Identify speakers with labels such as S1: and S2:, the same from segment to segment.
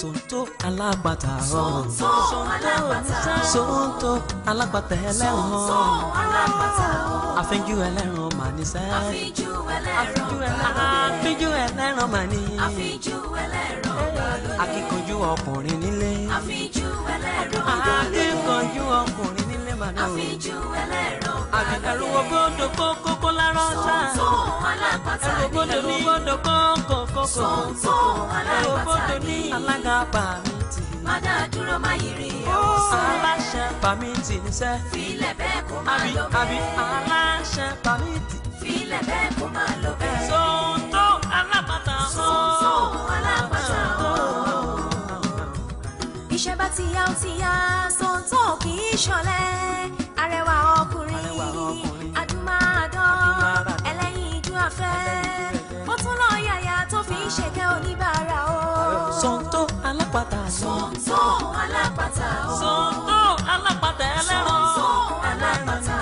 S1: Sonto alágbàtà ọ̀hún. Sonto alágbàtà ọ̀hún. Sonto alágbàtà ẹlẹ́rùn. Sonto alágbàtà ọ̀hún. Àfínjú ẹlẹ́rùn mà ní sẹ́. Àfínjú ẹlẹ́rùn bàlódé. Àfínjú ẹlẹ́rùn mà ní. Àfínjú ẹlẹ́rùn bàlódé. Akíkanjú ọkùnrin nílé. Àfínjú ẹlẹ́rùn bàlódé. Akíkanjú ọkùnrin ìbàdàn. àfijú ẹlẹ́rọ balẹ̀. ẹ̀rù ògbódò kókókó lárọ́ sá. sọ̀tún alágbàtà ni lò. ẹ̀rù ògbódò kókókó. sọ̀tún alágbàtà ni. alága pa mi tì. padà dúró má yí rí ọ̀sẹ̀. aláṣẹ pa mi tì ní sẹ́. filẹ̀ bẹ́ẹ̀ kó má lọ bẹ́ẹ̀. àbí aláṣẹ pa mi tì. filẹ̀ bẹ́ẹ̀ kó má lọ bẹ́ẹ̀. sọ̀tún alágbàtà. sọ̀tún alágbàtà. iṣẹ́ bá ti yá ó ti yá ṣọlẹ́ arẹwà ọkùnrin adúmáadán ẹlẹ́yin ijú afẹ́ ó tún lọ yàyà tó fi ń ṣèkẹ́ oníbàárà o. Ṣàngó alápàtà. Ṣàngó alápàtà. Ṣàngó alápàtà ẹlẹ́ran. Ṣàngó alápàtà.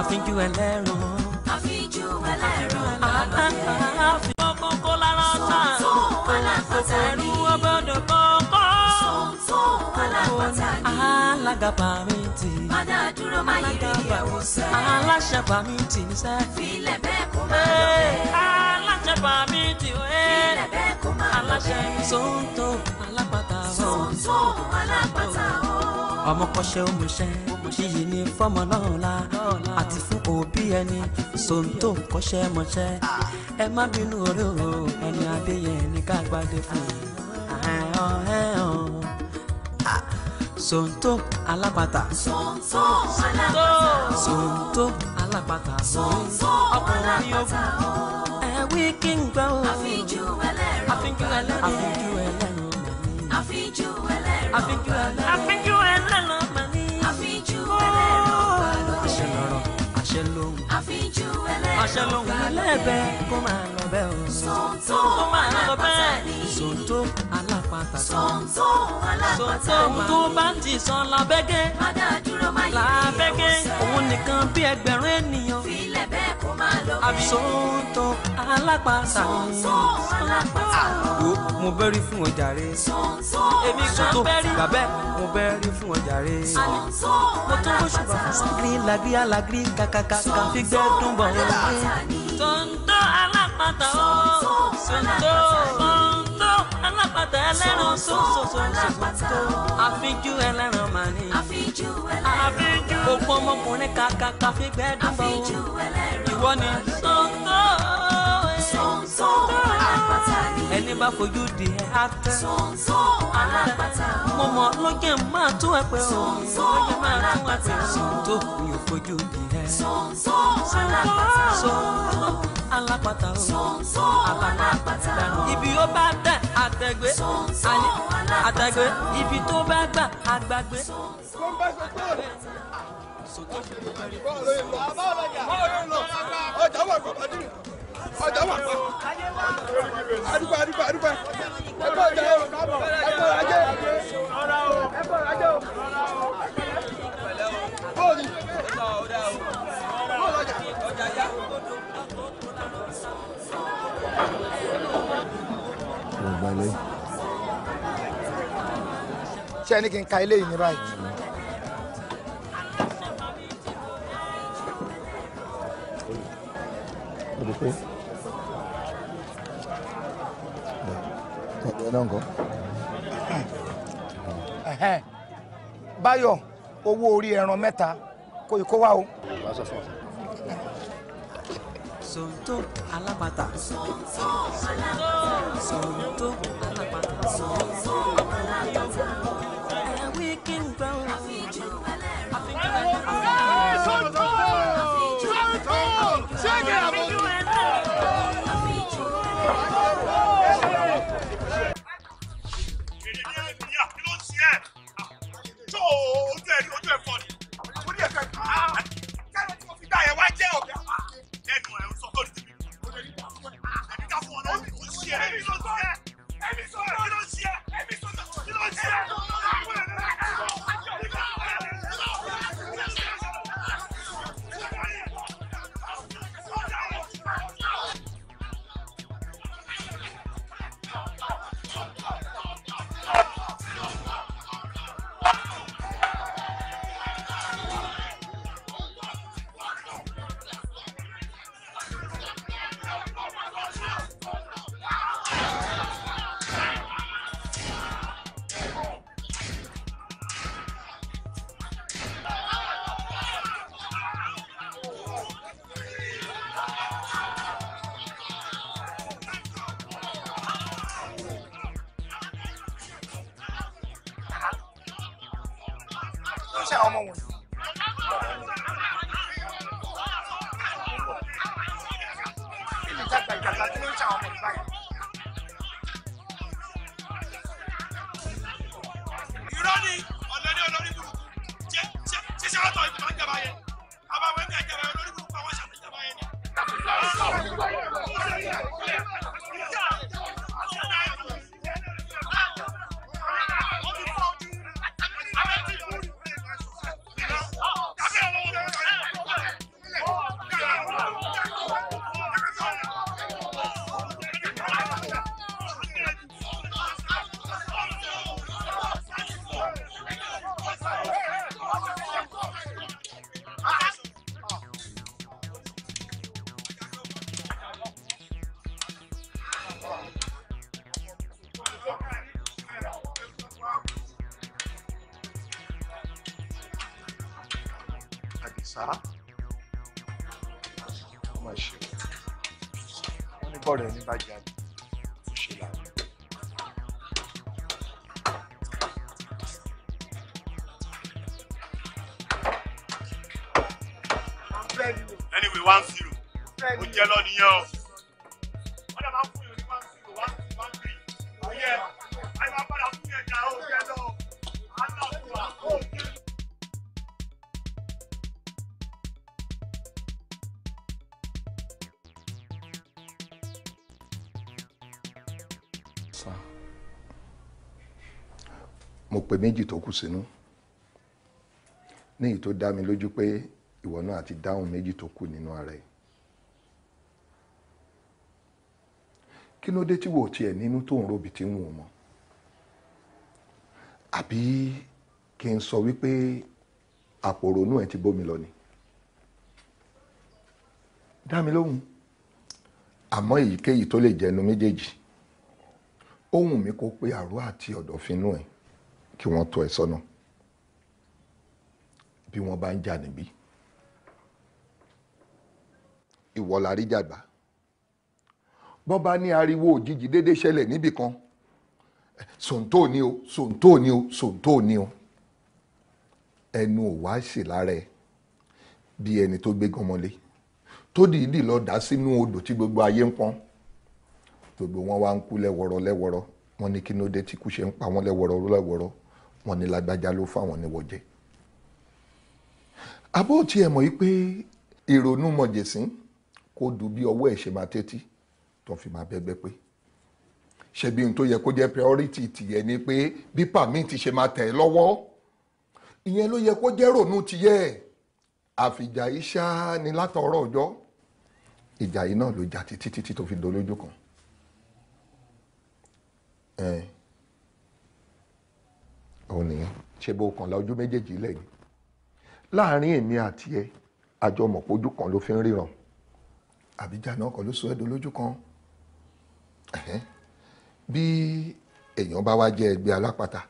S1: àfijù ẹlẹ́ran. àfijù ẹlẹ́ran lọ́lọ́dẹ. àfi ọkọ̀ kó lára ọ̀tá. Ṣàngó alápàtà ni. ẹrú ọgbọ́dọ̀ bọ́ alágàbà mi tì í. padà dúró má yí rí ẹ̀wò sẹ́. aláṣẹ̀bà mi tì í sẹ́. filẹ̀ bẹ́ẹ̀ kó má lọ bẹ́ẹ̀. aláṣẹ̀bà mi tì í. Oh, filẹ̀ bẹ́ẹ̀ kó má lọ bẹ́ẹ̀. aláṣẹ sóńtò alápàtà o. sóńtò alápàtà o. ọmọkọ́ṣe òmùṣẹ́ yíyí ni fọ́mọ náà la àti fún òbí ẹni sóńtò kọ́ṣẹ́ mọṣẹ́ ẹ má bínú ọ̀rẹ́ ẹni adéyẹ ní ká gbádé fún ẹ ọ ẹ ọ. Sonto alabata. Sonto alápatà. Sonto alápatà. Sonto alápatà. Ẹ wí kí n gbọ́. Àfijú ẹlẹ́rọ. Àfijú ẹlẹ́rọ. Àfijú ẹlẹ́rọ. Àfijú ẹlẹ́rọ. Àfijú ẹlẹ́rọ. Àfijú ẹlẹ́rọ. Àfijú ẹlẹ́rọ. Àṣẹ lọ́rọ̀. Àṣẹ lóhùn. Àfijú ẹlẹ́rọ. Àṣẹ lóhùn. Gbàlẹ́ bẹ́ẹ̀ kó máa lọ bẹ́ẹ̀ o. Sonto alápatà ni. Sonto alápatà tàtà. sọ̀ǹtọ̀ alágbàtà yìí. sọ̀ǹtọ̀ tó bá ti sọ làbẹ́gẹ́. má dá dúró má yẹ làbẹ́gẹ́. òun nìkan bí ẹgbẹ̀rún ènìyàn. filẹ̀ bẹ́ẹ̀ kó má lọ bẹ́ẹ̀. àbí sọ̀ǹtọ̀ alágbàtà. sọ̀ǹtọ̀ alágbàtà. Ah, mo bẹ́rí fún ọ jàre. sọ̀ǹtọ̀ èmi kò tó bàbẹ́ mo bẹ́rí fún ọ jàre. sọ̀ǹtọ̀ mo tó bó ṣùgbọ́n fún sọ́gìrì lagiri alagiri kàkàkà kàfi gbẹ́dùn alápàtà ẹlẹ́ran sóńsòsò alápàtà àfijú ẹlẹ́ran màní àfijú ẹlẹ́ran òpó ọmọkùnrin kàkà káfí gbẹ́dùn bọ̀ àfijú ẹlẹ́ran ìwọ ni sóńsó sóńsó alápàtà ni ẹni bá fojú di ẹ àtẹ sóńsó alápàtà mo mọ lókè máa tó ẹ pé o lókè máa tó ẹ pé sóńtó mi ò fojú di ẹ sóńsó alápàtà sóńsó alápàtà sóńsó alápàtà ibi ó bá dẹ àtẹ̀gbé àní àtẹ̀gbé ibi tó bá gbà àgbàgbé. ọjà wà pàpà dìrì ọjà
S2: wà
S3: ṣé ẹni kí n
S4: ka eléyìí ní báyìí.
S3: báyọ̀ owó orí ẹran mẹ́ta kò ì kó wá o.
S1: Sọ̀ǹtò alábàtà. Sọ̀ǹtò
S5: alábàtà.
S1: Sọ̀ǹtò alábàtà. Sọ̀ǹtò alábàtà.
S2: tó ojú ẹ̀rí ojú ẹ̀fọ́ ni mo ní ẹ̀fẹ́ kẹ́rẹ́ tí mo fi dá yẹn wá jẹ́ ọ̀gá ẹnu ẹ̀ ń sọ tó ní tìbí ẹ̀mí ká fún ọ náà ó sì ṣe ẹ̀mí sọ Show
S3: jẹ lọ nìyẹn o.
S2: wọ́n dàbà fún yòó ní one two to one two one three. ọ̀yẹ́ àyè máa padà fún yẹn jà ó jẹ́ lọ. àlọ́ tó wà ó jẹ́.
S6: mo pè méjì tó kù sínú ní èyí tó dá mi lójú pé ìwọ náà ti dáhùn méjì tó kù nínú ara ẹ̀ kí ló dé tí wò ó tiẹ̀ nínú tó ń robi tí ń wò mọ́ àbí kí n sọ wípé àpòrónú ẹ ti bómi lọ ni dá mi lóhùn àmọ́ èyíkéyìí tó lè jẹnu méjèèjì ohun mi kò pé àrò àti ọ̀dọ̀fínú ẹ kí wọ́n tọ́ ẹ sọ́nà bí wọ́n bá ń jà níbí ìwọ jàgbá bọ́n bá ní ariwo òjijì déédéé ṣẹlẹ̀ níbì kan sòǹtò ni o sòǹtò ni o sòǹtò ni o ẹnu ò wá ṣe lára ẹ bí ẹni tó gbé gọmọlé tó dìídì lọ dá sínú odò tí gbogbo ayé ń pọn gbogbo wọn wá ń kú lẹ́wọ̀rọ̀ lẹ́wọ̀rọ̀ wọn ní kí ló dé tí kú ṣe ń pa wọn lẹ́wọ̀rọ̀ lẹ́wọ̀rọ̀ wọn ní lágbájá ló fáwọn níwọ̀jẹ. àbó tiẹ̀ mọ̀ yí pé ìrònú mọ̀jẹ̀sín kò dùn bí ọwọ́ ẹ̀ ṣe máa tẹ́tí tó fi máa bẹ́gbẹ́ pé ṣebí ohun tó yẹ kó jẹ́ priority tìyẹ ni pé bí permit ṣe máa tẹ̀ ẹ́ lọ́wọ́ ìyẹn ló yẹ kó jẹ́ rònú tìyẹ àfìjà yìí ni látọ̀rọ̀ ọjọ́ ìjà yìí náà ló jà títí títí tó fi dolójú kan òun nìyẹn ṣe bó kàn lójú méjèèjì lẹ̀ ni láàárín èmi àti ẹ àjọmọ̀pọ̀ ojú kan ló fi ń ríran àbíjà náà kan ló sọ ẹ́ dolójú kan bí èèyàn bá wá jẹ́ ẹgbẹ́ alápatà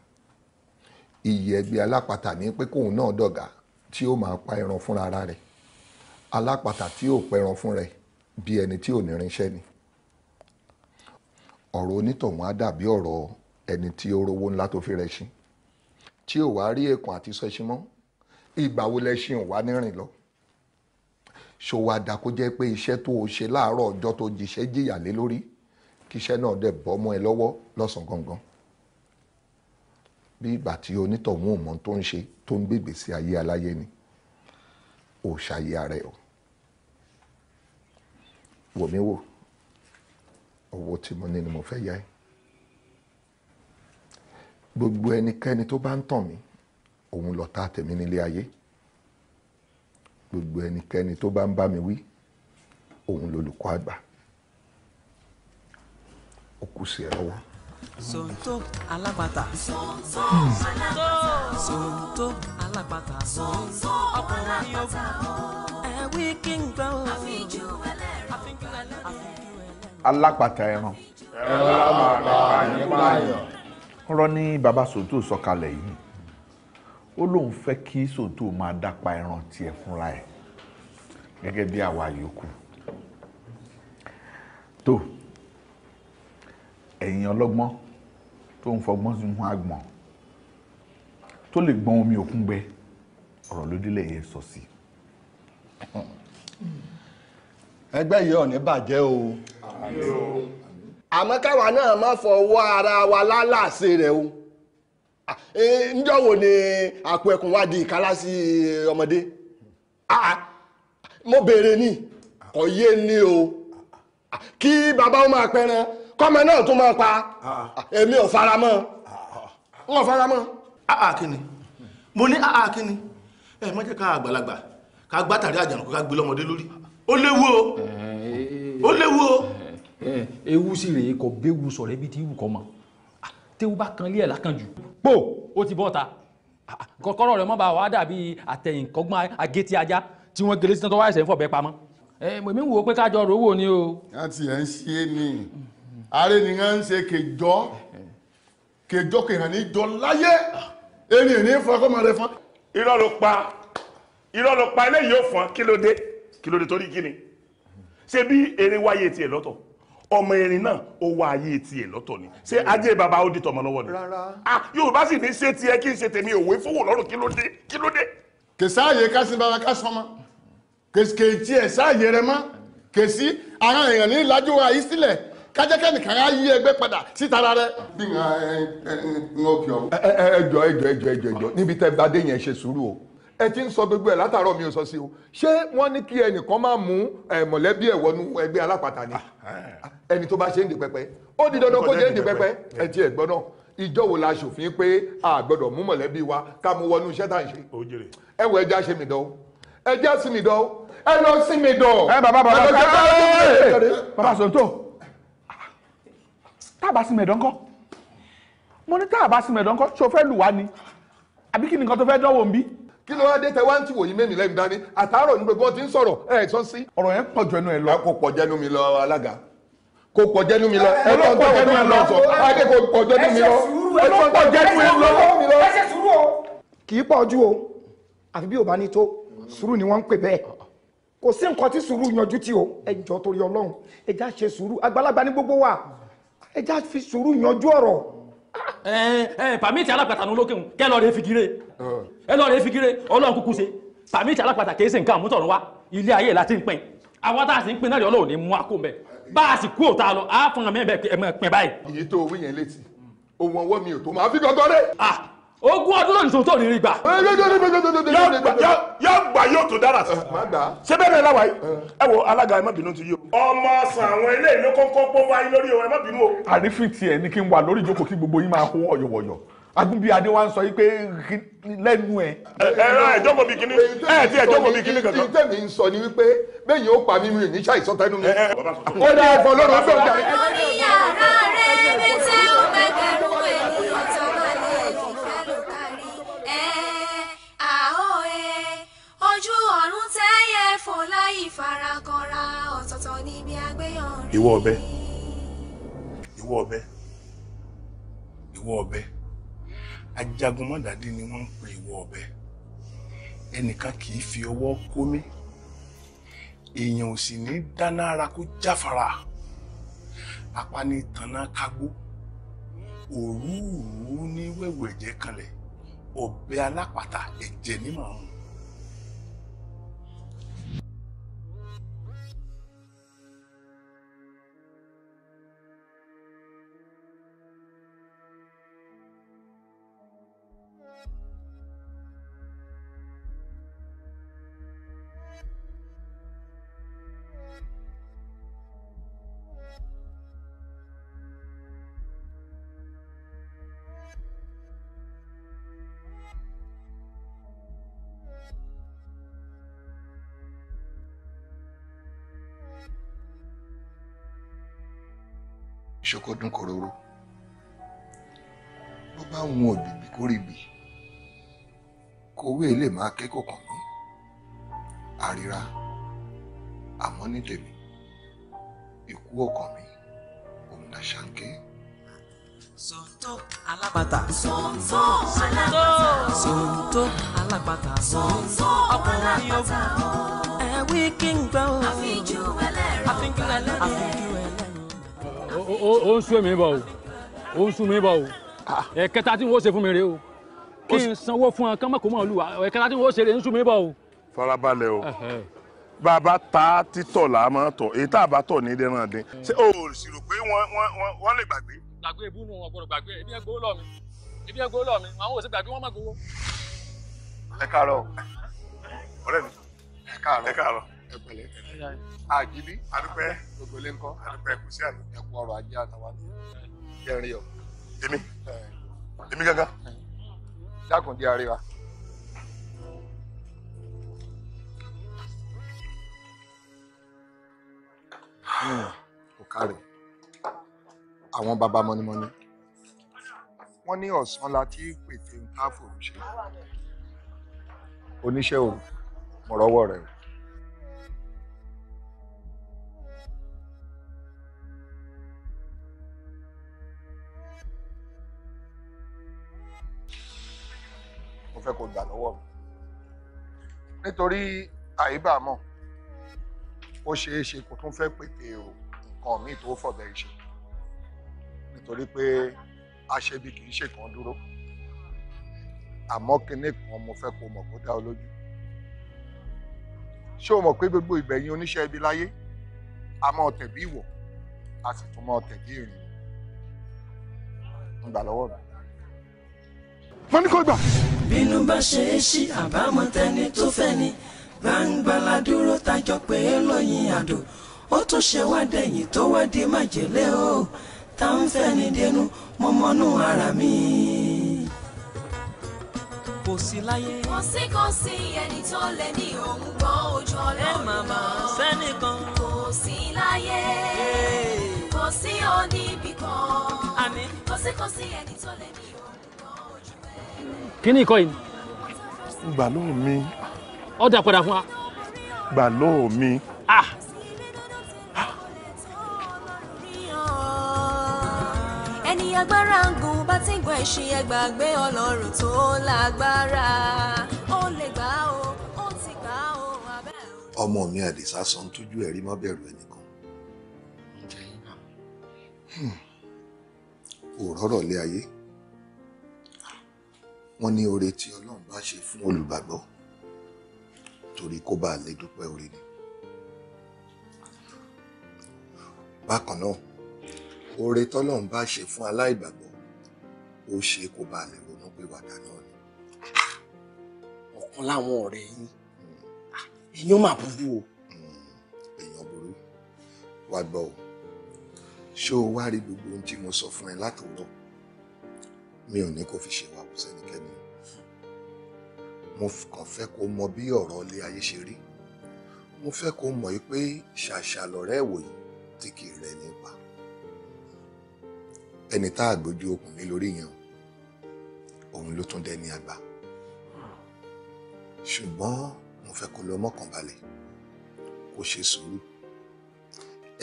S6: iyì ẹgbẹ́ alápatà ní pé kóun náà dọ̀gá tí ó máa pa ẹran fúnra ara rẹ̀ alápatà tí ò pẹran fún rẹ̀ bí ẹni tí ò ní irinṣẹ́ ni ọ̀rọ̀ onítọ̀hún á dàbí ọ̀rọ̀ ẹni tí ó rówó ńlá tó fi rẹ̀ ṣin tí ò wá rí èkó àti sẹ́ṣin mọ́ ìgbà wo lẹ́ṣin ò wá nírìn lọ ṣòwò àdàkó jẹ́ pé iṣẹ́ tó o ṣe láàárọ̀ ọjọ́ tó jìṣẹ́ jìyà lé lórí kí iṣẹ́ náà dẹ̀ bọ́ mọ́ ẹ lọ́wọ́ lọ́sàn gangan bí ìgbà tí onítọ̀hún ò tó ń ṣe tó ń gbègbè sí ayé aláyé ni ò ṣàyè ara ẹ o wò mí wò owó tí mo ní ni mo fẹ́ yá ẹ gbogbo ẹnikẹ́ni tó bá ń tàn mí òun lọ̀tá tèmi nílé ayé gbogbo ẹnikẹ́ni tó bá ń bá mi wí òun lolùkọ́ àgbà ó kù sí ẹ lọ́wọ́.
S1: Sonto alápatà. Sonto alápatà. Ọkùnrin ni ó bá ẹ̀wí kí n gbọ́.
S6: Alápatà ẹran.
S3: Ẹran alápatà nípa ayọ̀.
S6: Rọ́ ní bàbá Sonto sọ̀kalẹ̀ yìí ó lóun fẹ́ kí Sonto máa dápa ẹran tiẹ̀ fúnra ẹ̀ gẹ́gẹ́ bí àwa yòókù tó ẹ̀yin ọlọ́gbọ́n tó ń fọgbọ́n sí wọn àgbọ̀n
S3: tó lè gbọ́n omi òkun gbẹ ọ̀rọ̀ ló yẹn sọ sí.
S6: ẹgbẹ́ yìí ò bàjẹ́ o àmọ́
S3: káwa náà má fọwọ́ ara wa lálàsè rẹ̀ o ǹjọ́ wo ni
S6: àpò ẹ̀kún wá di ìkálá sí ọmọdé mo béèrè ni kò yé ni o kí bàbá ó máa pẹran kọ́mọ
S3: náà tún máa pa ah, ah. Ah, èmi ò fara mọ́ n ò fara mọ́ áà kíni mo ní áà kíni ẹ má jẹ́ ká àgbàlagbà ká gbá tàrí àjànà kó ká gbé lọ́mọdé
S7: lórí ó léwu o ó léwu o. ewu sì rèé kò béwu sọ̀rọ̀ ibi tí ewu kọ́ mọ́ tewu bá kan lé ẹ̀ lákànjù pò ó ti bọ́ ta kọ́kọ́rọ́ rẹ̀ mọ́ bá wàá dàbí àtẹ̀yìnkọ́gbọ́n agétí ajá tí wọ́n gẹlẹ́ sí tó wáyé sẹ́yìn fọ̀bẹ́ pamọ́. ẹ mọ̀ mi wò ó pé ká jọ rówó ni o. láti ẹ̀ ń ṣe é ni ààrẹ
S6: nìyẹn ń ṣe kèjọ́ kèjọ́ kèhàn níjọ láyé erin ìní
S3: fún ọkọ̀ mọ̀rẹ́ fún. irọ́ ló pa irọ́ ló pa eléyìí ó fún kí ló dé kí ló dé torí kí ni ṣé bí erin wáyé tiẹ̀ lọ́tọ̀ ọmọ erin náà ó wá ayé tiẹ̀ lọ́tọ̀ ni ṣé ajé baba ó di tọmọ lọ́wọ́ ni. rárá. ah yorùbá sì ní ṣé tiẹ̀ kí n ṣe tèmi òwe fowó lọ́rùn kí ló dé kí ló dé. kèsáàyè kásìn baba kásán mọ kèsì kèjì ẹ sáàyè rẹ mọ kèsì ara èèyàn ní ìlàjò àyísílẹ̀ kájẹ́kẹ́ nìkan á yí
S6: ẹgbẹ́ padà sítara rẹ. bí n ń ọkì ọ. ẹjọ ẹjọ ẹjọ ẹjọ ẹjọ níbi tẹ bá dé yẹn ṣe sùúrù o ẹ ti ń sọ gbogbo ẹ látàárọ̀ mi ò sọ sí o ṣé wọ́n ní kí ẹnìkan máa mú mọ̀lẹ́bí ẹ wọnú ẹgbẹ́ alápàtà ni ẹni tó bá ṣe ń di pẹpẹ ó di dandan kó ṣe ń di pẹpẹ ẹ ti ẹ gbọ́ náà ìjọ wo la ṣòfin pé a gbọ́dọ̀ mú mọ̀lẹ́bí wa ká mú wọnú iṣẹ́ tá à ń ṣe ẹ wọ ẹja ṣe mí dán ẹja sí mi dán ẹ lọ sí mi dán. ẹ bàbá bàbá bàbá sọ̀tò táàbà sí mẹ̀dọ́ńkọ́ mo ní táàbà sí mẹ̀dọ́ńkọ́ ṣé o fẹ́ lù wá ni àbí kí ni nǹkan tó fẹ́ dánwò ń bí. kí ló wá dé tẹ wá ń tìwòyí mẹ́mi lẹ́nu dání àtàárọ̀ ní gbogbo wọn ń sọ̀rọ̀ ẹ̀ ẹ̀ sọ́n sí. ọ̀rọ̀ yẹn pọ̀ jù ẹnu lọ. kò pọ̀ jẹ́nu mi lọ alága kò pọ̀ jẹ́nu mi lọ ẹ lọ pọ̀ jẹ́nu ẹ lọ sọ adé kò pọ̀ jẹ́nu mi lọ ẹ lọ pọ̀
S3: jẹ́nu ẹ lọ. ẹ ṣe sùúrù o. kì í pọ̀ ju o àfi bí ò bá ní tó sùúrù ni wọ́n ń pè bẹ́ẹ̀ kò sí nǹkan tí sùúrù yanjú tí o ẹ jọ torí Ọlọ́run ẹ já ṣe sùúrù àgbàlagbà ní gbogbo wa ẹ já fi sùúrù yanjú ọ̀rọ̀.
S7: ẹ ẹ pàmìtì alápàtànù lókè ń kẹ lọ rẹ fìgire ẹ lọ rẹ fìgire Ọlọ́run kúkú ṣe pàmìtì alápàtà kì í ṣe nǹkan àmútọ̀run wa ilé ayé láti ń pín àwọn tá a sì ń pín náà Ọlọ́run ní mú akó mẹ bá a sì kú òta lọ àá fún mi bẹ ẹ mọ pín báyìí. èyí tó owó létí
S6: ohun ọwọ́ mi ò tó
S7: máa fi gangan rẹ̀ ogún ọdún náà nìṣòwò
S6: tó ní rí gbà. yóò gbà yóò tó dára sí. ṣé bẹ́ẹ̀ bẹ́ẹ̀ láwàá
S3: yìí ẹ wo alága ẹ má bínú ti yí o. ọmọ ọsàn àwọn ilé ìlú kọ́ńkọ́ pọ́ wáyé lórí o ẹ má bínú o. àrífín tiẹ̀ ni kí n wà lórí ìjókòó kí gbogbo yín máa kó ọ̀yọ̀wọ̀yọ̀ agunbi adé wa ń sọ yìí pé
S6: lẹ́nu ẹ̀. ẹ ẹ ẹjọ́gbọ̀n mi kìíní ẹ ti ẹjọ́gbọ̀n mi kìíní kankan. ìtẹ́ mi ń sọ ni wípé bẹ́ẹ̀ yóò pa mí mi ní ṣáì sọ tẹnu mi. ó dá ẹ̀fọ́ lọ́rùn ó bẹ̀rù dà. orí yàrá rẹ̀ mi ti ń gbẹgbẹ̀rún
S5: ẹ̀.
S1: ojú ọ̀run tẹ́yẹ fò láì farakanra ọ̀tọ̀ọ̀tọ̀ níbi agbéyàn
S6: rí. ìwọ ọ̀bẹ
S3: ìwọ ọ̀bẹ ìwọ ọ̀bẹ ajagunmọdàdé ni wọ́n ń pè ìwọ ọ̀bẹ ẹnìkan kì í fi ọwọ́ kómi èèyàn ò sì ní dáná ara kó jáfara apani tanná kágbó òrùrù ní wẹ̀wẹ̀ ẹ̀jẹ̀ kanlẹ̀ ọ̀bẹ alápàtà ẹ̀jẹ̀ ní màrún
S6: ṣe kó ló bá wọn òbíbí kórìbì kówé lè máa ké kòkàn mí àríra àmọ́ ní tèmi ikú ọkàn mi òun là ṣàǹké. Sonto alápatà. Sonto alápatà.
S7: Sonto
S1: alápatà. Sonto alápatà. Ọkùnrin yóò fún ẹ wí kí n gbọ́. Àfijù ẹlẹ́rọ. Àfijù ẹlẹ́rọ
S7: ó ń sún mi bọ̀ o ó ń sún mi bọ̀ o ah. ẹ̀kẹta tí wọ́n ṣe fún mi rèé o kí n sanwó fún ọ kán mọ̀ kó mọ̀ lù wá ẹ̀kẹta tí wọ́n ṣe rèé ń sún mi bọ̀ o. farabalẹ̀ o bàbá
S6: ta títọ̀ là á máa tọ̀ èyí tá a bá tọ̀ ní ìdẹ́rùn àdín ṣé o ò sì
S7: rò pé wọ́n lè gbàgbé. gbàgbé ìbúnú wọn gbọ́dọ̀ gbàgbé ebi ẹgbẹ́ olọ mi ebi ẹgbẹ́ olọ mi àwọn òsì gbàgbé wọn má gbowó.
S6: ẹ káàárọ̀ ọ̀rẹ́ mi ẹ káàárọ̀ ẹ káàárọ̀ ẹ̀pẹ̀lẹ́ àjíbí adúpẹ́ gbogbo ilé ńkọ́ adúpẹ́ kùsí àná ẹ̀kú ọrọ̀ ajé àtàwọn ẹ̀rìn yọ. èmi èmi gángan dákun di àríwá. kò kárẹ̀ àwọn baba mọ́nímọ́ní wọ́n ní ọ̀sán la ti pètè ń ká fòrùṣe oníṣẹ́ òru mọ̀rọ́wọ́ rẹ̀ o. fẹ́ kó gbà lọ́wọ́ mi nítorí àyíbàmọ̀ ó ṣeé ṣe kó tún fẹ́ pètè o nǹkan míì tó fọ̀bẹ ṣe nítorí pé aṣebi kì í ṣe kan dúró àmọ́ kinní kan mo fẹ́ kó mọ̀ kó dá ọ lójú ṣé o mọ̀ pé gbogbo ìbẹ̀yìn oníṣẹ́ ibi láyé a máa tẹ̀bí ìwọ̀ a sì tún máa tẹ̀bí ìrìn ń gbà lọ́wọ́ mi
S2: mo ní kó gbà. bínú
S1: bá ṣe é ṣí àbámọ̀ tẹni tó fẹ́ ni gbangba la dúró pé é àdó ó tún ṣe wá dẹ̀yìn tó wá di májèlé o tá ń fẹ́ ni dẹnu mo mọnú ara mi. kò sí láyé. kò sí kò sí ẹni tó lè ní òun gbọ́ ojú ọlọ́run màmá sẹ́nìkan. kò sí láyé kò sí oníbìkan kò sí kò sí ẹni tó lè ní òun
S7: kíní ìkọ́ yìí. gbà lóò mi. ó dà padà fún wa. gbà lóò mi. ah
S1: ẹni agbára ń gùn bá ti ń gun ẹṣin ẹgbàgbé ọlọ́run tó lágbára ó lè gbà ó ó ti gbà ó abẹ́
S6: ọmọ mi àdìsá sọ tójú ẹ̀rí má bẹ̀rù ẹnìkan. Hmm. òróró lé ayé wọ́n ní oore tí ọlọ́run bá ṣe fún olùgbàgbọ́ torí kó bá lè dúpẹ́ oore ni. bákan náà oore tọ́lọ́run bá ṣe fún aláìgbàgbọ́ ó ṣe kó bá lè ronú pé wàdà náà ni. ọ̀kan láwọn ọ̀rẹ́ yín èèyàn mà burú o. èèyàn burú wá gbọ́ o ṣé o wá rí gbogbo ohun tí mo sọ fún ẹ látòótọ́ mi ò ní kó fi ṣe wàhùn sẹ́nikẹ́ni mo kàn fẹ́ kó mọ bí ọ̀rọ̀ ilé ayé ṣe rí mo fẹ́ kó mọ̀ pé ṣàṣà lọ̀rẹ́ ìwòyí tí kì í rẹ nípa ẹni tá a gbójú okùn mi lórí yẹn òun ló tún dẹni àgbà ṣùgbọ́n mo fẹ́ kó lọ mọ́kàn balẹ̀ kó ṣe sùúrù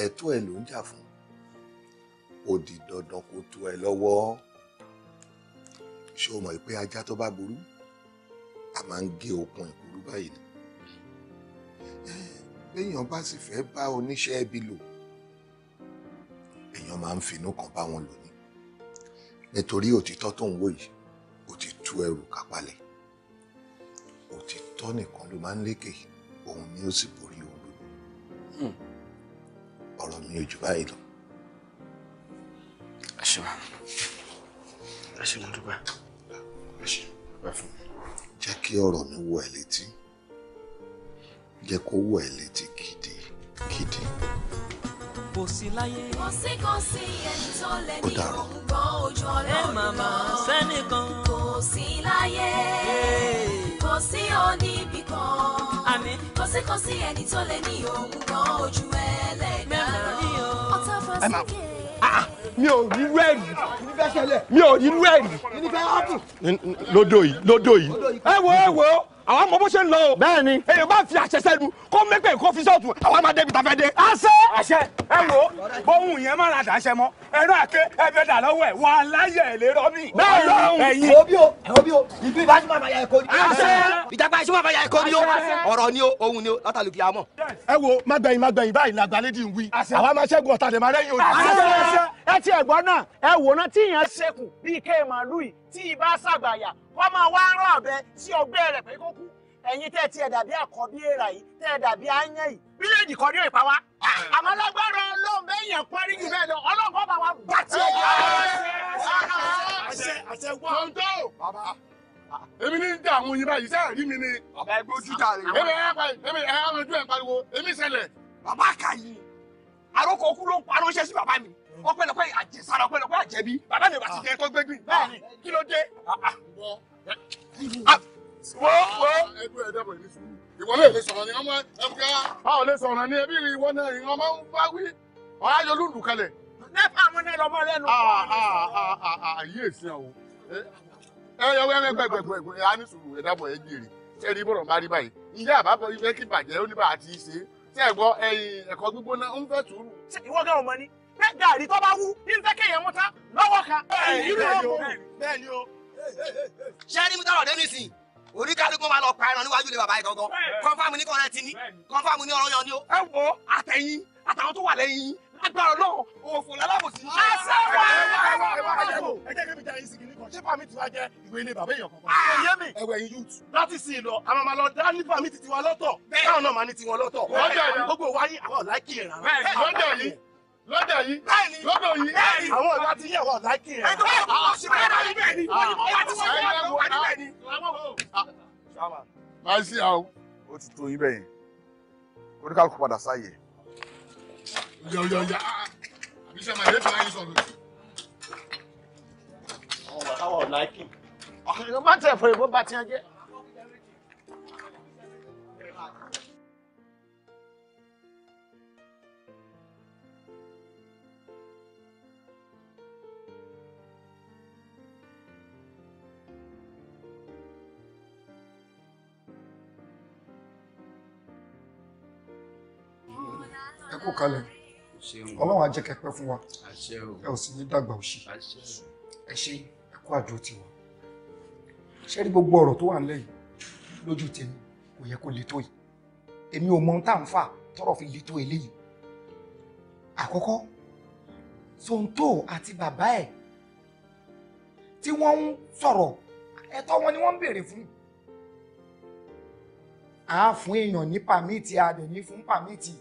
S6: ẹ̀tọ́ ẹ ló ń jà fún ó di dandan kó tó ẹ lọ́wọ́ ṣé o mọ̀ pé ajá tó bá burú a máa ń gé okun ìkúrú báyìí ni béèyàn bá sì fẹ́ bá oníṣẹ́ ibi lò èèyàn máa ń finú kan bá wọn lò ní nítorí òtítọ́ tó ń wò yìí ó ti tú ẹrù kápálẹ̀ òtítọ́ nìkan ló máa ń lékè òun ni ó sì borí ohun
S5: gbogbo
S6: hmm. ọ̀rọ̀ mi ò jù báyìí lọ. ẹ ṣe máa ẹ ṣe mo dúpẹ́ ẹ ṣe mo dúpẹ́ fún mi jẹ́ kí ọ̀rọ̀ mi wọ ẹ́ létí jẹ́ kó wọ ẹ́ létí gidi
S1: kò sí láyé. kò sí kò sí ẹni tó lè ní òǹgbọ́n ojú ọlọ́run lọ. sẹ́nìkan. kò sí láyé. kò sí oníbì kan. àmín. kò sí kò sí ẹni tó lè ní òǹgbọ́n ojú ẹlẹ́dàá lọ. ọ̀tá fásikẹ́.
S3: Ah, mi ò rí inú ẹ̀ rí mi ò rí inú ẹ̀ rí lódò yìí lódò yìí. ẹ wo ẹ wo àwọn ọmọ bó ṣe ń lọ o. bẹ́ẹ̀ni. èyí bá fi àṣẹ sẹ́nu kó mẹ́pẹ́ kó fi sọ́ọ̀tún
S2: àwọn máa débi tafẹ́ dé. àṣẹ. àṣẹ ẹ wo bóun yẹn máa la dàṣẹ mọ ẹnu àké ẹbí ẹdà lọ́wọ́ ẹ wà láyé ẹ lè rọbì. bẹ́ẹ̀ni ẹyin. obi o obi o ìbí ìbá ṣùgbọ́n àbáyá
S3: ẹ̀kọ́ ni. àṣẹ. ìjàpá ṣùgbọ́n àbáyá ẹ̀kọ́ ni o ọ̀rọ̀ ni o ohun ni o látàlùkì àmọ́. ẹ wo má gbẹ̀yìn má gbẹ̀yìn báyìí làgbàlédì ń wí. àwa máa ṣẹ́gun ọ̀tàdé máa lẹ́yìn òjì. àṣẹ ẹ ti ẹ̀gbọ́n náà ẹ wò ná tíyàn ṣẹkù bíi kéèmà lùyìí tí ibà ṣàgbàyà kọ́ máa wá rán ọ̀bẹ sí ọgbẹ́ rẹ̀ pé kó ẹ̀yin tẹ́ ti ẹ̀ àkọ́bí èèrà yìí tẹ́ ẹ̀ dàbí yìí bíléèdì kan ní ìpá wa àmọ́ lágbára ọlọ́run bẹ́ẹ̀ parí jù bẹ́ẹ̀ lọ ọlọ́run kọ́ bá wa bá tiẹ̀ yá.
S2: àṣẹ àṣẹ wọ́n. tọ́ńtò bàbá
S3: èmi ní dá àwọn òyìnbá yìí sẹ́ẹ̀ rí mi ni. ẹgbẹ́ ojú ta rè. èmi ẹ̀ pa èmi ẹ̀ ọmọ ojú ẹ̀ pariwo èmi ṣẹlẹ̀. bàbá kàyí àròkọ okú ló ń parọ́ ṣẹ́ sí bàbá mi ọpẹ́lọpẹ́ àjẹsára ọpẹ́lọpẹ́ àjẹbí bàbá mi ò bá ti jẹ kó gbé gbìn bẹ́ẹ̀ ni kí ló dé. Ah, ah. wo wo.
S6: ẹgbẹ́ ẹ̀dá bọ̀ ìlú sùúrù
S3: ìwọ náà lè sọ̀rọ̀ ni
S6: ọmọ ẹ̀ka
S2: a ò lè sọ̀rọ̀
S3: ni ẹbí ìwọ náà ìran máa ń bá wí ọ̀rá yọ lóòlù kalẹ̀. nẹ́pà mo ní lọ́mọ lẹ́nu. àyè èsì àwọn ẹ ẹ wẹ́n wẹ́n gbẹgbẹgbẹ ẹ á ní sùúrù ẹ̀dá bọ̀ ẹ jèrè ṣé rí bọ̀rọ̀ bá rí báyìí ìyá àbábọ̀ ibẹ̀ kí bàjẹ́ oníbà àti ìṣe ṣé ẹ̀gbọ́ ẹ̀yìn ẹ̀kọ́ gbígbóná ń fẹ́ sùúrù. ìwọ gẹ́gẹ́ ọmọ ni fẹ́ gàrí tó bá wú ní fẹ́ kéèyàn mú tán lọ́wọ́ kan. bẹ́ẹ̀ni o ṣé ní mítọrọ dé nísìn oníkálukú máa lọ pa ẹran níwájú ilé bàbá yìí gangan kọfàmù ní kọrẹ ti ní kọfàmù ní ọ̀rọ̀ yan ni o. ẹ wo àtẹ̀yìn àtàwọn tó wà lẹ́yìn agbára náà òfò lálábòsí. àṣẹ wà ẹ wà ẹ wà ẹ jẹ́ kó ẹ
S2: jẹ́ kébi jẹ́ ẹyin sìgìrì kan ṣé fàmì tiwa jẹ́
S3: ìwé ilé bàbá èèyàn kankan. ẹyẹ ah! mi ẹwẹ ẹyin yúùtù. láti sìn lọ àwọn máa lọ dá ní fàmì titiwa lọ́tọ̀ káwọn náà máa ní tiwọn lọ́tọ̀. lọ́jọ́ yìí gbogbo wáyé àwọn ọ̀la kì í rà. lọ́jọ́ yìí lọ́dọ̀ yìí lọ́dọ̀ yìí àwọn ọ̀gá ti yẹ̀wọ̀ láìkì rẹ̀. ẹ̀dọ́ ọ̀gá ti sọ̀rọ̀ láì bẹ́ẹ̀ ni wọ́n ti
S2: sọ̀rọ̀ láì bẹ́ẹ̀ ni. Ah.
S3: máa ṣí àwọn. ó ti tó yín bẹ́yẹn oníkàlùkù padà sáyè. ọjà ọjà ọjà
S2: àbíṣe máa dé fún ayé sọ̀rọ̀.
S3: àwọn ọ̀gá wọ̀ láìkì. ọ̀gá máa tẹ̀ fún ìbọn bá tiẹ̀ jẹ́.
S6: kò kalẹ̀ ọlọ́run á jẹ́ kẹ́ pẹ́ fún wa ẹ ò sì ní dàgbà
S3: òṣì ẹ ṣe ẹ kó àjọ tiwa ṣé rí gbogbo ọ̀rọ̀ tó wà nílẹ̀ yìí lójú tèmi kò yẹ kó le tó yìí èmi ò mọ ohun tá à ń fà tọ́rọ̀ fi
S4: le tó eléyìí àkọ́kọ́ Sonto àti bàbá ẹ̀ tí wọ́n ń sọ̀rọ̀ ẹ̀tọ́ wọn ni wọ́n ń béèrè fún
S3: àá fún èèyàn ní pàmìtì a dẹ̀ ní fún pàmìtì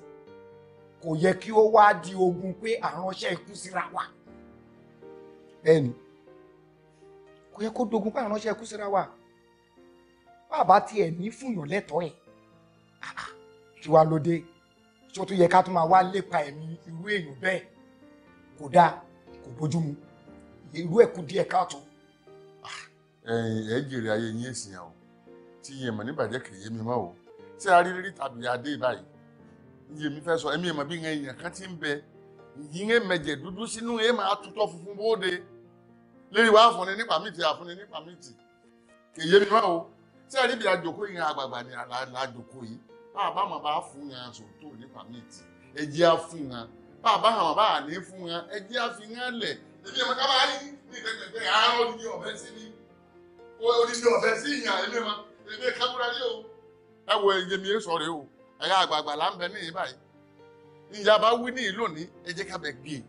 S3: kò yẹ kí ó wá di ogun pé à ń ránṣẹ́ ikú síra wa bẹ́ẹ̀ni kò yẹ kó dogun pé à ń ránṣẹ́ ikú síra wa bàbá tiẹ̀ ní fúnyàn lẹ́tọ̀ọ́ ẹ̀ tí wàá lóde tí ó tún yẹ ká tún máa wá lépa ẹ̀mí irú èèyàn bẹ́ẹ̀ kò dáa kò bójú mu
S6: irú ẹ̀ díẹ̀ káàtó. ẹ̀yin ẹ ayé yín èsì yẹn o tí yẹn mọ̀ níbàjẹ́ kì í yé mi mọ́ o tí a rí rí tàbí adé báyìí iye mi fẹ́ sọ ẹ̀mí ẹ̀mọ́ bí ń èèyàn kan ti ń bẹ yìí ń mẹ̀jẹ̀ dúdú sínú ẹ̀ máa tutọ́ funfun bóde lérí wàá fúnni nípa mìtì àfúnni nípa mìtì kèye mi máa o tí a rí ibi àjòkó yìí àgbààgbà ni àjòkó yìí bá a bá mọ̀ bá fún yàn sòótọ́ nípa mìtì ẹ̀jẹ̀ á fún yàn bá a bá hàn bá a ní fún yàn ẹ̀jẹ̀ á fi yàn lẹ̀ èmi ọmọ kábàá yìí
S3: ní ìdẹ́gbẹ̀gbẹ̀ àárọ̀ ní
S6: ọ̀fẹ́ sí ní odidi ọ̀fẹ́ sí ìyàn èmi
S3: ọmọ èmi kábúrà rí o
S6: ẹ wo ẹ̀jẹ̀ mi o ẹ̀yà àgbààgbà là ń bẹ ní ìbáyìí ìyá bá wí ní ìlú ní ẹ jẹ́ ká bẹ̀ gbé e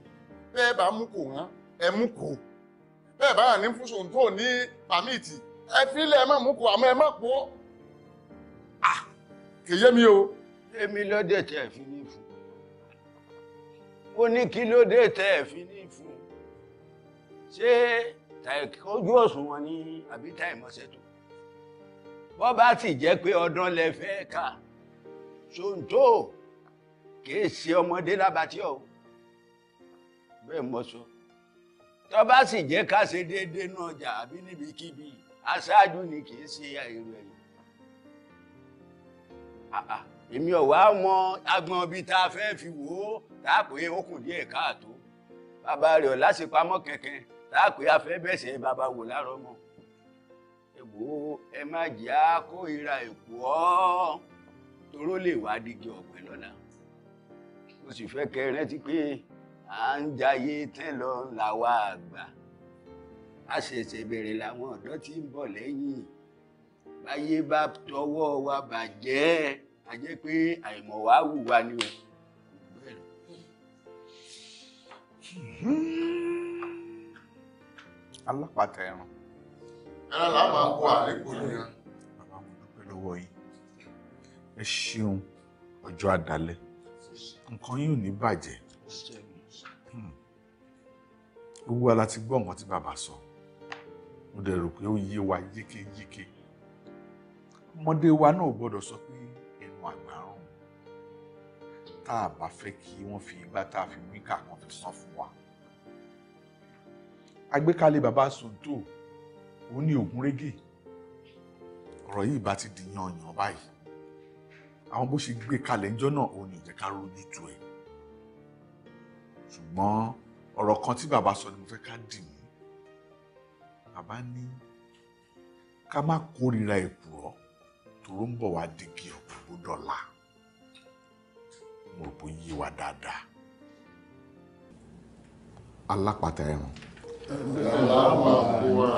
S6: bẹ́ẹ̀ bá mú kò wọ́n ẹ mú kò bẹ́ẹ̀ bá ní fúnṣùn tó ní pàmìtì ẹ fílẹ̀ ẹ má mú kò àmọ́ ẹ
S3: má pọ̀ à kì í yé mi o. èmi lọ́dẹ̀ tẹ́ ẹ̀ fi ní fún ó ní kí ló dé tẹ́ ẹ̀ fi ní fún ṣé ojú ọ̀sùn wọn ni àbí táìmọ̀ṣẹ̀ tó bọ́ bá ti jẹ́ pé ọdún lẹ fẹ́ ká ṣòǹtò kìí ṣe ọmọdé lábàtí ọ̀ bẹ́ẹ̀ mọ́ sọ tó bá sì jẹ́ ká ṣe déédéé nú ọjà àbí níbikíbi aṣáájú ni kìí ṣe èrò ẹ̀yìn èmi ọ̀wá mọ agbọn bí ta fẹ́ fi wò ó tàápé ó kù díẹ̀ káàtó bàbá rẹ̀ lásìpamọ́ kẹ̀kẹ́ tàápé a fẹ́ bẹ̀ṣẹ̀ bàbá wò lárọ́ mọ́ ẹ̀gbọ́ ẹ má jẹ́ á èkó ọ́ toró lè wá dígi ọ̀pẹ lọ́la mo sì fẹ́ kẹ́ rántí pé à ń jayé tán làwa àgbà a ṣẹ̀ṣẹ̀ bẹ̀rẹ̀ làwọn ọ̀dọ́ tí ń bọ̀ lẹ́yìn báyé bá tọwọ́ wa bàjẹ́ a jẹ́ pé àìmọ̀ wá wù wá ni o. alápàtà ẹran. ẹran làá máa ń kó àlékún yẹn. bàbá mo dúpẹ́ lọ́wọ́ yìí ẹ ṣeun ọjọ́ àdálẹ́ nǹkan yìí ò ní bàjẹ́ gbogbo hmm. wa la ti gbọ́ nǹkan tí bàbá sọ mo dẹ̀ rò pé ó yé wa yékéyéké ọmọdé wa náà ò sọ pé ẹnu àgbà tá a bá fẹ́ kí wọ́n fi igbá tá a fi wíkà kan fi sán fún wa àgbékalẹ̀ bàbá sòǹtò òun ní ògúnrégé ọ̀rọ̀ yìí bá ti di yan yan báyìí àwọn bó ṣe gbé kalẹ̀ ńjọ́ náà òun ìjẹ́ ká rojú tu ẹ̀ ṣùgbọ́n ọ̀rọ̀ kan tí bàbá sọ ni mo fẹ́ ká dì mí bàbá ní ká má kórìíra èpùrọ́ tòró ń bọ̀ wá digi òkúrò dọ̀la
S6: mo rò pé yé wa dáadáa.
S3: alápàtà ẹran. ẹ̀ẹ́dẹ̀ẹ́dẹ́ àwọn àbúrò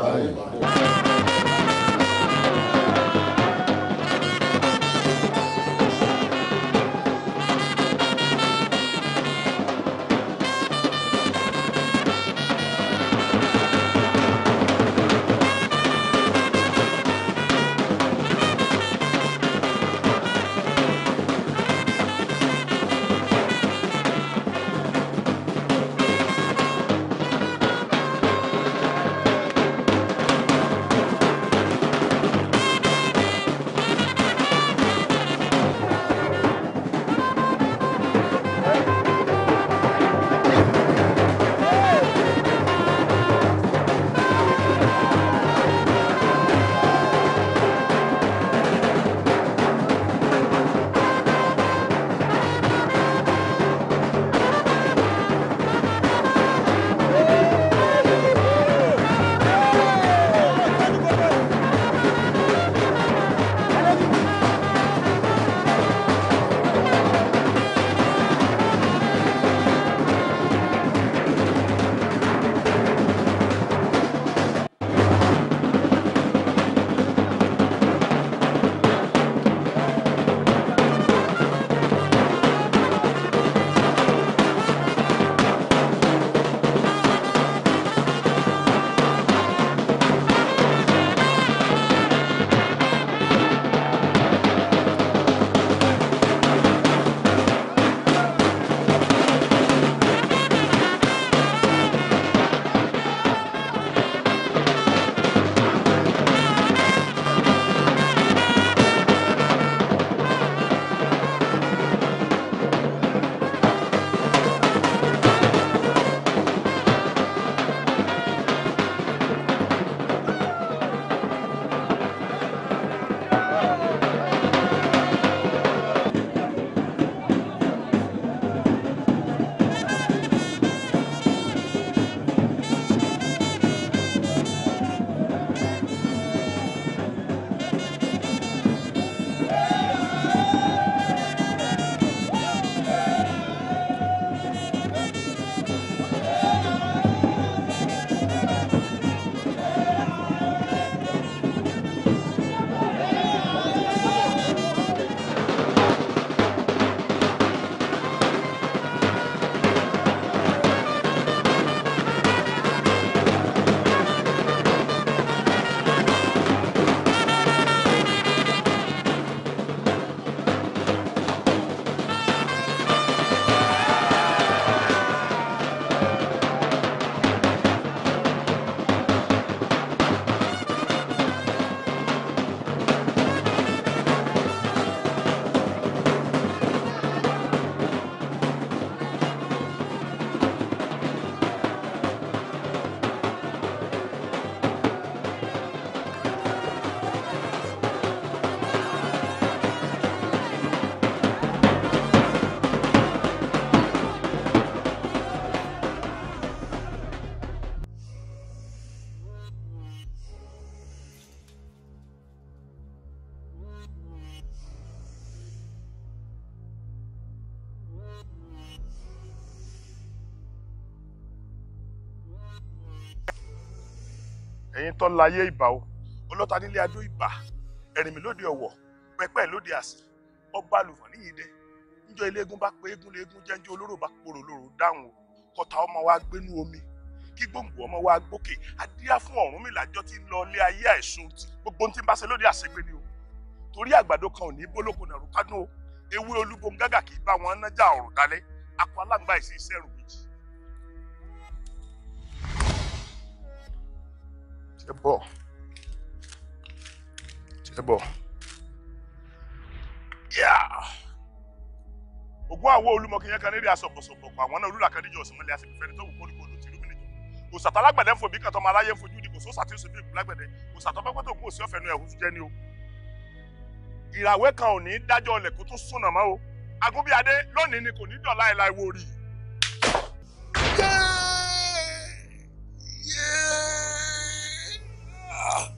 S6: tọ́láyé ìbà o ọlọ́ta nílé adó ìbà
S3: ẹ̀rìnmí lóde ọ̀wọ̀ pẹ́pẹ́ lóde àsì ọba àlùfọ̀n níyìndé níjọ iléegun bá pé eégún léegun jẹ́njẹ́ olóró bá poro lóró dáhùn o kọta ọmọ wa gbénú omi kí gbòǹgbò ọmọ wa gbókè adíá fún ọ̀run mi làjọ tí ń lọ ilé ayé àìsùn ti gbogbo ohun ń bá ṣe lóde ni o torí àgbàdo kan ò ní o ewé kì í bá wọn nájà
S6: ọ̀rùn akọ bọ̀ tiẹ̀ bọ̀
S2: ogun awo
S3: olumọkin yẹn kan ní ìrìn asọpọsọpọ pa àwọn náà olùlà kan níjọ òsínmọlẹ àsìkòfẹni tó wù kó ní kó lò tìlú mi nìjọ òsàtọ alágbẹ̀dẹ ń fò bí kàtọ ọmọ aláyé ń fojú ìdìbò sósà tí ó sojú ìpínlẹ̀ gbẹ̀dẹ òsàtọ pẹpẹ tó kú òsì ọ̀fẹ́ nu ẹhùn jẹ ni o. ìràwé kan ò ní dájọ́ ọlẹ kó tó súnà mọ́ o agúnbíadé lónìí ni kò ní dọ̀la ẹ̀ láì wo rí i.
S5: Ah.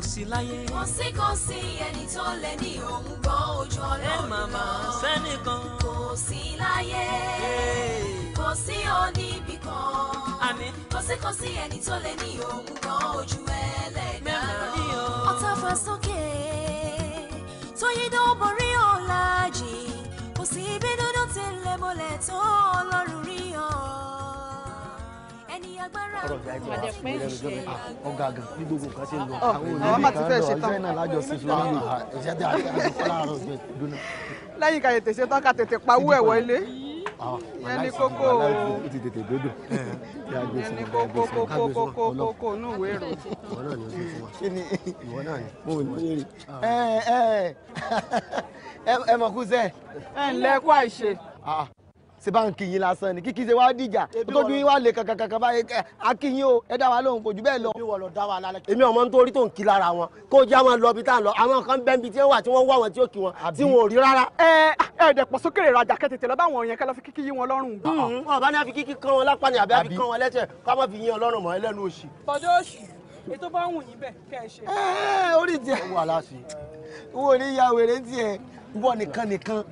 S1: kò sí láyé. kò sí kò sí ẹni tó lè ní òun gbọ́ ojú ọlọ́run lọ. ẹ màmá sẹ́nìkan. kò sí láyé. kò sí oníbì kan. àmín. kò sí kò sí ẹni tó lè ní òun gbọ́ ojú ẹlẹ́dàá lọ. ọ̀tá fa sókè tóyí dánwó borí.
S3: ọ̀rọ̀
S8: lẹ́yìn tètè ṣetán tètè
S4: kókó o kókó kókó kókó kókó inú ìwé rẹ. ìwọ náà ni o ti fún wa ẹ ẹ ẹ mọ̀kú ẹ ǹlẹ́ kó àìṣe. ṣe bá ń kí yín lásán ni kíkí ṣe wá dìjà tójú yín wá lè kankankan báyìí akíyín o ẹ dá wa lóhùn kò jù bẹ́ẹ̀ lọ. èmi ọmọ ń torí tó ń kí lára wọn kó jẹ́ àwọn lọ ibi tá à ń lọ àwọn kan bẹ́ẹ̀ ibi tí wọ́n wà tí wọ́n wá wọn tí ó kí wọn tí wọn ò rí rárá.
S3: ẹ ẹ dẹ̀ pọ̀ sókè ìrajà kẹ́tẹ̀tẹ̀ lọ báwọn yẹn kẹ́ fi kíkí yín wọn lọ́rùn.
S8: Hmm, ọba ní a kíkí kan wọn
S4: lápá ya wèrè tiẹ̀ wọ́n nìkan nìkan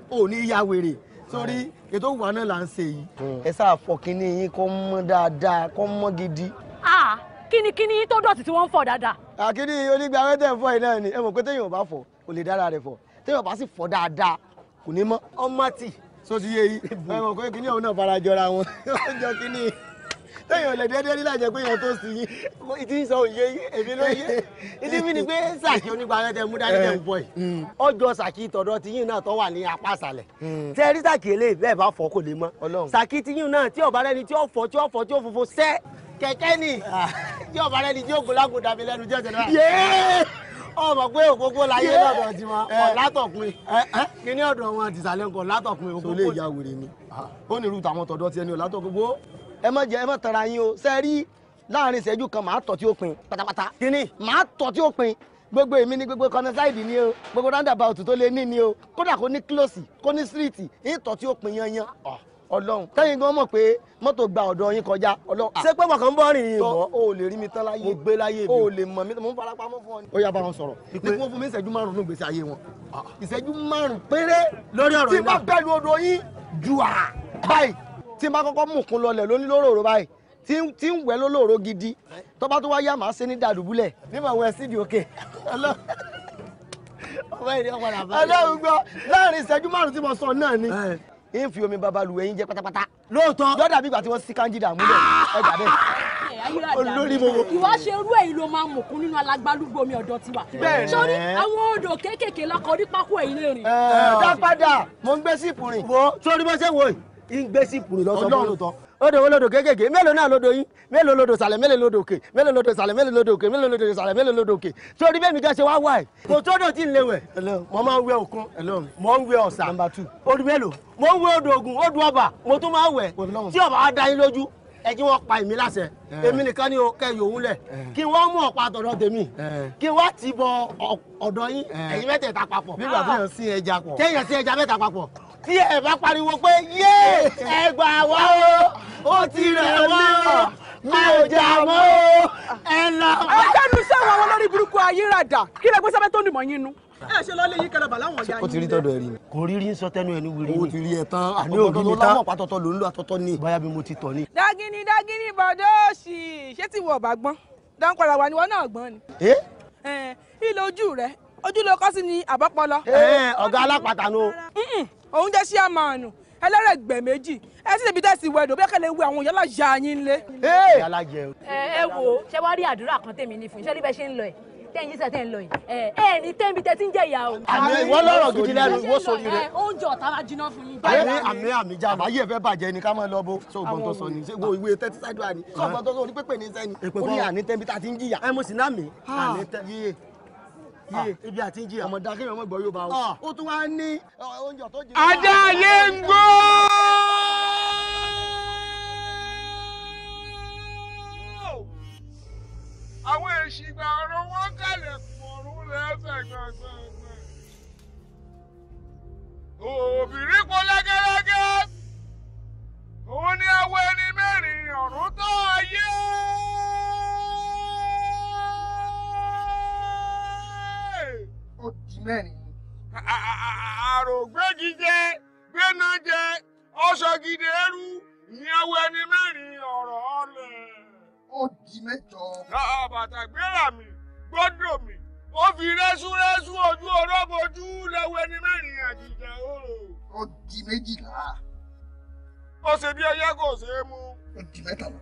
S4: ya wèrè sórí ètò ìwà náà là ń ṣe yìí hmm. ẹ sáà fọ kínní yín kó mọ́ dáadáa kó mọ́ gidi.
S1: ah kíni kíni yín tó dọ̀tí tí wọ́n ń fọ dáadáa.
S4: àkíní onígbà wẹ́tẹ̀ fọ yìí náà ni ẹ mọ̀ pé téèyàn bá fọ kò lè dára rẹ̀ fọ téèyàn bá sì fọ dáadáa kò ní mọ́ ọmọ tì sóti yé yìí ẹ mọ̀ pé kíní ọ̀hún náà fara jọra wọn ó jọ kíní téèyàn lè déédéé rí lájẹ pé èèyàn tó sì yí ìdí sọ òye èmi ló yé ìdí mi ni pé sàkí onípa rẹ tẹ mú dání tẹ ń bọ yìí eh, hmm. ọjọ́ sàkí tọ̀dọ̀ tiyín náà tó wà ní apá àṣàlẹ̀ hmm. tẹ rí sàkí eléyìí bẹ́ẹ̀ bá fọ kò lè mọ sàkí tiyín náà tí ọba rẹni tí ó fọ tí ó fọ tí ó funfun sẹ kẹ̀kẹ́ ni ah. tí ọba rẹni tí ó gbólágùn dàbí lẹ́nu jẹ ọmọ pé òkókó láyé lọ́dọ̀ ti wọn eh. ọ̀làtọ̀pin eh, kíní ọ̀dọ̀ wọn àdìsálẹ̀ nǹkan ọ̀làtọ̀pin òkókó. sọ lè ya wèrè ni ah. ó ní irú tàwọn tọ̀dọ̀ tiẹ̀ ni ọ̀làtọ̀pin wo ẹ má jẹ ẹ má tanra yín o ṣe rí láàrin ìṣẹ́jú kan màá tọ̀ tí ó pin pátápátá kíní màá tọ̀ tí ó pin gbogbo èmi ni gbogbo kọ́nẹ́sáìdì ni o gbogbo roundabout tó lé ní ni o kódà kó ní kílòsì kó ní síríìtì ń tọ̀ tí ó pin yanyan ọlọ́run tẹ́yìn gan mọ̀ pé mọ́tò gba ọ̀dọ̀ yín kọjá ọlọ́run. ṣé pé mọ̀kàn ń bọ́ rìn yìí mọ́. o ò lè rí mi tán láyé. mo gbé láyé mi. o ò lè mọ̀ mi mo ń fara pamọ́ fún ọ ni. ó yá bá wọn sọ̀rọ̀ ipe wọ́n fún mi ìṣẹ́jú márùn gbèsè ayé wọn. ìṣẹ́jú márùn péré. lórí ọ̀rọ̀ yìí tí bá bẹ́ẹ̀ lu odò yín ju à báyìí tí n bá kọ́kọ́ mú kun lọlẹ̀ lóní lóròrò báyìí tí ń wẹ̀ lólóró gidi tó bá tó wá yá màá ṣe ní dàdúbúlẹ̀ ní màá wẹ̀ sídìí òkè ọlọ́run gbọ́ láàrin ìṣẹ́jú márùn-ún tí mo sọ náà ni ń fi omi babalu ẹyin jẹ pátápátá lóòótọ́ yọ̀dà bí ìgbà tí wọ́n sí kánjídà múlẹ̀ ẹgbà bẹ́ẹ̀
S8: olórí mo wo. ìwà ṣe irú èyí ló máa ń mọ̀kún nínú alágbálúgbò omi ọ̀dọ́ tiwa. bẹ́ẹ̀ni sórí àwọn odò kéékèèké lọ́kọ̀ orí pákó ẹ̀yìn lè rìn. dápadà
S4: mo ń gbé sípò rìn. wo sórí bó ṣe wò yìí ìgbésí kùrù lọ́sọ̀ fún lóòótọ́ odò wo lodò kékèké mélòó náà lodò yín mélòó lodò sàlẹ̀ mélòó lodò òkè mélòó lodò sàlẹ̀ mélòó lodò òkè mélòó lodò sàlẹ̀ mélòó lodò òkè sórí bẹ́ẹ̀ mi gẹ́ ṣe wá wá ẹ̀. kò sódò tí ń lewẹ̀ mo máa ń wẹ òkun mo ń wẹ
S3: ọ̀sà odò mélòó mo ń wẹ odò ògùn odò ọba mo tún máa ń wẹ̀ tí ọba á dá yín lójú ẹ kí wọ́n pa èmi láṣẹ eh. èmi nìkan ni kẹ yòówù lẹ̀ eh. kí wọ́n mú ọ̀pá àtọ̀dọ̀ tèmi eh. kí wọ́n ti bọ ọ̀dọ̀ yín ẹ̀yin mẹ́tẹ̀ẹ̀ta papọ̀. bí wàá fi hàn sí ẹja pọ̀. kéèyàn sí ẹja
S2: mẹ́ta papọ̀ tí ẹ bá pariwo pé yé ẹ gbà wá o ó ti
S3: rẹ̀ wá o mi ò jà mọ́ o
S2: ẹ lọ. ẹ kẹ́nu sẹ́wọ̀n àwọn olórí
S3: burúkú ayírádà kí lè gbé sábẹ́ tó nìmọ̀ yín nu.
S8: ẹ ṣe lọ́ọ́ lé yín kẹrẹ bàláwọn ọ̀yà yín. ó ti rí tọ́dọ̀ ẹ̀rí mi. kò rí
S4: rí sọ tẹnu ẹni wíri ni. o ti rí ẹ tán àbí òbí mi tán àbí ló ń lo àtọ́tọ́ ni. báyà mo ti tọ̀ ni.
S2: dagini
S3: ni òun jẹ́ sí àmàánù ẹlẹ́rẹ̀gbẹ̀ méjì ẹ sì débi tẹ́sí wẹ̀dọ̀ bí ẹ̀kẹ́lẹ́ wẹ àwọn yálà ya yín lé.
S8: ẹ wo ṣé wàá rí àdúrà kan tèmi ní fún iṣẹ́ níbẹ̀ ṣe ń lọ ẹ̀ tẹ́yìn yìí sẹ́tẹ̀ ń lọ yìí ẹ ẹ ní tẹ́ǹbì tẹ́tí ń jẹ ìyá àmì ìwọ lọ́rọ̀ gidi lẹ́nu ìwọ sórí rẹ. oúnjẹ ọ̀tá máa jiná fún yín. àmì àmì
S4: àmì jà máyé ẹ̀fẹ́ bàjẹ́ ni ká máa lọ bó ògbọ́n tó sọ ni ṣé ìwé tẹ́tí sáájú àní so ògbọ́n tó sọ ní pépè ní sẹ́ni ó ní àní tẹ́ǹbì tá a ti ń jìyà. ẹ mo sì ná mi àní tẹ́ǹbì Ah. ibi àti ń jìyà. ọmọdé ọmọ ìgbọ́ yóò bá o. Ah. ó tún wá ní ah, oúnjẹ tó jẹ. ajá ayé ń gbó.
S2: àwọn èsì ìgbà ọ̀rọ̀ wọn kalẹ̀ fún ọ̀run lẹ́sẹ̀ obìnrin kò lẹ́gẹ́lẹ́gẹ́ òun ni àwọn ẹni mẹ́rin ọ̀run tó ayé. ó di mẹ́rin ni. àrògbégi jẹ gbéná jẹ ọṣọgìdì ẹrú ìyàwó ẹni mẹ́rin ọ̀rọ̀ ọ̀lẹ̀. ó di mẹ́jọ. bàtà gbéra mi gbọ́dọ̀ mi ó fi rẹ́súrẹ́sú ojú ọlọ́gbọ́jú lẹ́wọ́ ẹni mẹ́rin àjìjà òòrò. ó di méjìlá. ó ṣe bí ẹyẹ kò ṣe é mú. ó di mẹ́tàlá.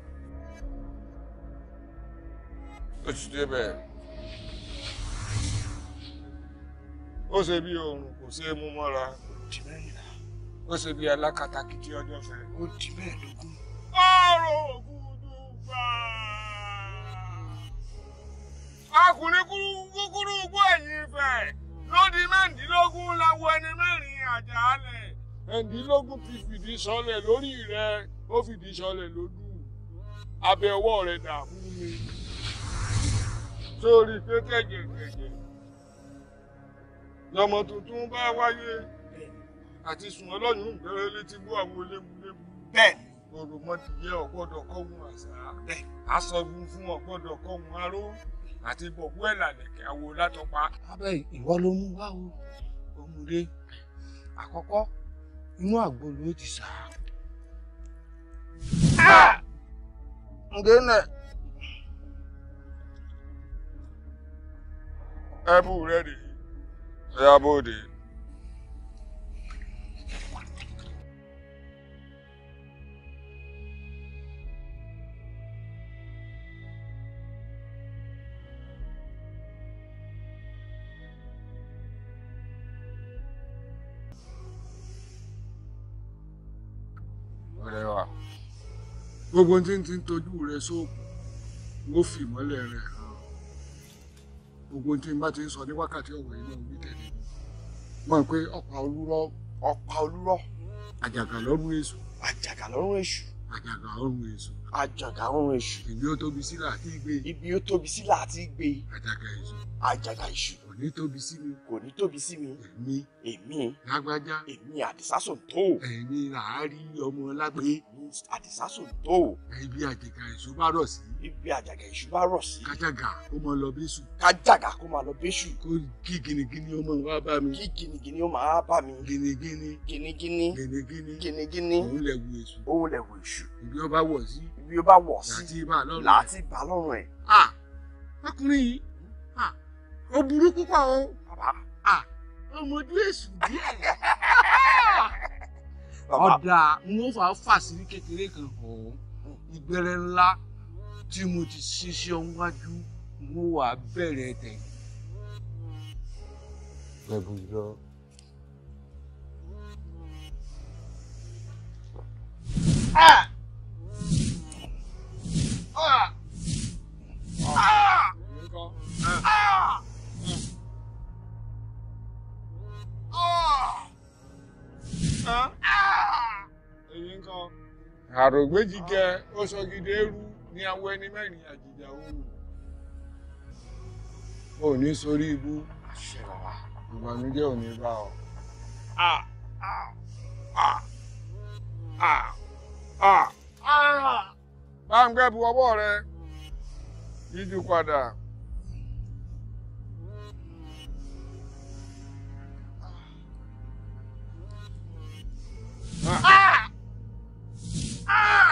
S7: ó ti débẹ̀.
S6: ó ṣe bí oòrùn kò ṣe é mú mọ́ra. ó di mẹ́rìnlá. ó ṣe bí alákatakítí ọjọ́ fẹ́.
S2: ó di mẹ́ẹ̀ẹ́dógún. ọ̀rọ̀ ògùdù gbà. akùnrin kúkúrú gbọ́ ẹ̀yìn fẹ̀ lódi mẹ́ẹ̀ẹ́dínlógún láwọ ẹni mẹ́rin àjàálẹ̀. ẹ̀ẹ́dínlógún ti fìdí sọlẹ̀ lórí rẹ̀ ó fìdí sọlẹ̀ lójú abẹ ọwọ́ dààmú mi. sórí pé kẹ̀jẹ̀kẹ̀jẹ̀ lọmọ tuntun bá wáyé àti sùn ọlọ́yún ìbẹ̀rẹ̀ létí bó àwọn olébúlébú. bẹ́ẹ̀ òròmọdìyẹ ọ̀gbọ́dọ̀
S3: kọ́hún àṣà aṣọ́gun fún ọ̀gbọ́dọ̀ kọ́hún aró àti bọ̀bú ẹ̀ làlẹ̀kẹ̀ látọpa. abẹ́
S2: ìwọ ló mú wá o òmùlé
S3: àkọ́kọ́ inú àgbo ló ti sà á. ǹgẹ́nẹ̀
S6: ẹ̀bù rèé. Ya bude. ọ̀rẹ́ wa gbogbo tí ń ti ń tọ́jú rẹ sóòkù ó fìmọ́lẹ̀ rẹ̀ gbogbo tí n bá ti ń sọ ní wákàtí ọ̀wọ̀ inú mi tẹ̀lé mọ̀ pé ọ̀pá olúrọ̀ ọ̀pá olúrọ̀
S3: àjàgà lọ́rùn èṣù àjàgà lọ́rùn èṣù àjàgà lọ́rùn èṣù àjàgà lọ́rùn èṣù ibi ó tóbi sí làá ti gbé ibi ó tóbi sí làá ti gbé àjàgà èṣù àjàgà èṣù ní tóbi sí mi. kò ní tóbi sí mi. èmi. èmi. lágbájá. èmi àdìsásòǹtò. ẹ̀yin làárí ọmọ lágbé. èmi àdìsásòǹtò. ibi àjàgà èṣù bá rọ̀ sí. ibi àjàgà èṣù bá rọ̀ sí. kájàgà kó máa lọ bẹ́sù. kájàgà kó máa lọ bẹ́sù. kí gìnìgìnì ó máa wá bá mi. kí gìnìgìnì ó máa bá mi. gìnìgìnì. gìnìgìnì. gìnìgìnì. gìnìgìnì. òun lẹ̀ wù èṣù. òun lẹ̀ wù èṣù. ibi ó bá wọ̀ sí. ibi ó bá wọ̀ sí. làtí bá
S2: ó burú púpọ̀ o ọmọdé èṣù díẹ̀
S3: ọ̀dà mo fà fàṣírí kékeré kan hàn ó ìgbẹ́rẹ́ ńlá tí mo ti ṣiṣẹ́ wájú mo wà bẹ̀rẹ̀ tẹ̀.
S6: ẹ̀bùn yọ àrògbéjì
S2: gẹ ó sọ gidi eru ní àwọn ẹni mẹ́rin àjìjà oòrùn
S3: ò ní sórí ibú àṣẹ bàbá ìbànújẹ́ ò ní bá ọ.
S6: bá ń gbẹ́ bu ọwọ́ rẹ yíjú padà.
S2: Ah! Ah!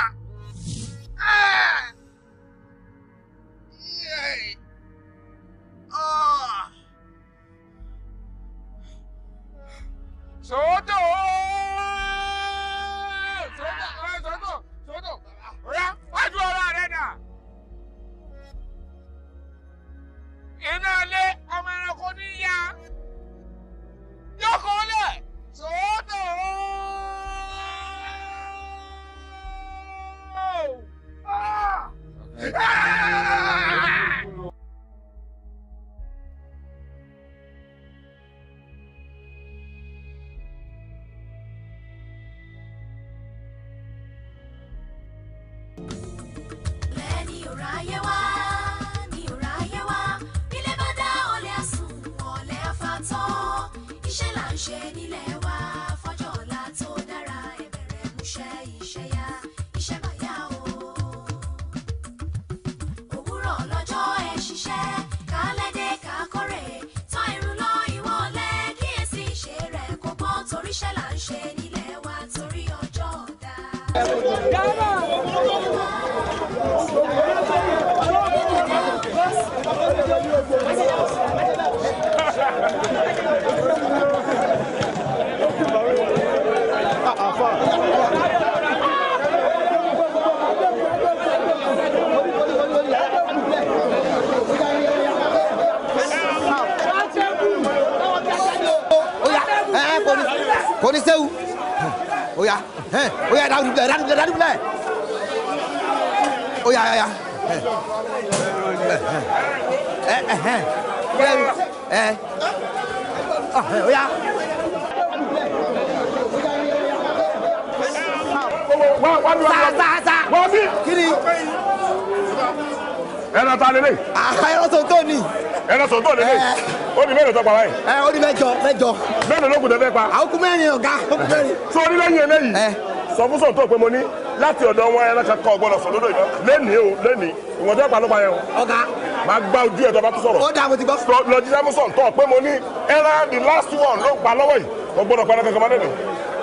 S3: fẹ́ pa báyìí. ẹ ó ní mẹ́jọ mẹ́jọ. mélòó ló kù tẹ́ fẹ́ pa. àwọn kú mẹ́rin ọ̀gá ó kú mẹ́rin. sọ onílẹ̀yìn eléyìí sọ fún sọ̀tọ̀ pé mo ní láti ọ̀dọ̀ wọn ẹran kan kọ́ ọgbọ́dọ̀ sọ̀dọ̀ ìjọ lẹ́nìí o lẹ́nìí ìwọ̀n tó palọ́pàá yẹn o. ọ̀gá. máa gba ojú ẹ̀ tó bá tó sọ̀rọ̀. ó dáa mo ti gbọ́. lọ́jí samuson tọ̀ pé mo ní ẹran the last one ló pa lọ́wọ́ yìí mo gbọ́dọ̀ pa kankan mọ́lẹ́ni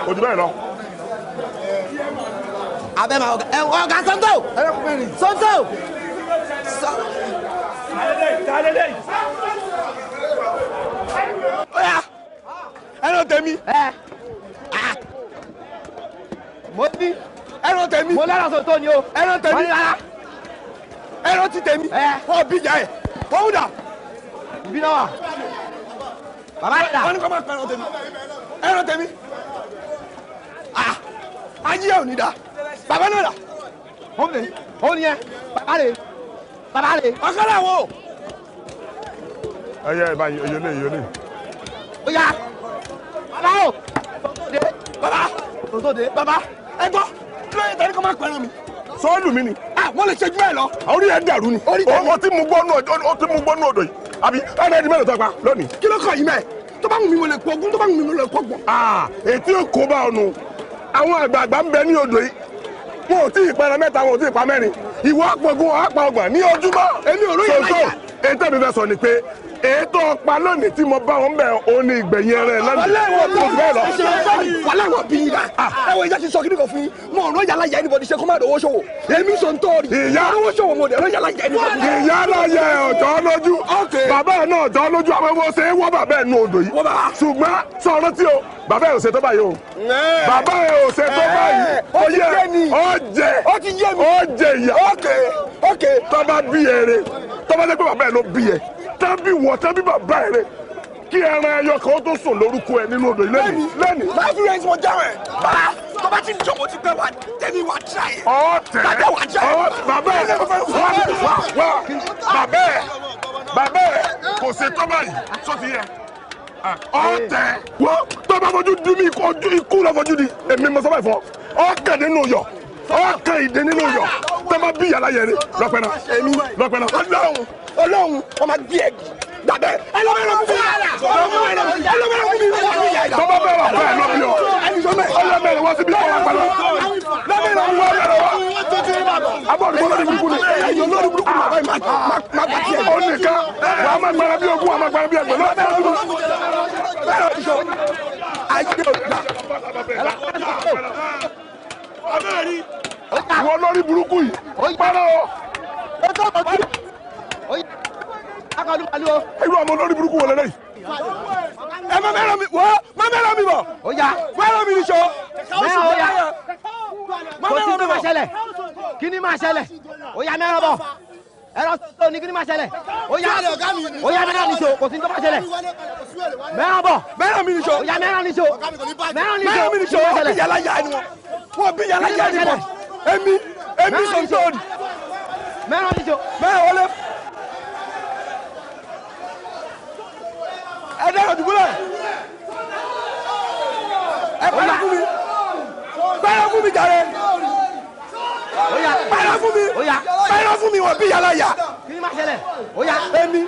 S3: ojú bẹ́ẹ̀ lọ. abẹ́ máa ọ̀gá ẹ̀ ọ̀gá sọ́ńtò
S2: sọ́ńtò. tèmi. Ah.
S3: mo ní. ẹran tèmi. mo lẹ́ràn tó tó ni o. ẹran tèmi. ẹran ti tèmi. ọ bíjà ẹ tọ́wọ́ dà. ibi náà wà. bàbá yẹn dà. wọ́n ní kó máa pẹ́ ẹran tèmi. ẹran tèmi. Ah. ayé ò ní dà. bàbá náà dà. òun ni òun ni yẹn bàbá rè bàbá rè. ọ̀kadà wo.
S6: ẹ yẹ ẹ bá yọlé yọlé.
S3: ó yá bàbá o de baba tòótọ́ de baba ẹ gbọ́ kílódé yẹn tẹ̀lé kọ́ máa pẹ̀lú mi. sọ́ọ́lù mi ni. a wọ́n lè ṣe jù ẹ lọ. orí ẹ dàrú ni. orí tẹ̀lé o ti mú gbọ́nú odò yìí àbí ẹni ẹni mẹ́rin tó pa lónìí. kí ló kọ yìí mẹ́ tó bá wùn mí mo lè kó ogún tó bá wùn mí mo lè kó gbọ̀n. ètí ò kó bá ọ nù àwọn àgbààgbà ń bẹ ní odò yìí wọn ò tí ì pẹrẹ mẹ́ta wọn ò tí ì pa mẹ́rin ìwọ àpọ̀gùn àpọ̀ ọgbà ní ojúmọ́. èmi ò lóye láyà. ètò mi fẹ́ sọ ni pé ètò ọ̀pá lónìí tí mo bá wọn bẹ̀ òun ni ìgbẹ̀yìn ẹran ẹ̀ lọ́dún. bí bẹ́ẹ̀ lọ. wàlẹ́ ìwọ bí yìí dá. ẹwọ ìyá ti ah. sọ kí ni kò fún yín mo yàrá yà ẹni bọ̀dì ṣe kó má dọ̀wọ́ ṣòwò èmi sọ ń
S2: tọ́ ìyá ìyá náà yẹ ọ̀jọ́
S3: lójú bàbá ẹ̀ náà ọ̀jọ́ lójú àwọn ọmọ ṣe é wọ́ bàbá ẹ̀ nù odò yìí ṣùgbọ́n sọ̀rọ̀ tí o bàbá ẹ̀ ò ṣe tó báyìí o bàbá ẹ̀ ò ṣe tó báyìí ó yẹ ó jẹ ó jẹ ìyá tọ́ bá bí ẹ rẹ tọ́ bá pé bàbá ẹ̀ ló bí ẹ tọ́ w wọ̀ tán bí bàbá ẹ̀ rẹ̀ kí ẹran ẹyọ kan tó sùn lórúkọ ẹ nínú odò lẹ́nu. lẹ́nu láti rẹ̀
S2: mo jáwé bàbá tó bá ti jọ mo ti pẹ́ wà tẹ́lẹ̀ wà já yẹ. ọ tẹ ọ tẹ bàbá ẹ wà wà wà bàbá ẹ bàbá ẹ kò ṣe tọ́ báyìí sọ ti yẹ ọ tẹ wọ tó bá fojú dún mí
S3: ikú lọ fojú di èmi mo sọ báyìí fọ ọ kàn nínú yọ ọ kàn ìdè nínú yọ tẹ bá bí yàrá yẹrẹ lọpẹ náà lọpẹ náà Ọlọ́run Ọlọ́run ọmọ bí ẹgbẹ dàdẹ
S2: ẹlọmọlọ kún mi ẹlọmọlọ kún mi tọba bẹ wà fẹ lọbi o ọlọmọlọ wọn ti bí kọlá pẹ̀lú lọmọlọ wọn wọlé lọ wa abọ olùkọ́ lórí burúkú ni ẹyọ lórí burúkú ni àbáyé má bá tiẹ̀. ó nìkan wàá má gbára bí ogún wàá má gbára bí ẹgbẹ́ lọ́wọ́ bẹ́ẹ̀ lọ́wọ́ bẹ́ẹ̀ lọ́wọ́ sọ ayé òkúta. ìwọ lórí burúkú yìí pálọ̀ o irú
S3: ọmọ olórí burúkú wọlé lẹ́yìn ẹ má mẹ́rọ mi wọ́ má mẹ́rọ mi bọ̀ mẹ́rọ mi nìṣó mẹ́rọ ó yá
S2: kò sí tó máa ṣẹlẹ̀
S3: kí ni máa ṣẹlẹ̀ ó yá mẹ́rọ bọ̀ ẹ̀rọ tó ní kí ni máa ṣẹlẹ̀ ó yá ó yá mẹ́rọ nìṣó kò sí tó máa ṣẹlẹ̀
S2: mẹ́rọ bọ̀ mẹ́rọ mi nìṣó ó yá mẹ́rọ nìṣó mẹ́rọ mi nìṣó wọ́n yàrá yá ẹni wọn
S3: wọ́n yàrá yá ẹni wọn èmi èmi sọ̀tọ́ọ̀nì mẹ́rọ nìṣó mẹ́rọ
S2: ẹ dẹ́rọ̀ dùbúlẹ̀ ẹ pẹ́rẹ́ fún mi pẹ́rẹ́ fún mi jàre pẹ́rẹ́ fún
S3: mi pẹ́rẹ́ fún mi wọ́n bí yàrá yà èmi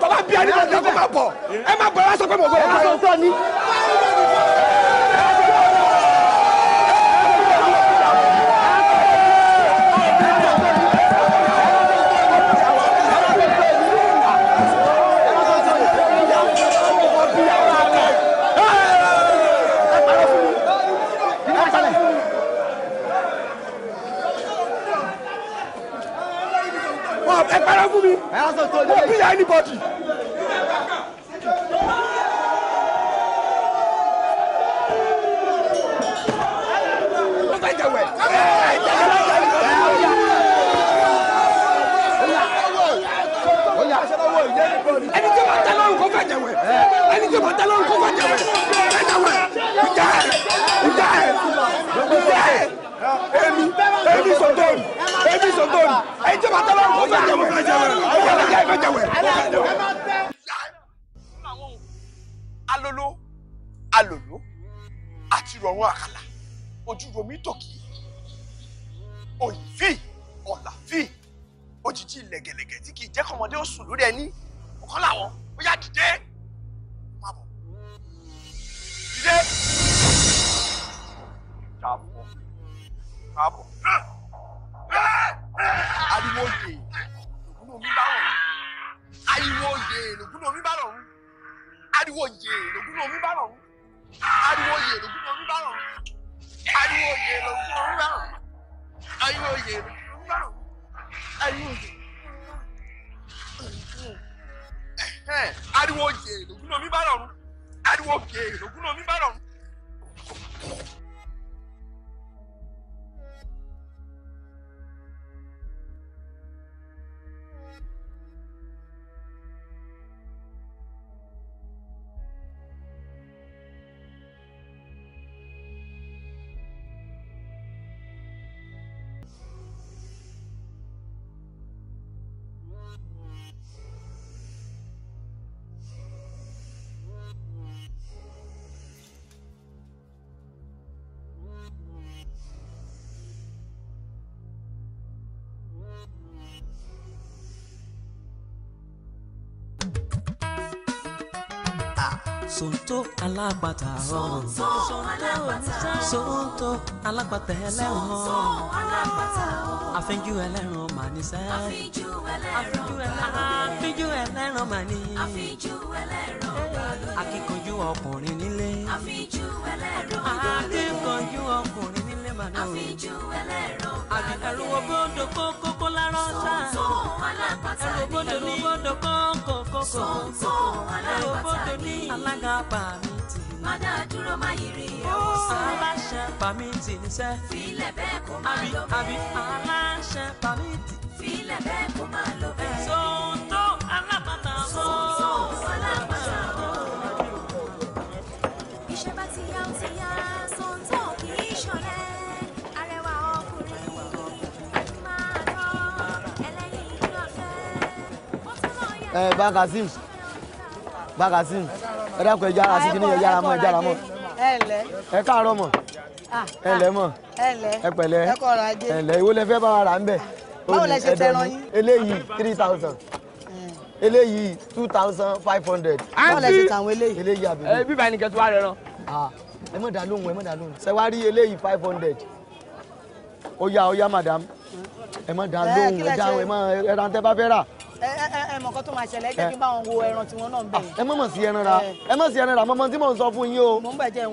S3: tọ́ba bí ẹni máa dẹ́kun máa bọ̀ ẹ máa bọ̀ ẹ máa sọ pé mo bọ̀ ẹ máa sọ pé mo bọ̀. ẹ para fún mi mo bí anybody.
S5: ó fẹ́ jẹ wẹ̀. ẹni
S2: tí wọ́n tẹ́ lọ́rùn kó fẹ́ jẹ wẹ̀ ẹni tí wọ́n tẹ́ lọ́rùn kó fẹ́ jẹ èmi
S5: alolo alolo
S3: àti rọrùn àkàlà ojú romi tòkì òyìnfì ọ̀làfì òjijì lẹ̀gẹ̀lẹ̀gẹ̀ tí kì í jẹ́ kọ́mọdé ó sùn lórí ẹni ọ̀kan làwọn ó
S2: yá dìde káàbọ̀ káàbọ̀
S3: ariwo yè lògùn omi
S2: bá rọrùn ariwo yè lògùn omi bá rọrùn ariwo yè lògùn omi bá rọrùn ariwo yè lògùn omi bá rọrùn ariwo yè lògùn omi bá rọrùn
S3: ariwo yè lògùn omi bá rọrùn ariwo yè ariwo yè lògùn omi bá rọrùn ariwo yè lògùn omi bá rọrùn.
S1: sóńtó alágbàtà ọ̀hún sóńtó alágbàtà ẹlẹ́wọ̀n àfínjú ẹlẹ́rùn mà ní sẹ́ àfínjú ẹlẹ́rùn mà ní akíkanjú ọkùnrin nílé akíkanjú ọkùnrin náà. àfijù ẹlẹ́rọ kàlẹ́. ẹ̀rù wo bóńdò kókókó lárọ́ sá. sọ̀tún alápàtà nìyẹn. ẹ̀rù bóńdò ní bóńdò kókókókó. sọ̀tún alápàtà nìyẹn. ẹ̀rù bóńdò ní alága pa mi tì. padà dúró má yí rí aláṣẹ pa mi tì filẹ̀ bẹ́ẹ̀ kó má lọ bẹ́ẹ̀. aláṣẹ pa mi filẹ̀ bẹ́ẹ̀ kó má lọ
S4: ẹ bá kazeem bá kazeem ẹ dákun ẹ jára sí kíní ẹ jára mọ ẹ jára mọ ẹ káàárọ̀ mọ
S8: ah, ẹ lẹ mọ ah, ẹ pẹ̀lẹ́ ẹ lẹ
S4: ìwọ lẹ fẹ́ bá wa rà ń bẹ
S8: báwo lẹ ṣe tẹran yín
S4: eléyìí three thousand hmm. eléyìí two thousand five hundred. báwo lẹ ṣe tàwọn eléyìí. eléyìí àbẹ̀wò eh, bíbá
S3: ẹnì kẹtù wa rẹ ràn.
S4: Ah, ẹ mọ̀ dá lóhùn ẹ mọ̀ dá lóhùn ṣe wá rí eléyìí five hundred ó yá ó yá madam hmm. ẹ mọ̀ dá eh, lóhùn ẹ dáhùn ẹ mọ̀ ẹ rántẹ́ bá fẹ́ rà
S8: ẹ mọ̀ kọ́ tó máa ṣẹlẹ̀ jẹ́ kí n bá wọn wo ẹran tiwọn náà bẹ̀rẹ̀.
S4: Ah, ẹ mọ̀ mọ̀ sí ẹran ra eh. ẹ mọ̀ sí ẹran ra mọ̀mọ́ tí mò ń sọ fún yín o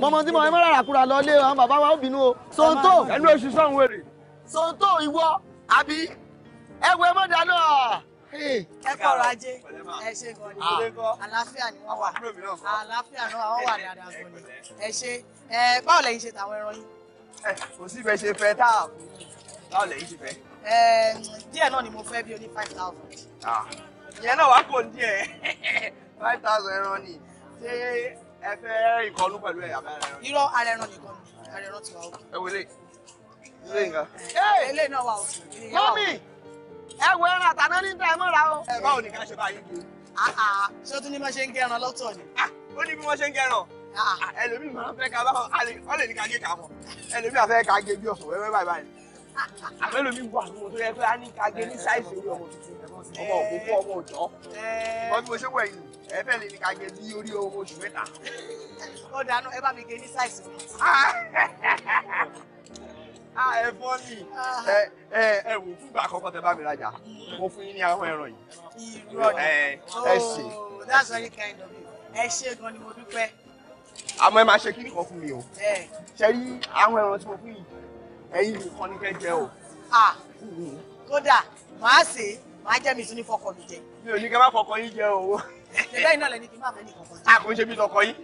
S4: mọ̀mọ́ tí mò ń rárá kúra lọ lé àwọn bàbá wa ó bínú o. Sonto ẹnu oṣù sọ̀hún wèrè. Sonto ìwọ àbí ẹ wo ẹ mọ̀ dáná. Eh, ẹ kọrọ ajé
S8: ẹ ṣe kọ ah. àlàáfíà ni wọn wà àlàáfíà ni wọn wà dáadáa gan ni ẹ ṣe eh, báwo lẹ̀yin ṣe tàwọn ẹran yìí.
S3: kò sí ibẹ̀ ṣe fẹ́ tá a báwo lẹ̀yin ṣe fẹ́
S8: díẹ̀ náà ni mo fẹ́ bí o five thousand. Ah. ìyẹn náà wá kò díẹ̀ five thousand ẹran ni ṣé ẹ
S3: fẹ́ ìkọlù pẹ̀lú ẹ̀ abẹ́rẹ́
S8: ẹran. irọ́ ara ẹran nìkan ni ara ẹran ti wà òkè.
S3: ẹ wọlé ilé nǹkan.
S8: ilé náà wà òkè. mọ́mì ẹ wo ẹran àtàná ní ìta ẹ mọ́ra o. ẹ báwo ni ká ṣe bá yín gbé. Ah, ah. ṣé o tún ní bá
S3: ṣe ń gẹran lọ́tọ̀ ni. ó ní bí wọ́n ṣe ń gẹran ẹlòmíì máa ń fẹ́ ká bá wọn lè ní ká gé ká mọ̀ ẹlòmíì àfẹ́ ká gé bí ọ̀sán wẹ́wẹ́ báyìí báyìí àmẹ́lò mi wà lóhun yẹ pé a ní ká gé ní sáìsì orí ọmọ tuntun ọmọ òkókó ọmọ òjọ́.
S8: Eh. wọ́n
S3: bí mo ṣe wẹ̀ yìí ẹ lè ní ká gé ní orí ọmọ oṣù mẹ́ta.
S8: ọ̀dà náà ẹ bá mi gé ní sáìsì mi. Ah, ẹ fọ́ ni ah.
S3: ẹ ẹ wò fún ìgbà tẹ bá mi rajà mo fún yín ní àwọn ẹran yìí. irọ́ ni eh, ẹ oh,
S8: ṣe. that's very kind of you ẹ ṣe gan ni mo dúpẹ́.
S3: àmọ́ ẹ máa ṣe kíni kan fún mi o eh. ṣe rí àwọn ẹran tí mo fún yìí ẹ̀yin nìkan ní kẹ́ o.
S8: kódà màá sè é màá jẹ́ mi tún ní fọkọ mi jẹ.
S3: mi ò ní kẹ́ má fọkọ yín jẹ o.
S8: lẹ́yìn náà lẹ́ni kí n má fẹ́ nìkan kan. a kò ń ṣe
S3: bí tọkọ yín.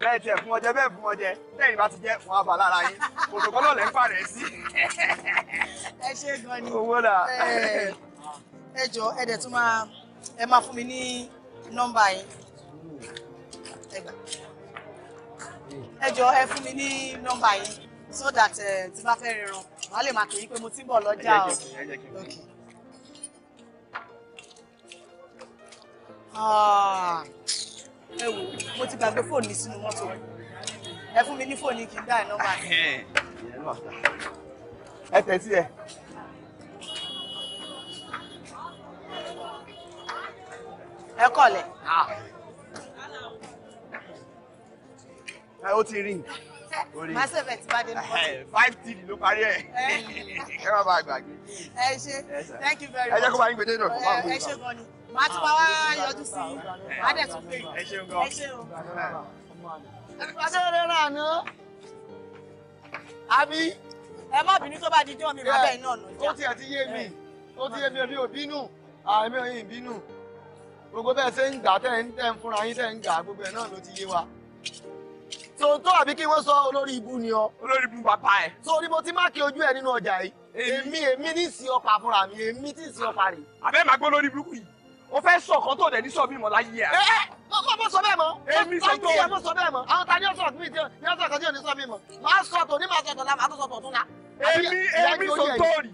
S3: bẹ́ẹ̀ tiẹ̀ fún ọjẹ́ bẹ́ẹ̀ fún ọjẹ́ lẹ́yìn bá ti jẹ́ wọn àbá lára yín kòtòkọ́ náà lẹ́ ń
S8: pàrẹ́ sí. ẹ ṣe gan ni owó là. ẹ jọ ẹ dẹ̀ tún máa ẹ máa fún mi ní nọ́mbà yín ẹ jọ ẹ fún mi ní nọ́mbà yín so that eh, tí bá fẹ́ ríran wàá lè máa pè yín pé mo ti ń bọ̀ lọ́jà o. Ah. ẹ wò mo ti gbàgbé fóònù mi sínú mọ́tò ẹ fún mi ní fóònù kì í dá ẹ nọ́mbà.
S3: ẹ tẹ̀sí ẹ. ẹ kọ̀lẹ̀. Ah. ẹ ó ti rí máa ṣe tí bá dé ní eh, five tv ló parí ẹ̀
S8: eh. ẹ má bàa gbàgbé. ẹ ṣe thank you very much. ẹ jẹ́ kó bá yín gbé dé náà kó bá wọn gbé gbà. Eh, ẹ ṣe gan ni màá tún máa wá yọjú sí i má dẹ̀ tún pè é. ẹ ṣeun gan. ẹ ṣeun. àṣeyọrẹ rà ni ó. àbí ẹ má bínú tó bá di jọ́ mi má bẹ́ẹ̀ náà
S4: nù. ó tiẹ̀ ti yé mi ó ti yé mi èmi ò bínú àmì ah, ò yín bínú gbogbo bẹ́ẹ̀ ṣe ń gbà tẹ́ ń tẹ́ ń fúnra yín tẹ́ ń gbà gbogbo ẹ̀ náà ló ti yé wa tó tó àbí kí wọ́n sọ olórí ibu
S3: ni ọ. olórí ibu bàbá ẹ. so ni mo ti máàkì ojú ẹ nínú ọjà yìí. èmi èmi ní sí ọpa fúnra mi èmi tí ń sí ọpa rè. àbẹ́ màá gbọ́ lórí burúkú yìí o fẹ́ sọ kan tó dẹ̀ ní sọ mi mọ̀ láyé ẹ. ẹ eh,
S4: eh, mo sọ bẹ́ẹ̀ mọ́. èmi sọ tó o mo sọ bẹ́ẹ̀ mọ́. àwọn ta ni ó sọ mi tí ni ó sọ kan tí ò ní sọ mi mọ́. máa sọ tò ní máa sọ tọ̀la máa tó sọ tọ̀ tún la. èmi èmi sọ tó rì.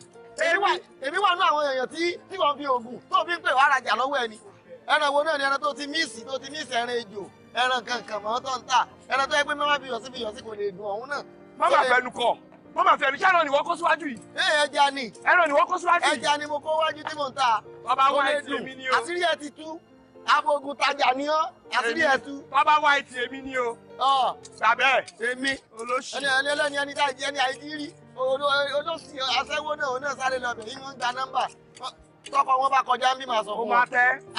S4: èmi wà nú àwọn èèyàn tí tí wọ́n fi oògùn tó fi ń pè wá rajà lọ́wọ́ ẹni. ẹran wo náà ni ẹran tó ti míìsì tó ti míìsì ẹran ejò ẹran kankan mọ́ tó ń tà ẹran tó yẹ pé mẹ́wàá fi yọ̀ sí fi yọ̀ sí kò lè dùn ọ̀hún
S3: náà. má fẹnu kọ má fẹnu ṣẹ́ran ni wọ́n kó síwájú yìí. ee ẹja ni ẹran ni kó síwájú yìí. ẹja ni mo kó wájú tí mò ń ta. bàbá wa ẹtì èmi ni o. àṣírí ẹ ti tú abogun tajà ni ọ àṣírí ẹ tú. bàbá wa ẹtì èmi ni o. ọ tàbẹ́ èmi olóṣì. ẹni ẹni ẹlẹ́ni ẹni
S4: tá olóṣì aṣẹ́wó náà òun náà sáré lọ tọkọ wọn bá kọjá bí màá sọ fún wa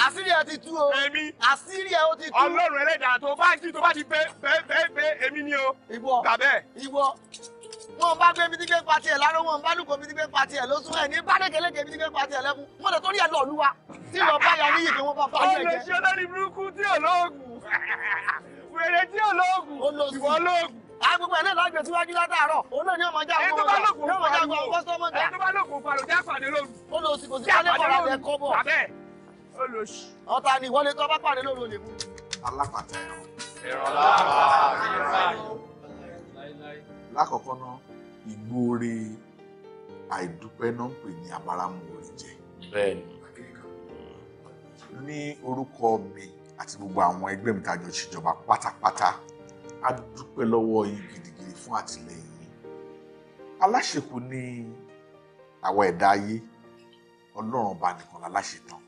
S4: àṣírí ẹ ti tú o èmi àṣírí
S3: ẹ ó ti tú Ọlọ́run Ẹlẹ́dàá tó bá jí tó bá ti bẹ́ẹ̀ bẹ́ẹ̀ bẹ́ẹ̀ èmi ni o ìwọ gàbẹ́
S4: ìwọ wọn bá gbé mi ti gbé pati ẹ láró wọn bá lùkọ mi ti gbé pati ẹ lóṣù ẹ ní bádẹkẹlẹkẹ mi ti gbé pati ẹ lẹkùn wọn lè torí ẹ lọ lúwa tí lọ bá ya níyì pé wọn bá fáyé ẹjẹ. olùsí olórí burúkú tí olóògùn
S3: wèrè tí olóògùn
S4: ìwọ olóògùn agbègbè ẹ̀ náà lágbè síwájú látàárọ̀ òun náà ni ọmọ ajá àwọn ọmọ ọjà ọmọ ajá àwọn kọ́sọ́mọ̀ dà. ẹni tó bá
S3: lókun pariwo já pàdé lóru. ó lọ sí kò sí kálẹ̀ kọ́ra jẹ kọ́bọ̀. abẹ́ ó lọ sí. ọ̀tá ni ìwọlé tó bá pàdé lóru lè mú. alápàtà ẹ̀rọ. ẹ̀rọ lákọ̀ọ́kọ́ náà
S6: ìgbóore àìdúpẹ́ náà ń pè ní abáramu
S5: orí jẹ.
S3: bẹ́ẹ̀ni. ní orúkọ mi àti gbogbo àwọn ẹgbẹ́ mi tá a jọ ṣèjọba pátápátá a dúpẹ́ lọ́wọ́ yín gidigidi fún àtìlẹ́yìn yín aláṣekù ni àwa ẹ̀dá ayé ọlọ́run ọba nìkan láláṣetán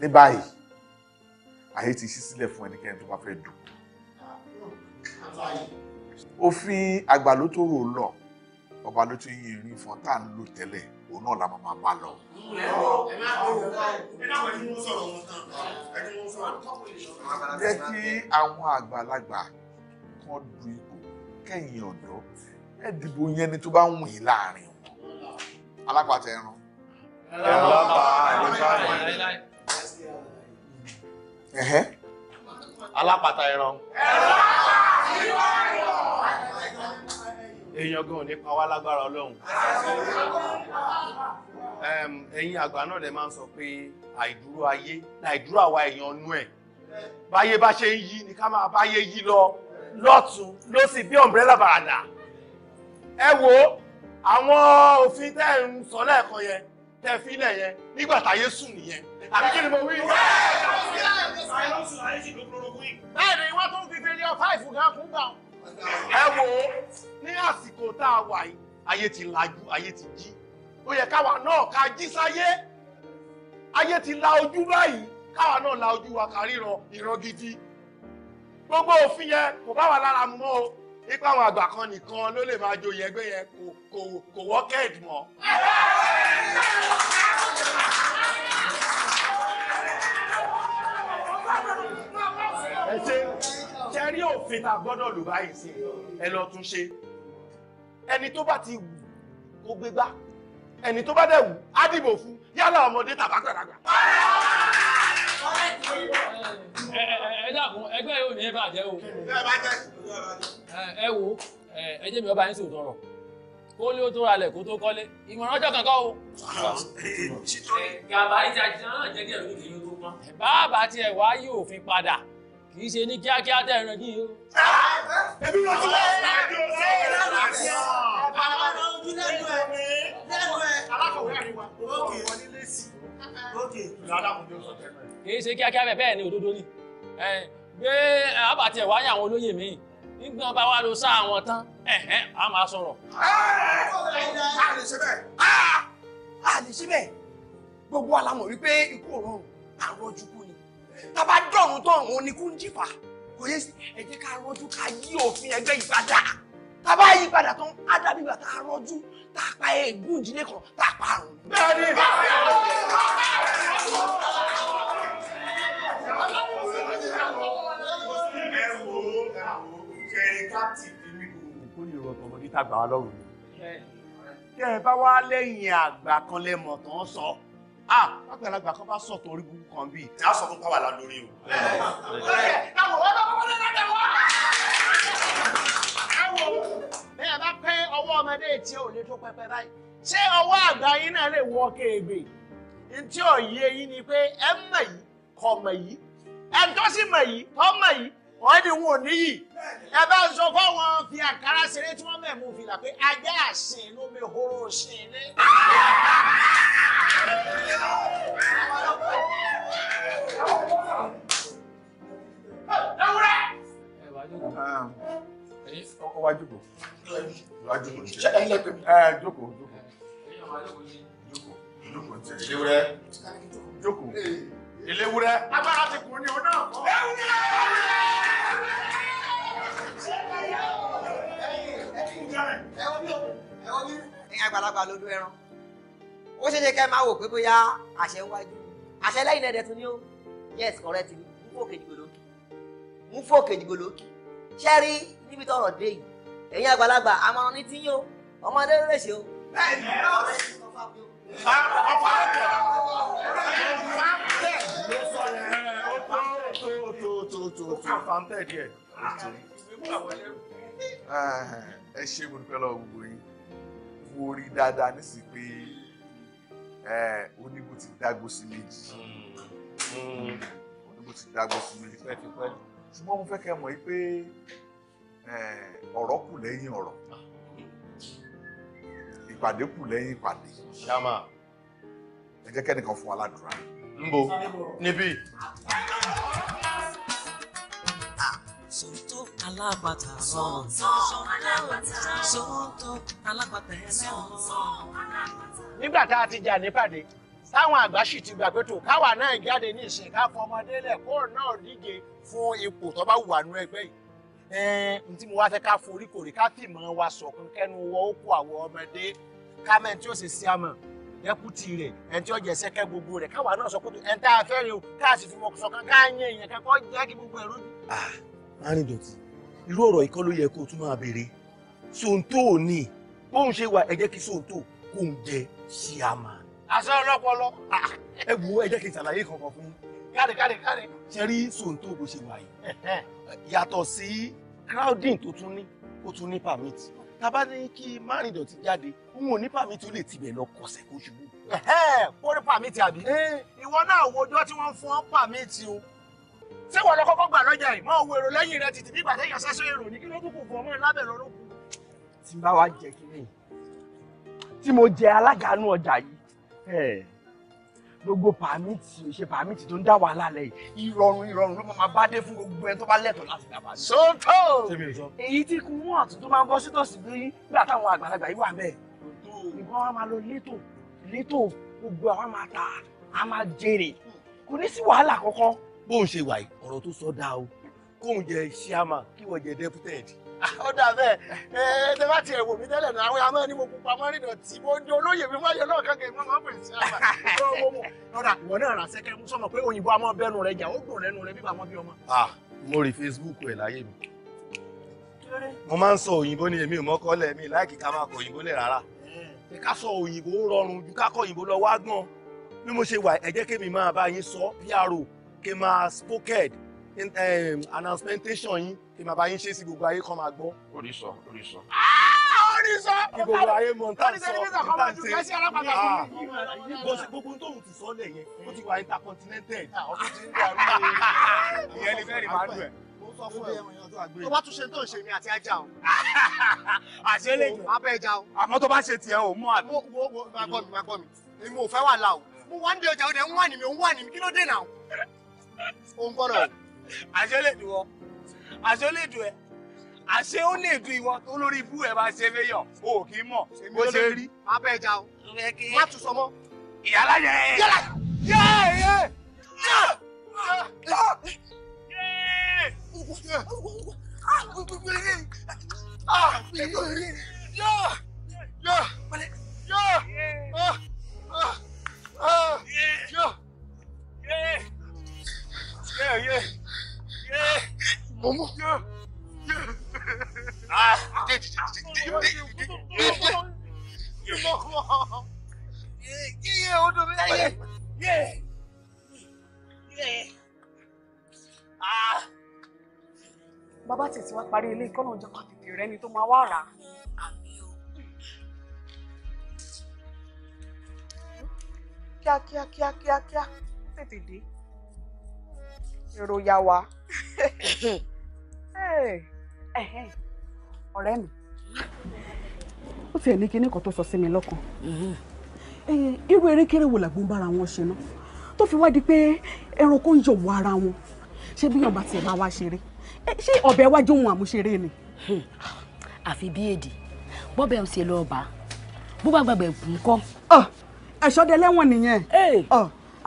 S3: ní báyìí ayé ti ṣí sílẹ̀ fún ẹnikẹ́ni tó bá fẹ́ dùn òfin àgbà ló tó rò lọ ọba ló tún yin ìrìn ìfọ̀n tá à ń lò tẹ́lẹ̀ òun náà la máa bá lọ. jẹ́ kí àwọn àgbàlagbà kan du ipò kẹ́yìn ọ̀dọ́ ẹ dìbò yẹn ni tó bá wùn yín láàrin wọn alápàtà ẹran. ẹ̀rọ bá alápàtà ẹran èèyàn gan nípa wá lágbára ọlọ́run ẹ̀yin àgbà náà lè máa ń sọ pé àìdúró ayé àìdúró àwa èèyàn nú ẹ̀ báyé bá ṣe ń yí ni ká máa báyé yí lọ lọ́tún ló sì bí ọ̀mbrẹ́là bàràdà ẹ wo àwọn òfin tẹ́ ẹ̀ ń sọ lẹ́ẹ̀kan yẹn tẹ́ ẹ fílẹ̀ yẹn nígbà táyé sùn nìyẹn àbí kí ni mo wí. bẹ́ẹ̀ wọ́n tún fi fẹ́lẹ́ ọ fáìfù gan kún gbà ẹ wo ní àsìkò tá a wà yìí ayé ti lajú ayé ti jí ó yẹ káwa náà ká jí sáyé ayé ti la ojú báyìí káwa náà la ojú wa ká ríran ìran gidi gbogbo òfin yẹn kò bá wa lára mọ́ o ipa àwọn àgbà kan nìkan ló lè máa joyè ẹgbẹ́ yẹn kò kò kò wọ́kẹ́ẹ̀dì mọ́. rí òfin tá a gbọ́dọ̀ lò báyìí sí ẹ lọ tún ṣe ẹni tó bá ti wù kó gbégbá ẹni tó bá dẹ̀ wù á dìbò fún yálà ọmọdé tàbá gbàgbà.
S7: ẹ dàkún ẹgbẹ́ yóò ní ẹ bàjẹ́ o ẹ wo ẹ jẹ́ mi ọba yín sì tọrọ kó lé o tó ralẹ̀ kó tó kọ́lé ìmọ̀ràn ọjọ́ kankan o. gàbá ìjà jìnnà náà jẹ́ kí ẹ̀rù kìí ló tó pọ́n. bàbá tiẹ̀ wá yí òfin padà kì í ṣe ní kíákíá tẹ̀ ẹ̀rọ yìí o. ẹbí wọn ti lọ́ọ́ sọ ẹbí o sọ ẹ̀rọ àti ọ̀ àwọn ọmọ ojú lẹ́nu ẹ̀
S2: lẹ́nu ẹ̀ alákọ̀wé àríwá òkè onílé sí
S7: òkè kì í ṣe kíákíá bẹ́ẹ̀ bẹ́ẹ̀ ni òdodo ni gbé àbàtì ẹ̀ wáyé àwọn olóyè mi nígbà bá wá lọ sá àwọn tán ẹ̀hẹ́n a máa sọ̀rọ̀. a lè ṣe bẹ́ẹ̀
S3: a lè ṣe bẹ́ẹ̀ gbogbo alamọ̀ wípé ikú òrùn àrọ́jú tábà dọ̀rùn tọ̀rùn oníkú ń jìfà kò yẹ sí ẹ jẹ́ ká rọ́jú ká yí òfin ẹgbẹ́ ìpadà tábà yí padà tán á dàbí ìgbà tá a rọ́jú tá pa eégún ìdílé kan tá pa àrùn. bẹ́ẹ̀ni ni. bá wá lẹ́yìn àgbà kan lẹ́mọ̀ tán sọ ah àgbàlagbà kan bá sọ̀tọ̀ orí burúkú kan bíi tí a sọ fún pàwọ́ àlàlórí o.
S2: bẹ́ẹ̀ bá pẹ́ ọwọ́ ọmọdé tí ò lè tó pẹpẹ báyìí ṣé ọwọ́
S3: àgbà yín náà lè wọ kéèbè ntí òye yín ni pé ẹ mọ̀ yìí kọ̀ mọ̀ yìí ẹ̀ tó sì mọ̀ yìí tọ́ mọ̀ yìí wọ́n ní wọn ò níyì ẹ bá ń sọ fáwọn fi àkàrà ṣeré tí wọ́n mẹ̀mú fìlà pé ajá àsìn ló mi horo ṣìn ní. ewúrẹ́. ẹ wá
S2: jókòó. wá jókòó.
S3: wá jókòó. ṣe ẹ lẹ́pẹ̀ mi. ẹ jókòó jókòó. jókòó jókòó. ewúrẹ́. jókòó ìléwúrẹ́.
S2: agbára ti kùn ní òun náà kọ́.
S4: ẹ̀yin àgbàlagbà ló dún ẹran
S8: ó ṣeé ṣe kẹ́ máa wò pé bóyá àṣẹ ń wájú àṣẹ lẹ́yìn ẹ̀dẹ̀ tún ní ó yes correct ni mú fòkè dìgbò lókì mú fòkè dìgbò lókì ṣé rí níbi tọ̀rọ̀ dé yìí ẹ̀yin àgbàlagbà àmọ̀ràn ní tí yín o ọmọdé lè ṣe o. bẹ́ẹ̀ ni ó lè ṣe sọ fáwọn yòókù ọ̀pá ẹ̀jẹ̀ fáńtẹ̀ ló sọ yẹn
S3: ó tó tó tó tó tó tó fáńtẹ̀ díẹ̀. ẹ ṣe mo dúpẹ́ lọ́wọ́ gbogbo yín wo rí dáadáa nísìnyí pé onígbò ti dágbó sí méjì onígbò ti dágbó sí méjì ṣùgbọ́n mo fẹ́ kẹ́ mọ̀ yí pé
S6: ọ̀rọ̀ kù lẹ́yìn ọ̀rọ̀ ìpàdé kù lẹ́yìn ìpàdé. ṣáàmà. ẹ jẹ́ kẹ́nìkan fún wa ládùúrà. bo níbí.
S1: Ah, Sọ́ńtò alágbàtà rọrùn. Sọ́ńtò alágbàtà rọrùn. Sọ́ńtò alágbàtà ẹlẹ́wọ̀n.
S3: Nígbà tá a ti jà nípàdé, táwọn àgbà sì ti gbà tó káwa náà jáde ní ìsìn ká fún ọmọdé lẹ̀ kó náà díje fún ipò tó bá wà nú ẹgbẹ́ yìí ẹ̀ẹ́n tí mo wá fẹ́ ká forí kòrí ká fìmọ̀ wa ṣọ̀kan kẹ́nu wọ ó àwọn ọmọdé kámẹ́ tí ó sì sí àmọ̀ ẹkùtì rẹ̀ ẹ̀ tí ó jẹ́ sẹ́kẹ́ gbogbo rẹ̀ káwa náà sọ pé ẹ̀ ń tá a fẹ́ rí o káàsì fi mọ̀ sọ kan káàyàn èèyàn kẹ́kọ́ jẹ́ kí gbogbo ẹ̀rú. àáríndọ̀tí irú ọ̀rọ̀ ikọ́ ló yẹ kó o tún máa béèrè sóńtò ni bóun ṣe wà ẹ jẹ́ kí sóńtò kó ń jẹ ṣí àmà. àṣẹ ọlọ́pọlọ. ẹ wo ẹ jẹ́ kí n ṣàlàyé kankan fún yín. káre káre káre. ṣe rí sóńtò bó crowding tó tún ní ó tún ní permit tàbá ní kí márùn ìdọ̀tí jáde n ò ní pàmìtì ó lè tibẹ̀ lọ kọsẹ̀ kó ṣubú. ó rí pàmìtì àbí. ìwọ náà wo ọjọ́ tí wọ́n fún ọ pàmìtì o. ṣé wọ́n lọ kọ́kọ́ gbà lọ́jà yìí mọ́ òwe èrò lẹ́yìn rẹ títí bí ìgbà tẹ́yàn sẹ́sọ èrò ní kí ló kúkú fún ọmọ
S2: ẹ lábẹ́ lọ́rọ́ kù.
S3: tí n bá wa jẹ kí ni tí mo jẹ alága inú ọjà yìí gbogbo pàmìtì òṣè pàmìtì tó ń dá wàhálà lẹ yìí ìrọ̀rùn ìrọ̀rùn ló máa bá dé fún gbogbo ẹni tó bá lẹ́tọ̀ọ́ láti gbà pàmìtì. sọ́tọ̀ èyí tí kú mú àtún tó máa ń bọ́ sí bí nígbà táwọn àgbàlagbà yìí wà bẹ́ẹ̀
S8: ìbọn wa máa lọ létò
S3: létò gbogbo àwa máa ta a máa jèrè kò ní sí wàhálà kankan. bó ṣe wà yìí ọ̀rọ̀ tó sọ dáa o kóun jẹ ṣíàmà kíwọ jẹ deputed ó dà bẹ́ẹ̀ eh, ẹ ẹ bá tiẹ̀ wò mí tẹ́lẹ̀ náà àwọn àmọ́ ni mo pupa mọ́ rìn dọ̀tí mo di olóyè mi máyọ̀ náà kankan ìmọ̀ máa ń pèsè àbá tó wọ́n mu ọ̀dà ìwọ náà rà sẹ́kẹ́ mú sọmọ pé òyìnbó àmọ́ bẹ́nu rẹ jà ó dùn lẹ́nu rẹ bíbá àmọ́ bí ọmọ. mo rí Facebook ẹ̀ láyé mi mo máa ń sọ òyìnbó ni èmi ò mọ́kọ́ lẹ̀ mi láìkí ká máa kọ òyìnbó lẹ̀ rárá eh. ká sọ òyìnbó rọrùn ju ká kọ òyìnbó lọ wá gbọ́n bí mo ṣe wà ẹ jẹ́ kémi máa bá yín sọ pr kéma spoked Um, announcement yín kí màá bá yín ṣe sí gbogbo ayé kan máa gbọ́. orísọ orísọ.
S2: Ah, orísọ kí gbogbo ayé mọ tá n sọ tá n ṣe ah. bó ṣe
S3: gbogbo tóun ti sọ lẹ̀ yẹn ó ti wà intercontinental. Ah, ìyẹn ni bẹ́ẹ̀ ni màá lù ẹ̀ tó bá tún ṣe
S2: tó ń ṣe mi àti ajá
S3: o. àṣẹ lè jù. abẹ́ ẹja o.
S2: àmọ́ tó bá ṣe tiẹ̀ o mú àbí. wo
S3: wo wo máa gbọ́ mi máa gbọ́ mi èmi ò fẹ́ wà láò. mo wá ń di ọjà ọdẹ ń wà ní mi ò ń wà ní mi kí ló dé náà. o ń gbọ́dọ̀ o àṣẹ lè dùn ọ àṣẹ lè dùn ẹ àṣẹ ó lè dùn ìwọ tó lórí ibú ẹ bá ṣe fẹyọ o kì í mọ bó ṣe rí. abẹ́ ẹja o má tún sọ mọ́. ìyálà
S4: yẹ.
S2: yálà yẹ yẹ yeah, yeah. Momo. Ah, dìde dìde dìde dìde.
S8: Yé odò mi láyé. Yé. Yé. Ah. Bàbá tètè wá parí ilé ìkọ́nà ọjọ́ kan tètè rẹ ni tó máa wá rà. Kíákíá kíákíá kíá tètè dé. Èrò yà wá ọ̀rẹ́ mi ó tiẹ̀ ní kinní kan tó sọ sí mi lọ́kàn irú erékeré wo làgbọ́n bára wọn ṣe ná tó fi wá di pé ẹranko ń yọ̀wọ̀ ara wọn ṣé bí ọba tiẹ̀ bá wá ṣeré ṣé ọbẹ̀ wájú òun àmúṣeré ni. àfi bí èdè bọ́bẹ̀ ń ṣe lọ́ọ̀bà bó bá gbàgbẹ́ nǹkan. ẹ̀ṣọ́dẹ lẹ́wọ̀n nìyẹn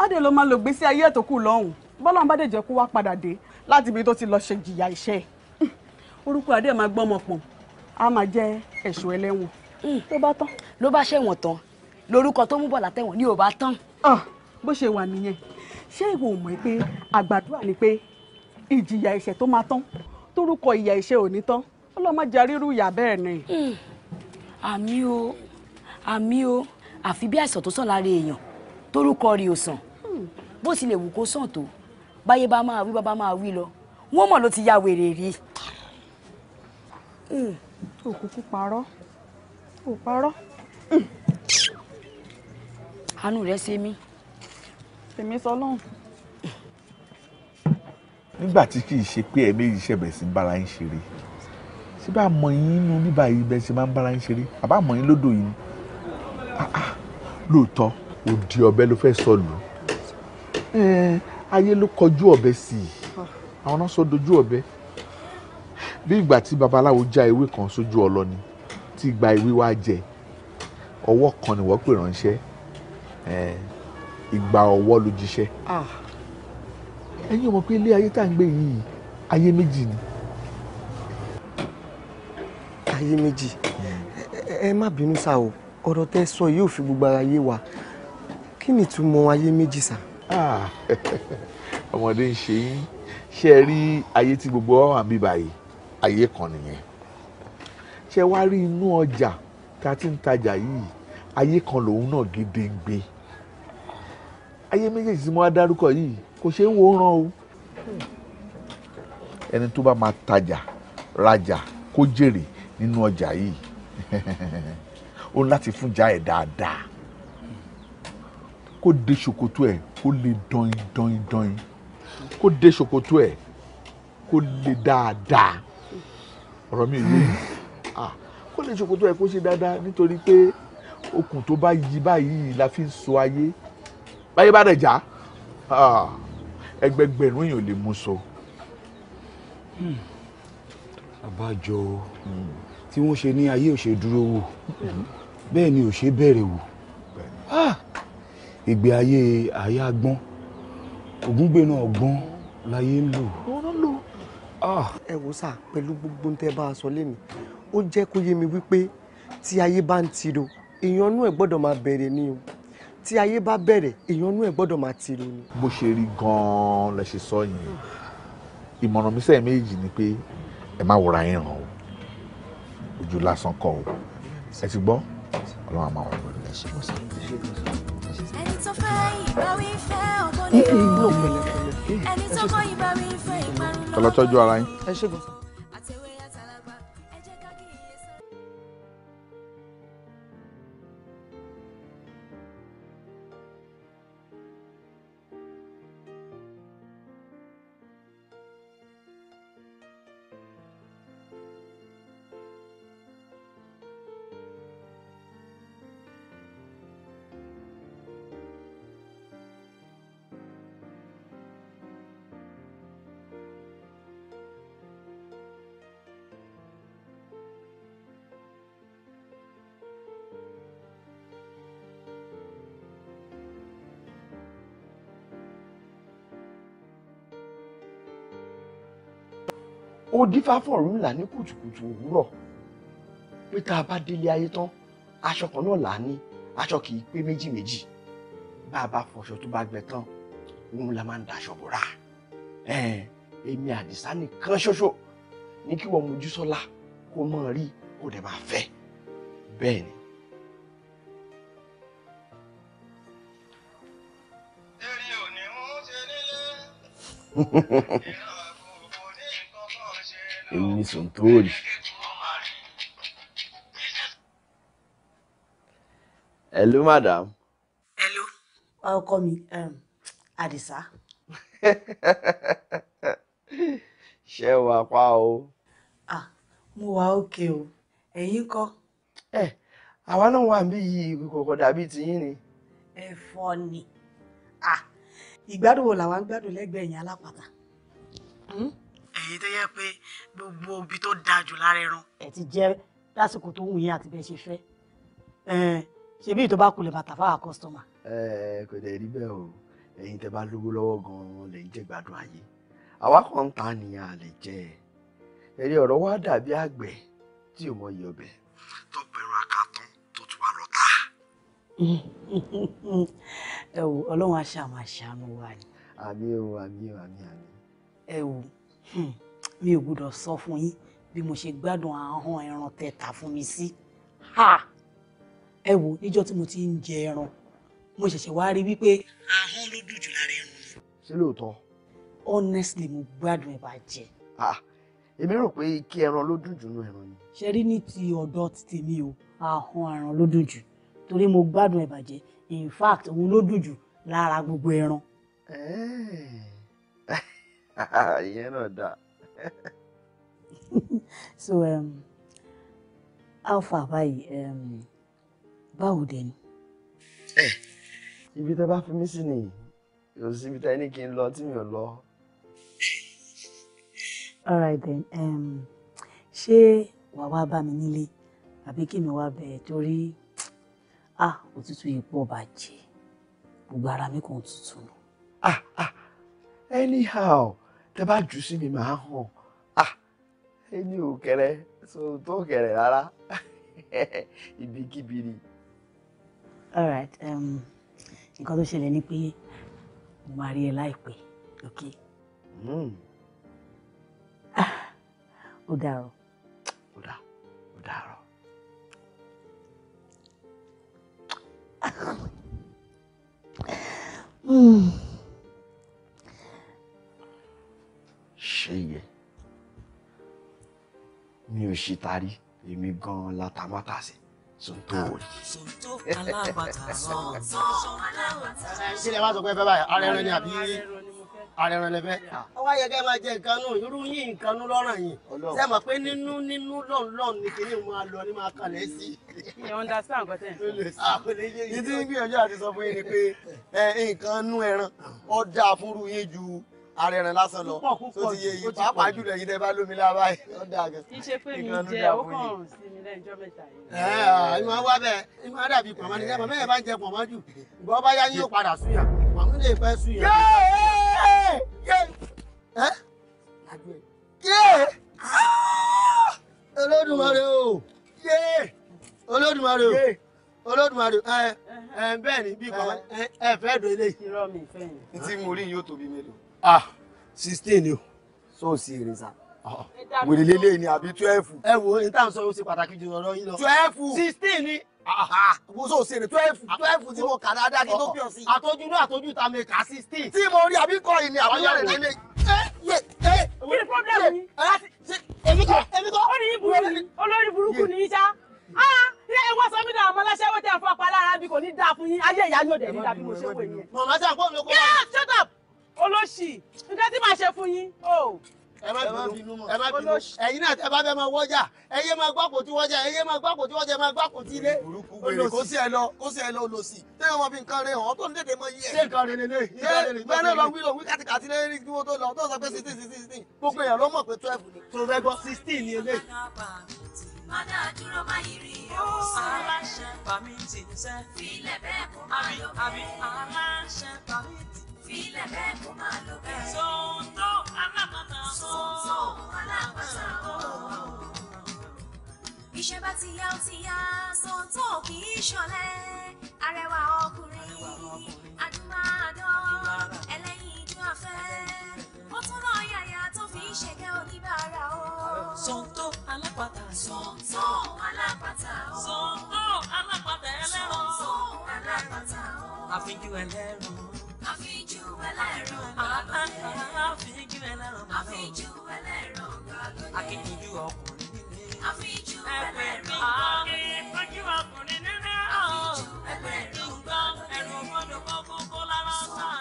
S8: adé ló máa lò gbèsè ayé ẹ̀ tó kù lọ́hùn bọ́lá ń bá dẹ̀ jẹ́ kó wá padà dé láti ibi tó ti lọ ṣe jìyà iṣẹ́ ẹ̀ orúkọ adé máa gbọ́ ọmọ pọ̀n á máa jẹ́ ẹ̀ṣọ́ ẹlẹ́wọ̀n hmm. tó bá tán. ló bá ṣẹ̀wọ̀n tán lórúkọ tó mú bọ̀ látẹ̀wọ̀n ni ò bá tán. bó ṣe wà nìyẹn ṣé ìwọ ò mọ̀ pé àgbàdua ni pé ìjìyà ẹ̀ṣẹ̀ tó máa tán torúkọ ìyà ẹ̀ṣẹ̀ ò ní tán ọlọ́mọ jẹ́ rírú ìyà bẹ́ẹ̀ ni. Hmm. àmì o àmì o àfi bí àìsàn tó sàn lára èèyàn torúkọ rè ò sàn hmm. bó tilẹ̀ wù kó sàn tó báyé bá máa wí bàbá máa wí lọ wọ́n mọ̀ ló ti ya wèrè rí. Hmm. òkùnkùn parọ́ ò parọ́. Hmm. àánú rẹ ṣe mí. èmi sọ lọ́hùn.
S3: nígbà tí kì í ṣe pé ẹ méjì ṣẹ̀bẹ̀ sí bára ń ṣeré síbẹ̀ àmọ́ yín inú bíbá yìí bẹ́ẹ̀ ṣe máa ń bára ń ṣeré àbá àmọ́ yín lódò yìí ah, ah. lóòótọ́ òdì ọ̀bẹ ló fẹ́ sọ̀lù ayé ló kọjú ọ̀bẹ sí i ah. àwọn náà sọ dojú ọ̀bẹ bí ìgbà tí babaláwo já ewé kan sójú ọlọ ni tí gba ewé wá jẹ ọwọ́ kan ni wọ́n pè ránṣẹ́ ìgbà ọwọ́ ló jíṣẹ́ ah. ẹ̀yin mọ̀ pé
S4: ilé ayé tá à ń gbé yìí ayé méjì ni. ayé méjì hmm. ẹ má bínú sá o ọ̀rọ̀ tẹ́ sọ yóò fi gbogbo ara yé wa kí ni ìtumọ̀ ayé méjì sá. Ah.
S6: ọmọdé
S3: ń ṣe yín ṣe ẹ rí ayé tí gbogbo wa wà níbí báyìí ayé kan nìyẹn ṣe wá rí inú ọjà tá a ti ń tajà yìí ayé kan lòun náà gédéǹgbé ayé méjèèjì tí mo wá dárúkọ yìí kò ṣeé wo ràn o ẹni tó bá máa tajà rajà kó jèrè nínú ọjà yìí ó láti fún ìjà dáadáa
S6: kó de ṣòkòtò ẹ̀ kó le dọ̀yìn dọ̀yìn dọ̀yìn kó de ṣòkòtò ẹ̀ kó le dáadáa ọ̀rọ̀ mi yìí
S3: kó de ṣòkòtò ẹ̀ kó ṣe dáadáa nítorí pé okùn tó bá yí báyìí la fi ń so ayé báyé bá dẹ̀ já ẹgbẹgbẹ̀rún
S6: èèyàn lè mú so. àbájọ tí wọ́n ṣe ní ayé ò ṣe dúró wò bẹ́ẹ̀ ni ò ṣe bẹ̀rẹ̀ wò
S3: ìgbé ayé àyà gbọ́n ògúngbè náà gbọ́n
S4: láyé ń lò. wọ́n ló lò. Ah. ẹ wò sá pẹ̀lú gbogbo tẹ́ bá a sọ lẹ́nu ó jẹ́ kó yé mi wípé tí ayé bá ń tiro èèyàn inú ẹ̀ gbọ́dọ̀ máa bẹ̀rẹ̀ ni o tí ayé bá bẹ̀rẹ̀ èèyàn inú ẹ̀ gbọ́dọ̀ máa tiro ni.
S3: bó ṣe rí gan-an lẹ ṣe sọ yìí ìmọ̀ràn mi sẹ́yìn méjì ni pé ẹ má wòra yín ràn o
S6: ojú lásán kọ́ o ẹ ti gbọ́ ọlọ́run àmọ́ àwọn ọmọ rẹ̀ ṣe mọ́ sí
S1: ọ̀pẹ̀lẹ̀pẹ̀lẹ̀. tọ́lọ́tọ́jú
S6: ara yín. ẹ ṣe bọ̀
S4: ó dífá fọ̀rún ńlá ní kùtùkùtù òwúrọ̀ pé tá a bá délé ayé tán aṣọ kan náà là á ní aṣọ kì í pé méjì méjì bá a bá fọṣọ tó bá gbẹ tán òun la máa ń daṣọ bòrà
S3: èmi àdìsá nìkan ṣoṣo ní kí wọ́n mojú sọ́lá kó mọ̀ rí kó dẹ̀ máa fẹ́ bẹ́ẹ̀ ni. Hehehehe èmi Sọ̀ǹtòrì. Um hello madam.
S8: hello ọkọ mi um, àdìsá.
S4: ṣé wàá pa o.
S8: ah mo wà òkè o ẹ̀yin kọ́. ẹ àwa náà wà níbí yìí kòkò dàbí tiyín ni. ẹ fọ́ ni ah, ìgbádùn wo làwa ń gbádùn lẹ́gbẹ̀ẹ́ yẹn alápàtà. Mm? yìí tó yẹ pé gbogbo ibi tó dáa jù lára ẹran ẹ ti jẹ lásìkò tó wù yín àti bẹ́ẹ̀ ṣe fẹ́ ṣe bí ìtọ́ bá kulẹ̀ bàtà fáwọn kọ́sítọ́mà.
S4: ẹ kò dẹ̀ rí bẹ́ẹ̀ o ẹ̀yin tẹ́ bá lówó lọ́wọ́ gan-an lè ń jẹ gbádùn ayé àwa kan ń ta nìyẹn à lè jẹ ẹ ẹ̀rí ọ̀rọ̀ wa dàbí àgbẹ̀ tí ò mọ iye ọbẹ̀ tó pẹ̀rọ akátán
S8: tó tún wà lọ́ta. ẹ wo ọlọ́run aṣàmàṣàánú wa ni. àmì o àmì o àmì àmì. ẹ wo Hmm, mi ò gbọ́dọ̀ sọ fún yín bí mo ṣe gbádùn ahọ́n ẹran tẹ̀ta fún mi sí ẹ wò níjọ́ tí mo ti ń jẹ ẹran mo ṣẹ̀ṣẹ̀ wá rí wípé ahọ́n ló dùn jù lára ẹran mi. ṣé lóòótọ́. honestly mo gbádùn ẹ̀ bàjẹ́. Ah, èmi rò pé kí ẹran ló dùn jù nú ẹran ni. ṣe rí ní ti ọ̀dọ́ ti tèmi o ahọ́n ẹran ló dùn jù torí mo gbádùn ẹ̀ bàjẹ́ in fact òun ló dùn jù lára gbogbo ẹran. ẹ̀ẹ́
S4: ìyẹn náà dáa.
S8: so um, far by? um, báwo dẹ̀ ni. ẹ ibi tẹ bá fi mí sí nìyí
S4: kò síbi tẹ ní kí n lọ
S8: all right then um, she wàá wá bá mi nílé àbí kí mi wá bẹ̀ ah òtútù yìí pọ̀ bàjẹ́ gbogbo ara mi kàn ah ah anyhow tẹ bá jù sí mi màá hàn ah
S4: èmi ò kẹrẹ so tó kẹrẹ rárá ibikíbi ni.
S8: all right um, nǹkan tó ṣẹlẹ̀ ni pé mo máa rí ẹ láìpẹ́ ok. Hmm. Ah, ó dàárọ̀. ó dà ó dàárọ̀.
S5: Mm.
S4: ṣe yẹ mi ò ṣe tari èmi gan-an sí sọ́ńtò òòlì.
S2: sílẹ̀ wá sọ pé bẹ́ẹ̀ báyìí ara ni àbí ara lẹ́fẹ́.
S4: ọwọ́ ayẹkẹ́ máa jẹ nǹkan nù irú yín nǹkan nù lọ́ràn yìí ṣé mọ̀ pé nínú nínú lọ́nlọ́n ni kí máa lọ ni máa kalẹ̀ sí. ìyẹn ń da sí àgbọ̀tẹ́. ìdí gbìyànjú àti sọ fún yín ni pé nǹkan nù ẹran ó dáa yín ju arẹrìn lásán lọ tó ti yé yìí pàápàá jùlọ yìí tẹ bá lómi lába yìí ó dà gẹ. kì í ṣe pé mi jẹ ó kàn
S8: rùn sí mi lẹ́jọ́ mẹ́ta yìí. ẹ
S4: ẹ ìmọ̀ wá bẹ́ẹ̀ ìmọ̀ dàbí pọ̀mọ́ ni ẹ̀mọ́ mẹ́yẹ̀ bá ń jẹ pọ̀mọ́ jù ìgbọ́ bá yá yóò padà súyà pọ̀mọ́ lè fẹ́ súyà. Ah, olódùmarè o olódùmarè o olódùmarè ẹ ẹ bẹ́ẹ̀ ni bí pọ̀mọ́ ẹ fẹ́ dùn eléyìí. irọ́ mi fẹ́yìn. tí mo rí yóò tóbi mélòó ah
S3: sixteen ni o. so sì rè sá wèrè lélẹ̀ ni àbí twelve.
S4: ẹ wo ní tá à ń sọ
S3: ó ṣe pàtàkì jù ọ̀rọ̀ yín lọ. twelve sixteen ni ah, ah. Ah, wo so se re twelve twelve tí mo
S2: kà dáadáa kí tó bí oh. ọsìn. àtọ́jú náà àtọ́jú ta mi kà sixteen. tí mo rí àbí kọ́ ìní àbúyọ rẹ̀ lélẹ̀.
S8: kí ni problem yìí. èmi kọ́ èmi kọ́. ó ní yín burú ni olórí burúkú ni yín sá. ilé ìwọ sọ mí náà ọmọ aláṣẹ́wọ́ tẹ̀ fọ́ pa lára bí kò ní dáa fún yín ayé ìyá yóò dẹ̀ ní dàbí mo ṣe wò yín. mọ̀mọ́ sàn kó ló kọ́. shut up olóṣì nǹkan tí màá
S3: ṣe fún yín ẹ má bínú mọ́ ẹ má bínú ẹ̀yin náà tẹ́ bá fẹ́ máa wọ́jà ẹyẹ máa gbàpò tí wọ́jà ẹyẹ máa gbàpò tí wọ́jà ẹ máa gbàpò tí ilé olùkú kó sí ẹ lọ kó sí ẹ lọ olùsì tẹ́wọ́n
S4: wọn fi nǹkan rẹ hàn tó ń tètè mọ iye ẹ̀. ṣé nǹkan rẹ lélẹ̀ ṣé bẹ́ẹ̀ lọ wí lọ wí kàtìkàtì lẹ́yìn kí wọ́n tó lọ tó sọ pé sixteen sixteen gbogbo èèyàn ló mọ̀ pé twelve ni. tó fẹ́ gbọ́ sixteen ni eléyìí.
S1: Mọ́dà dúró máa yí sẹ́. Fílẹ̀ bẹ́ẹ̀ kó máa lọ bẹ́ẹ̀. Aláṣẹ bàmí ti Filẹ̀ bẹ́ẹ̀ kó máa lọ bẹ́ẹ̀. Sọ̀tọ̀ alápàtà. Sọ̀tọ̀ alápàtà. Iṣẹ́ bá ti yá ó ti yá, Sọ̀tọ̀ kì í ṣọ̀lẹ. Arẹwà ọkùnrin, adúmáadán, ẹlẹ́yin ijó afẹ́. Ó tún náà yàyà tó fi ń ṣẹ̀kẹ́ oníbàárà o. Sọ̀tọ̀ alápàtà. Sọ̀tọ̀ alápàtà. Sọ̀tọ̀ alápàtà ẹlẹ́rọ. Sọ̀tọ̀ alápàtà.
S8: Àfijù ẹlẹ́rọ
S1: àfijú ẹlẹ́rọ gbàgbé. àfijú ẹlẹ́rọ gbàgbé. àfijú ẹlẹ́rọ
S7: gbàgbé. akíkanjú
S1: ọkùnrin nílé. àfijú ẹlẹ́rọ gbàgbé. akíkanjú ọkùnrin nílé. àfijú ẹlẹ́rọ gbàgbé. ẹ̀rù gbọ́dọ̀ kọ́ kókó lára sáà.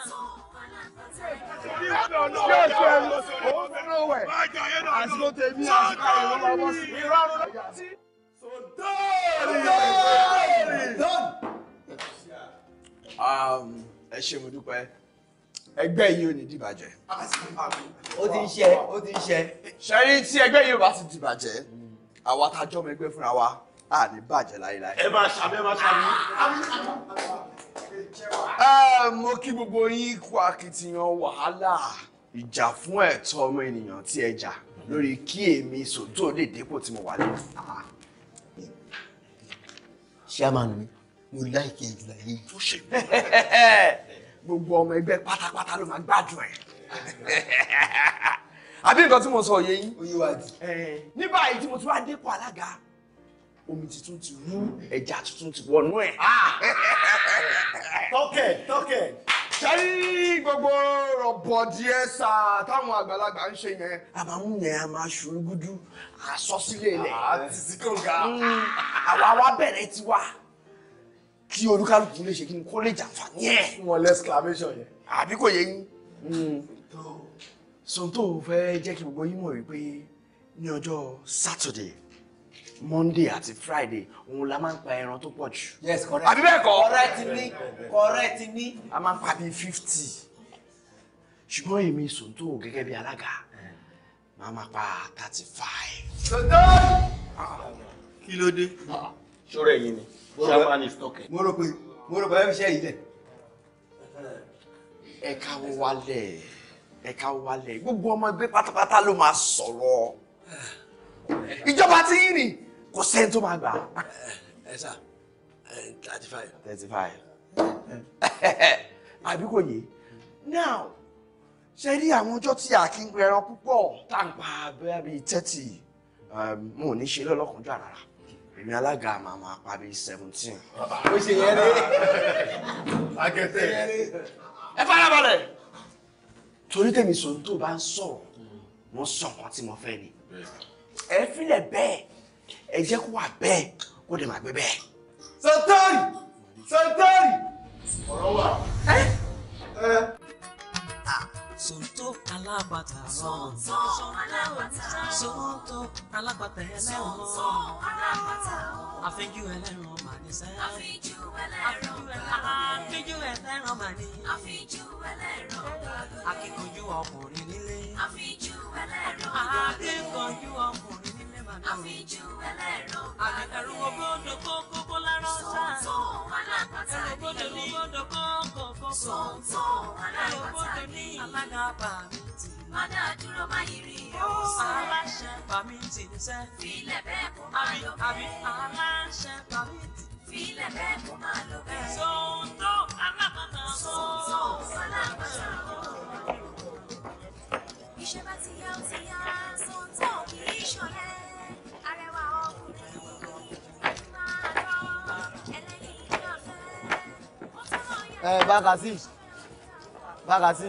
S5: Àsìkò
S2: tèmi àsìkò ìwọ́n lọ́wọ́ sí mi rárá. Sodori! Done!
S3: Um, ẹ ṣe mo dúpẹ́ ẹgbẹ́ yìí ò ní dìbàjẹ́.
S2: ó
S7: ti ń ṣe
S3: ó ti ń ṣe. ṣẹ́rí tí ẹgbẹ́ yìí ò bá ti dìbàjẹ́ àwa tá a jọ́mọ ẹgbẹ́ fúnra wa á ní bàjẹ́ láéláé. ẹ máa ṣàmì ẹ máa ṣàmì. mo kí gbogbo yín kú akitiyan wàhálà ìjà fún ẹ̀tọ́ ọmọ ènìyàn tí ẹ jà lórí kí èmi sòtó lè dépò tí mo wà lẹ́nu.
S4: ṣé a máa nù mí mo láìkè ìlànà ìjọ ṣe
S3: gbogbo ọmọ ẹgbẹ́ pátápátá ló máa gbádùn ẹ̀ àbí nǹkan tí mo sọ yé yín oyè wa di ní báyìí tí mo ti wá dépò alága omi tuntun ti wú ẹja tuntun ti wọnú ẹ̀. Ah! tọ́kẹ̀ tọ́kẹ̀ sẹ́yìn gbogbo rọ̀bọ̀ díẹ̀ sà táwọn àgbàlagbà ń ṣe yẹn a máa mú yẹn a máa ṣùrù gúdú àsọsílẹ̀ ilẹ̀ àti ah, síkòǹgà hmm, àwa wa bẹ̀rẹ̀ tiwa kí olúkálùkù lè ṣe kí ni kó lè jàǹfààní ẹ̀. wọn lẹ exclamation yẹn. àbí kò yẹ yín. Hmm. sọ́ńtò fẹ́ jẹ́ kí gbogbo yín mọ̀ wípé ní ọjọ́ Saturday monday àti friday òun la máa ń pa ẹran tó pọ̀ jù. yes correct àbí bẹ́ẹ̀ kọ́. correct ni correct ni. a máa ń pa bíi fifty ṣùgbọ́n èmi sòǹtò gẹ́gẹ́ bí alága máa máa pa thirty
S2: five. sòǹtò.
S3: Ah. kí ló dé. Ah,
S7: ṣọ́rọ̀ ẹ̀yin ni
S3: chairman is talking. mo rò pé mo rò pé ẹ fi ṣe yìí lẹ. ẹ káwọ́ wálẹ̀ ẹ káwọ́ wálẹ̀ gbogbo ọmọ ẹgbẹ́ pátápátá ló máa sọ̀rọ̀ ìjọba tí yín ni kò sẹ́ni tó máa gbà. ẹ sà thirty five. thirty àbí kò yé now ṣe rí àwọn ọjọ́ tí a kì í pẹran púpọ̀ tá à ń pa abẹ́ bíi thirty um, mo ò ní ṣe lọ́lọ́kùnjọ́ rárá èmi alága màmá pàbí seventeen. ó ṣe yẹn rí. agẹtẹ ẹ fara balẹ̀. torí tèmi sọ̀rọ̀ tó bá ń sọ̀rọ̀ wọ́n sọ nǹkan tí mo fẹ́ ni ẹ filẹ̀ bẹ́ẹ̀ ẹ jẹ́ kó wà bẹ́ẹ̀ kó dẹ̀ máa gbé bẹ́ẹ̀.
S2: santari santari.
S1: ọ̀rọ̀ wà. ẹ ẹ. Ah. Sonto alágbàtà rán. Sonto alágbàtà rán. Sonto alágbàtà ẹlẹ́ran. Sonto alágbàtà rán. Àfínjú ẹlẹ́ran mà ní sẹ́. Àfínjú ẹlẹ́ran gbàgbé. Àfínjú ẹlẹ́ran mà ní. Àfínjú ẹlẹ́ran gbàgbé. Akíkanjú ọkùnrin nílé. Àfínjú ẹlẹ́ran gbàgbé. Akíkanjú ọkùnrin àfijù ẹlẹ́rọ balẹ̀. ẹ̀rù ògbódò kókó kó lárọ́ sá. sòǹtò alágbàtà ni. ẹ̀rù ògbódò ní ògbódò kókó kókó. sòǹtò alágbàtà ni. alága bà mí tì. mọ́dà dúró má yí rí ọ̀sẹ̀. aláṣẹ bà mí tì sẹ́. filẹ̀ bẹ́ẹ̀ kó má lọ bẹ́ẹ̀. aláṣẹ bà mí iṣẹ́ bá ti yá ó ti yá sòǹtò kì í ṣọ̀lẹ.
S4: ẹ bákàsí bákàsí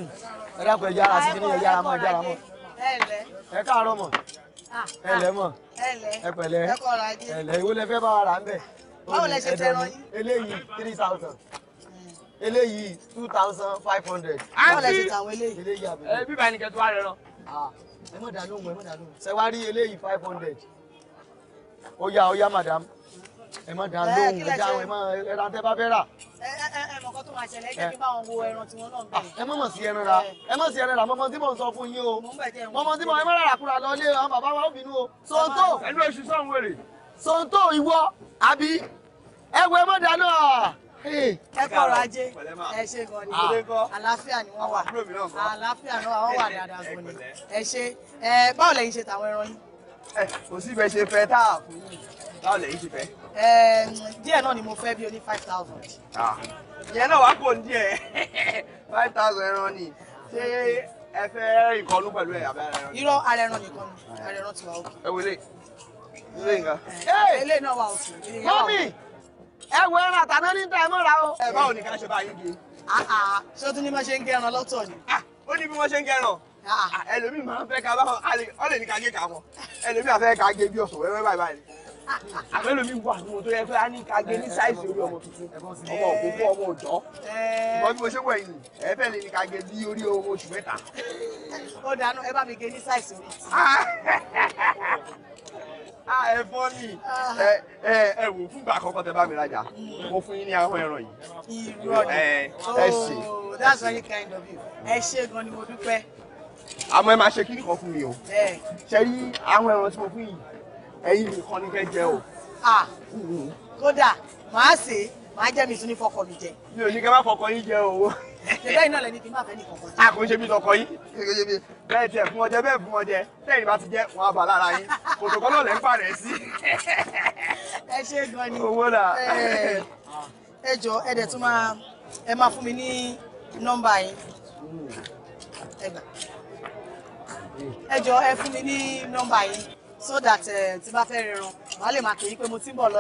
S4: ẹ dákun ẹ yára sí kíní ẹ yára mọ ẹ yára mọ
S8: ẹ káàárọ̀ mọ ẹ lẹ mọ ẹ pẹ̀lẹ́ ẹ lẹ
S4: ìwé lẹ fẹ́ bá wa rà ń bẹ báwo lẹ ṣe tẹran yín eléyìí three thousand hmm. eléyìí two thousand five hundred. báwo lẹ ṣe tàwọn eléyìí. eléyìí àbẹ̀lẹ̀. bíbá ẹnìkan tó wà rẹ̀ rán. ẹ mọ̀ dàlóhùn ẹ mọ̀ dàlóhùn. ṣe wá rí eléyìí five hundred. ó yá ó yá madam ẹ má dá lóhùn ẹ já ẹ má ẹran tẹ bá fẹ́ rà. ẹ
S8: ẹ ẹ mọ̀kọ́ tó máa ṣẹlẹ̀ ẹ jẹ́ kí bá wọn wo ẹran tí wọ́n náà ń bẹ̀rẹ̀. Ah, ẹ má mọ̀ sí ẹran rà
S4: ẹ má sí ẹran rà mọ́mọ́ tí mò ń sọ fún yín o mọ́mọ́ tí mò ń rà ràkúrà lọ ilé àwọn bàbá wa ó bínú o. sọ́ńtò pẹ̀lú oṣù sọ́hún wèrè. sọ́ńtò ìwọ àbí ẹ wo ẹ má dá náà. ẹ kọ̀rọ̀ ajé
S8: ẹ ṣe gan ni ah. àlàáfíà ni wọ́n wà àlàáfíà ni wọ́n wà dáadáa báwo lè yí ti fẹ́. díẹ̀ náà ni mo fẹ́ five thousand. Ah, ìyẹn
S3: náà wàá pò ní díẹ̀ five
S8: thousand ẹran ni ṣé ẹ fẹ́ ìkọlù pẹ̀lú ẹ̀ You know, irọ́ ara ẹran nìkan ni ara ẹran ti wà òkè.
S3: ẹ wọlé ilé nǹkan.
S8: ilé náà wà òkè. mọ́mì ẹ wo ẹran àtàná ní ta ẹ mọ́ra o. ẹ báwo ni ká ṣe bá yín gé. Ah, ah, ṣé o tún ní bá ṣe ń gẹran lọ́tọ̀ ni. ó ní bí wọ́n ṣe ń gẹran
S3: ẹlòmíì máa ń fẹ́ ká bá ọ lè ní ká gé ká mọ́ ẹlòmíì àfẹ́ ká gé bí ọ̀sán wẹ́wẹ́ báyìí báyìí
S2: àmọ́
S3: mi wà ní mo tó yẹ gé ní sáìsì orí ọmọ tuntun ọmọ òkókó ọmọ òjọ́ ìbọn bí mo ṣe wẹ̀yìn ẹ lè ní ká gé ní orí ọmọ oṣù mẹ́ta. ó
S8: dáná ẹ bá mi gé ní sáìsì mi.
S3: Ah, ẹ fọ́ ni ah. ẹ wò fún ìgbà àkọ́kọ́ tẹ bá mi rajà mo fún yín ní àwọn ẹran yìí. irọ́ ni ẹ oh, ṣe. that's very kind of you ẹ ṣe gan ni mo dúpẹ́. àmọ́ ẹ máa ṣe kíkọ́ fún mi o ṣe rí àwọn ẹran tí mo fún yìí ẹ̀yin nìkan ní kẹjẹ o.
S8: kódà màá ṣe màá jẹ́ mi tún ní fọkọ mi jẹ. mi ò ní kẹ́ bá fọkọ yín jẹ o. ṣẹlẹ iná lẹni kí n bá fẹ́ nìkan kan jẹ. a kò ń ṣe bí tọkọ yín
S3: bẹ́ẹ̀ tiẹ̀ fún ọjẹ bẹ́ẹ̀ fún ọjẹ tẹ̀yìn bá ti jẹ wọn á bà lára yín
S8: kòtòkọ náà lẹ ń fàrẹ sí. ẹ ṣe gan ni owó là. ẹ jọ ẹ dẹ̀ tún máa ẹ máa fún mi ní nọ́mbà yín ẹ gbà ẹ jọ ẹ fún mi ní nọ́mbà yín so that eh, tí bá fẹ́ rẹran wàá lè máa kì í mo ti ń bọ̀ o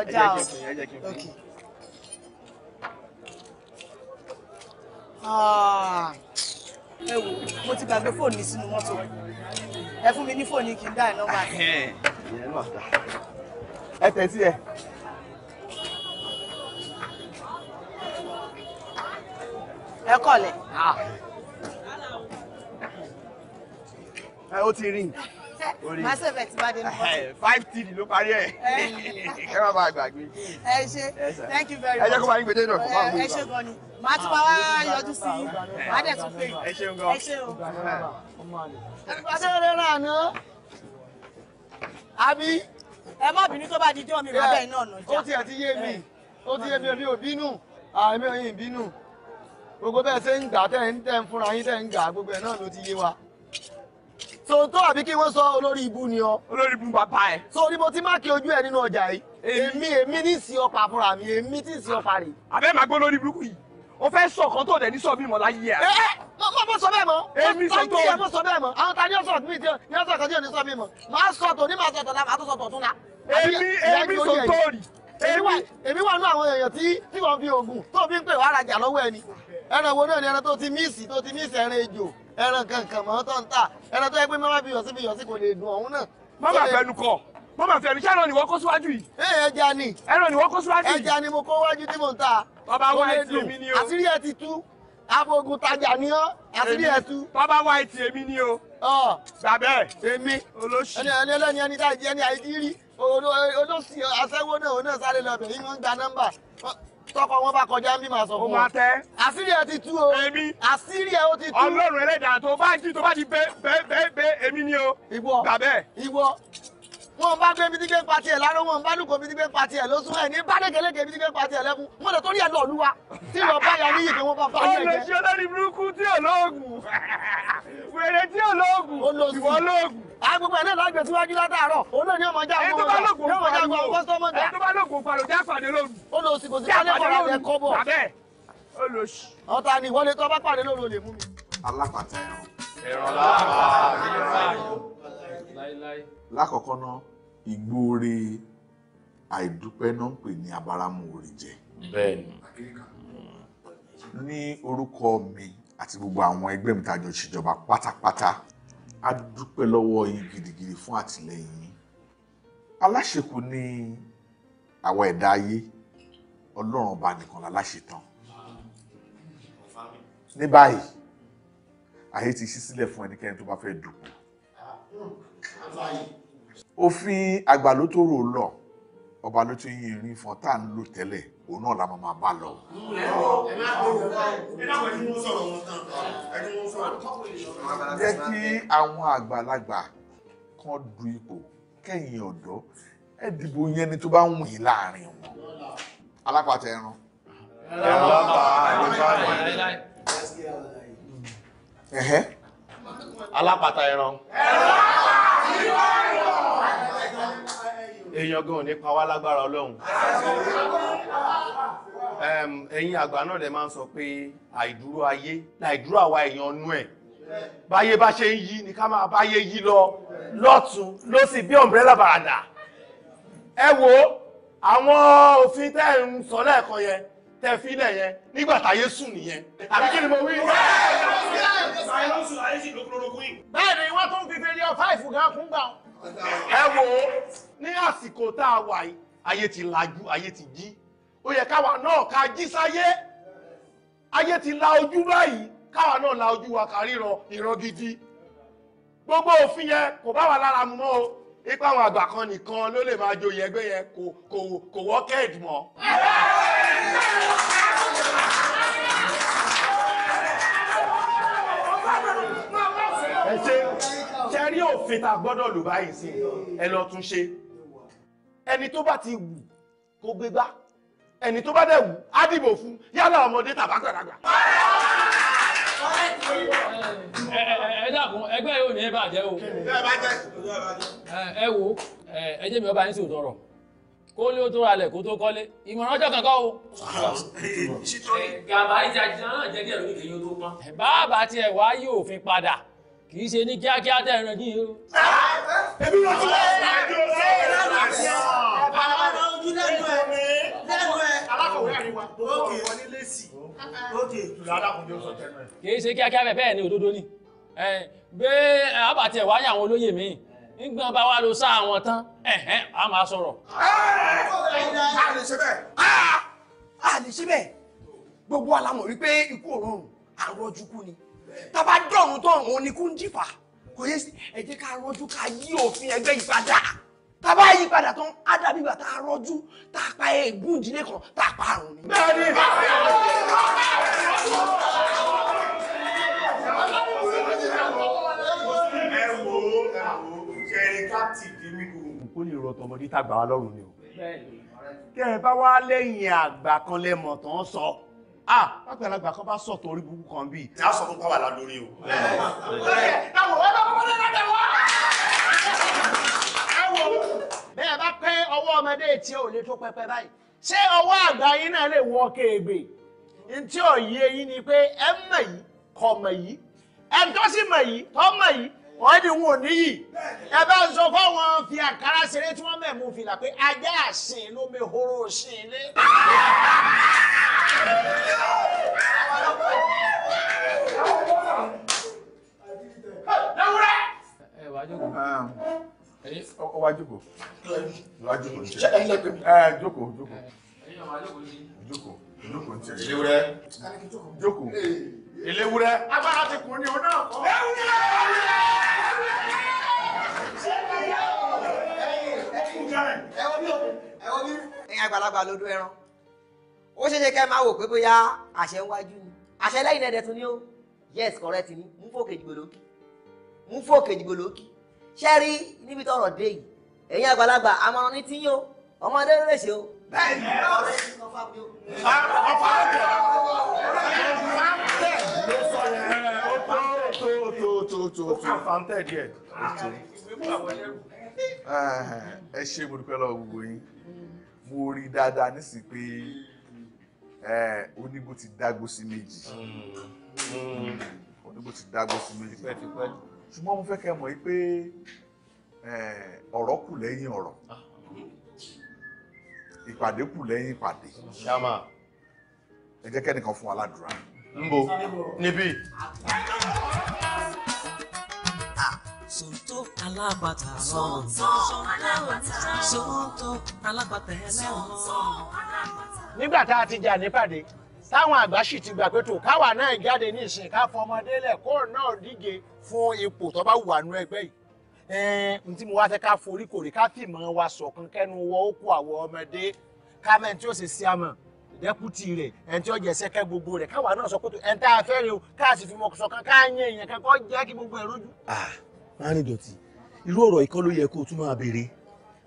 S8: ok. Ah. ẹ wò mo ti gbàgbé fóònù mi sínú mọ́tò ẹ fún mi ní fóònù kí n dá ẹ nọ́mbà. ẹ tẹ̀sí ẹ. ẹ kọ̀lẹ̀. Ah. ẹ ó ti ring máa ṣe bẹ̀ tí
S3: five T, ló parí ẹ̀
S8: ẹ má bàa gbàgbé. ẹ ṣe thank you very much. ẹ jẹ́ kó máa ń gbèdé náà. ẹ ṣe gan ni màá tún bá wá yọjú sí i màá dẹ̀ tún pè é. ẹ ṣeun gan. ẹ ṣe o. ọjọ́ rẹ̀ rà ná. àbí ẹ má bínú tó bá di
S4: jọ́ mi máa bẹ́ẹ̀ náà nà já. ó ti àti yé mi ó ti yé mi èmi ò bínú àmì ò yín bínú gbogbo bẹ́ẹ̀ ṣe ń gbà tẹ́ ń tẹ́ ń fúnra yín tẹ́ ń gbà gbogbo ẹ̀ náà ló ti yé wa so tó àbí kí wọ́n sọ olórí ibu ni ọ. olórí ibu bàbá ẹ. so ni mo ti máàkì ojú ẹ nínú ọjà
S3: yìí. èmi èmi ní ìsìn ọ̀pá fúnra mi èmi tí ìsìn ọ̀pá rè. àbẹ́ màá gbọ́ lórí burúkú yìí o fẹ́ sọ kan tó dẹ̀ ní sọ mi láyé ẹ. ẹ
S4: mọ mọ sọ bẹ́ẹ̀ mọ́. èmi sọ tó o mọ sọ bẹ́ẹ̀ mọ́. àwọn ta ni ó sọ mi tí ni ó sọ kan tí ò ní sọ mi mọ́. màá sọ tòní màá sọ tọ̀la màá tó sọ tọ̀tún la. èmi èmi sọ tó rì. èmi wà nú àwọn èèyàn tí tí wọ́n fi oògùn tó fi ń pè wàhálà jà lọ́wọ́ ẹni. ẹran wo náà ni ẹran tó ti míìsì tó ti míìsì ẹran ejò ẹran kankan mọ́ tó ń tà ẹran tó yẹ pé mọ́mọ́ fi sí fi sí kò lè dùn ọ̀hún náà. mọ́mọ́ fẹnu kọ mọ́mọ́ fẹnu ṣé ẹran ni wọ́n kó síwájú yìí.
S3: ẹ ẹja ni ẹran ni wọ́n kó síwájú yìí. ẹja ni mo kó wájú tí mo ń ta. bàbá wa ẹ ti èmi ni o. àṣírí ẹ ti tú abogun tajà ni ọ àṣírí ẹ tú. bàbá wa ẹ ti èmi ni o. ọ
S4: bàbẹ èmi olóṣì. ẹni ẹni ẹlẹ́ni ẹni tá tọkọ wọn bá kọjá ń bí màá sọ fún wọn. o máa tẹ.
S3: àṣírí ẹ ti tú o. èmi. àṣírí ẹ ó ti tú. ọlọ́run ẹlẹ́dàá tó bá ti tó bá ti bẹ́ẹ̀ bẹ́ẹ̀ bẹ́ẹ̀ èmi ni o. ìwọ. gbà bẹ́ẹ̀.
S4: ìwọ wọn bá gbé bí dígbé pati ẹ láró wọn bá lùkọ bí dígbé pati ẹ lóṣù ẹ ní bálẹ̀kẹ̀lẹ̀kẹ̀ bí dígbé pati ẹ lẹ́kún wọn lè torí ẹ lọ lúwa tí wọn bá ya níyì pé wọn bá fa ẹ jẹ. ọ̀rẹ́ ṣe lórí burúkú tí ò lóògùn
S2: wèrè tí ò lóògùn
S3: ìwọ lóògùn.
S4: agbègbè ẹ̀ náà lágbè síwájú látàárọ̀ òun náà ni ọmọ já àwọn ọmọ já àwọn kọ́sọ́mọ̀ dà. ẹ tó bá lóògùn pàrọ̀ já pàdé lóògùn. ó lọ sí kò sí kálẹ̀ kọ́lá rẹ̀ kọ́ bọ̀. ọ̀tá ni ìwọlé tó bá pàdé lóògùn ò lè mú mi.
S7: alápàtà ẹ̀rọ. ẹ̀rọ láàbà ní láyé lákọ̀ọ́kọ́ ná
S3: ìgbóore àìdúpẹ́ náà ń pè ní abáramu òrì jẹ. bẹ́ẹ̀ni. ní orúkọ mi àti gbogbo àwọn ẹgbẹ́ mi tàjọ ṣèjọba pátápátá a dúpẹ́ lọ́wọ́ yín gidigidi fún àtìlẹ́yìn aláṣekù ni àwọn ẹ̀dá ayé ọlọ́run ọba nìkan láláṣetán. ní báyìí àyè ti ṣí sílẹ̀ fún ẹnikẹ́ni tó bá fẹ́ dùn òfin àgbà ló tó rò lọ ọba ló ti yin ìrìn fún tá à ń lò tẹ́lẹ̀ òun náà la máa máa bá lọ.
S2: jẹ́ kí àwọn
S3: àgbàlagbà kan du ipò kẹ́yìn ọ̀dọ́ ẹ dìbò yẹn ni tó bá ń wù yín láàrin wọn. alápàtà ẹran. ẹran alápàtà ẹran èèyàn gan ní pa wá lágbára ọlọ́run ẹ̀yin àgbà náà lè máa ń sọ pé àìdúró ayé láìdúró àwa èèyàn nú ẹ̀ báyé bá ṣe ń yí ni ká máa báyé yí lọ lọ́tún ló sì bí ọ̀mbrẹ́là bàdà ẹ wo àwọn òfin tẹ́ ń sọ lẹ́ẹ̀kan yẹn tẹ fi lẹ yẹn nígbà yé sùn nìyẹn àbí kí ni mo wí. bẹ́ẹ̀ ni wọ́n tún fi fẹ́lẹ́ fáìfù gan kún gbà. ẹ wo ní àsìkò tá a wà yìí ayé ti lajú ayé ti jí ó yẹ káwa náà ká jí sáyé ayé ti la ojú báyìí káwa náà la ojú wa ká ríran ìran gidi gbogbo òfin yẹn kò bá wa lára mu mọ́ o. ipa àwọn àgbà kan nìkan ló lè máa joyè ẹgbẹ́ yẹn kò
S2: kò kò wọ́kẹ́ẹ̀d mọ́. ẹ ṣe
S3: ṣe rí òfin tá a gbọ́dọ̀ lò báyìí sí ẹ lọ tún ṣe ẹni tó bá ti wù kó gbégbá ẹni tó bá dẹ̀ wù á dìbò fún yálà ọmọdé tàbá gbàdàgbà
S7: ẹ dàkún ẹgbẹ́ yóò ní bàjẹ́ o ẹ wo ẹ jẹ́ mi ọba yín sì ò tọrọ kó lé ó tó ralẹ̀ kó tó kọ́lé ìmọ̀ràn ọjọ́ kankan o. gàbá ìjà jìnnà náà jẹ́ kí ẹ̀rọ ìgbẹ́ yóò tó pọ́n. bàbá tiẹ̀ wá yí òfin padà kì í ṣe ní kíákíá tẹ̀ ẹ̀rọ yìí o. èmi yóò tún lọ́wọ́ ẹ̀ ẹ̀jọ̀ lẹ́yìn lánàá sí ọ. ọ̀pá ọ̀pá ojú lẹ́nu ẹ̀ lẹ́nu ẹ̀ alákọ̀wé
S3: àríwá. ó kì í wọlé lẹ́sì ó
S7: ti ìtura alákòójọ sọ tẹnu ẹ̀. kì í ṣe kíákíá bẹ́ẹ̀ bẹ́ẹ̀ ni òdodo ni gbé àbàtì ẹ̀wá ní àwọn olóyè míì nígbà bá wá lọ sá àwọn tán ẹ̀hẹ́n a máa sọ̀rọ̀.
S5: a
S3: lè ṣe bẹ́ẹ̀ a lè ṣe bẹ́ẹ̀ gbogbo alamọ̀ wípé ikú òrùn àrọ́jú kú ni tàbá dọ̀rùn tán òun ni kú ń jìfà kò yẹ ẹ jẹ́ ká rọ́jú ká yí òfin ẹgbẹ́ yìí padà tá a bá yí padà tán á dàbí ìgbà tá a rọjú tá a pa ègún ìdílé kan tá a
S2: pa àrùn ni. bẹ́ẹ̀ni ẹ
S5: wo ẹ wo jẹrin
S3: káàtì dé mi kò. kò lè rọ tọmọdé tàgbà wa lọ́rùn ni o. tẹ ẹ bá wá lẹ́yìn àgbà kan lẹ́mọ̀ tán sọ ah àgbàlagbà kan bá sọ̀tọ̀ orí burúkú kan bíi. a sọ fún pàwọ́ àlá lórí o. bẹ́ẹ̀ bẹ́ẹ̀ táwọn ọlọ́pàá lọ́dọ̀ wá bẹ́ẹ̀ bá pẹ́ ọwọ́ ọmọdé tí ò lè tó pẹpẹ báyìí ṣé ọwọ́ àgbà yín náà lè wọ kéègbè ntí ò yé yín ni pé ẹ mọ̀ yìí kọ̀ mọ̀ yìí ẹ tó sì mọ̀ yìí tọ́ mọ̀ yìí wọ́n di wọn ò níyì ẹ bá ń sọ fáwọn fi àkàrà ṣeré tí wọ́n mẹ̀mú fìlà pé ajá àsìn ló mi horo sìn lé.
S2: ẹ wá jókòó ẹ̀yin ọ wá jókòó
S7: wá jókòó ní tiẹ̀ ẹ̀yin lẹ́gbẹ̀ẹ́ mi ẹ̀ jókòó jókòó ẹ̀yin ọmọ alẹ́ kò ní jókòó jókòó ní tiẹ̀ eléwúrẹ́
S6: jókòó eléwúrẹ́
S2: agbára ti kùn ní ọ̀nà ọ̀kọ́.
S4: ẹ̀yin àgbàlagbà ló dún ẹran ó ṣe ṣe kẹ́ máa wò pé bóyá àṣẹ ń wájú ni
S8: àṣẹ lẹ́yìn ẹ̀dẹ̀ tún ni ó yes correct ni mú fòkè jìgbò lókì mú fòkè jìgbò lókì ṣẹ́rí níbi tọrọ dé yìí ẹ̀yin àgbàlagbà àmọ̀ràn ní tíyó ọmọdé
S1: lè ṣe o. bẹ́ẹ̀ni ọ̀rẹ́ mi kan
S2: fábíò. ọ̀fà ọ̀dẹ̀ ọ̀fàǹtẹ̀ ló sọ yẹn. ó tó tó
S3: tó tó tó tó ọ̀fàǹtẹ̀ díẹ̀. ẹ ṣe mo dúpẹ́ lọ́wọ́ gbogbo yín mo rí dáadáa nísìnyí pé onígbò ti dágbó sí méjì onígbò ti dágbó sí méjì ṣùgbọ́n mo fẹ́ kẹ́ mọ̀ pé ọ̀rọ̀ kù lẹ́yìn ọ̀rọ̀
S6: ìpàdé kù lẹ́yìn ìpàdé ẹ jẹ́ kẹ́nìkan fún wa ládùúrà. ń bo
S5: níbí.
S1: Ah, Sonto alágbàtà ẹlẹ́wọ̀n. Sonto alágbàtà ẹlẹ́wọ̀n.
S3: Nígbà tá a ti jà nípàdé, táwọn àgbà sì ti gbà pé tó káwa náà jáde ní ìsìn ká fọmọdé lẹ̀ kó náà díje fún ipò tó bá wà nú ẹgbẹ́ yìí n tí mo wá fẹ́ ká forí kòrí ká fìmọ̀ wa ṣọ̀kan kẹ́nu wọ ó kó àwọ̀ ọmọdé kámẹ́ tí ó sì sí àmọ̀ dẹ́kútì rẹ̀ ẹni tí ó jẹ́ sẹ́kẹ́ gbogbo rẹ̀ káwa náà sọ pé tó ẹni tá a fẹ́ rè o ká sì fi mọ̀ ṣọ̀kan ká yẹn èèyàn kan kọ́ jẹ́ kí gbogbo ẹ̀ rójú. máa ní dọ̀tí irú ọ̀rọ̀ yìí kọ́ ló yẹ kó o tún máa béèrè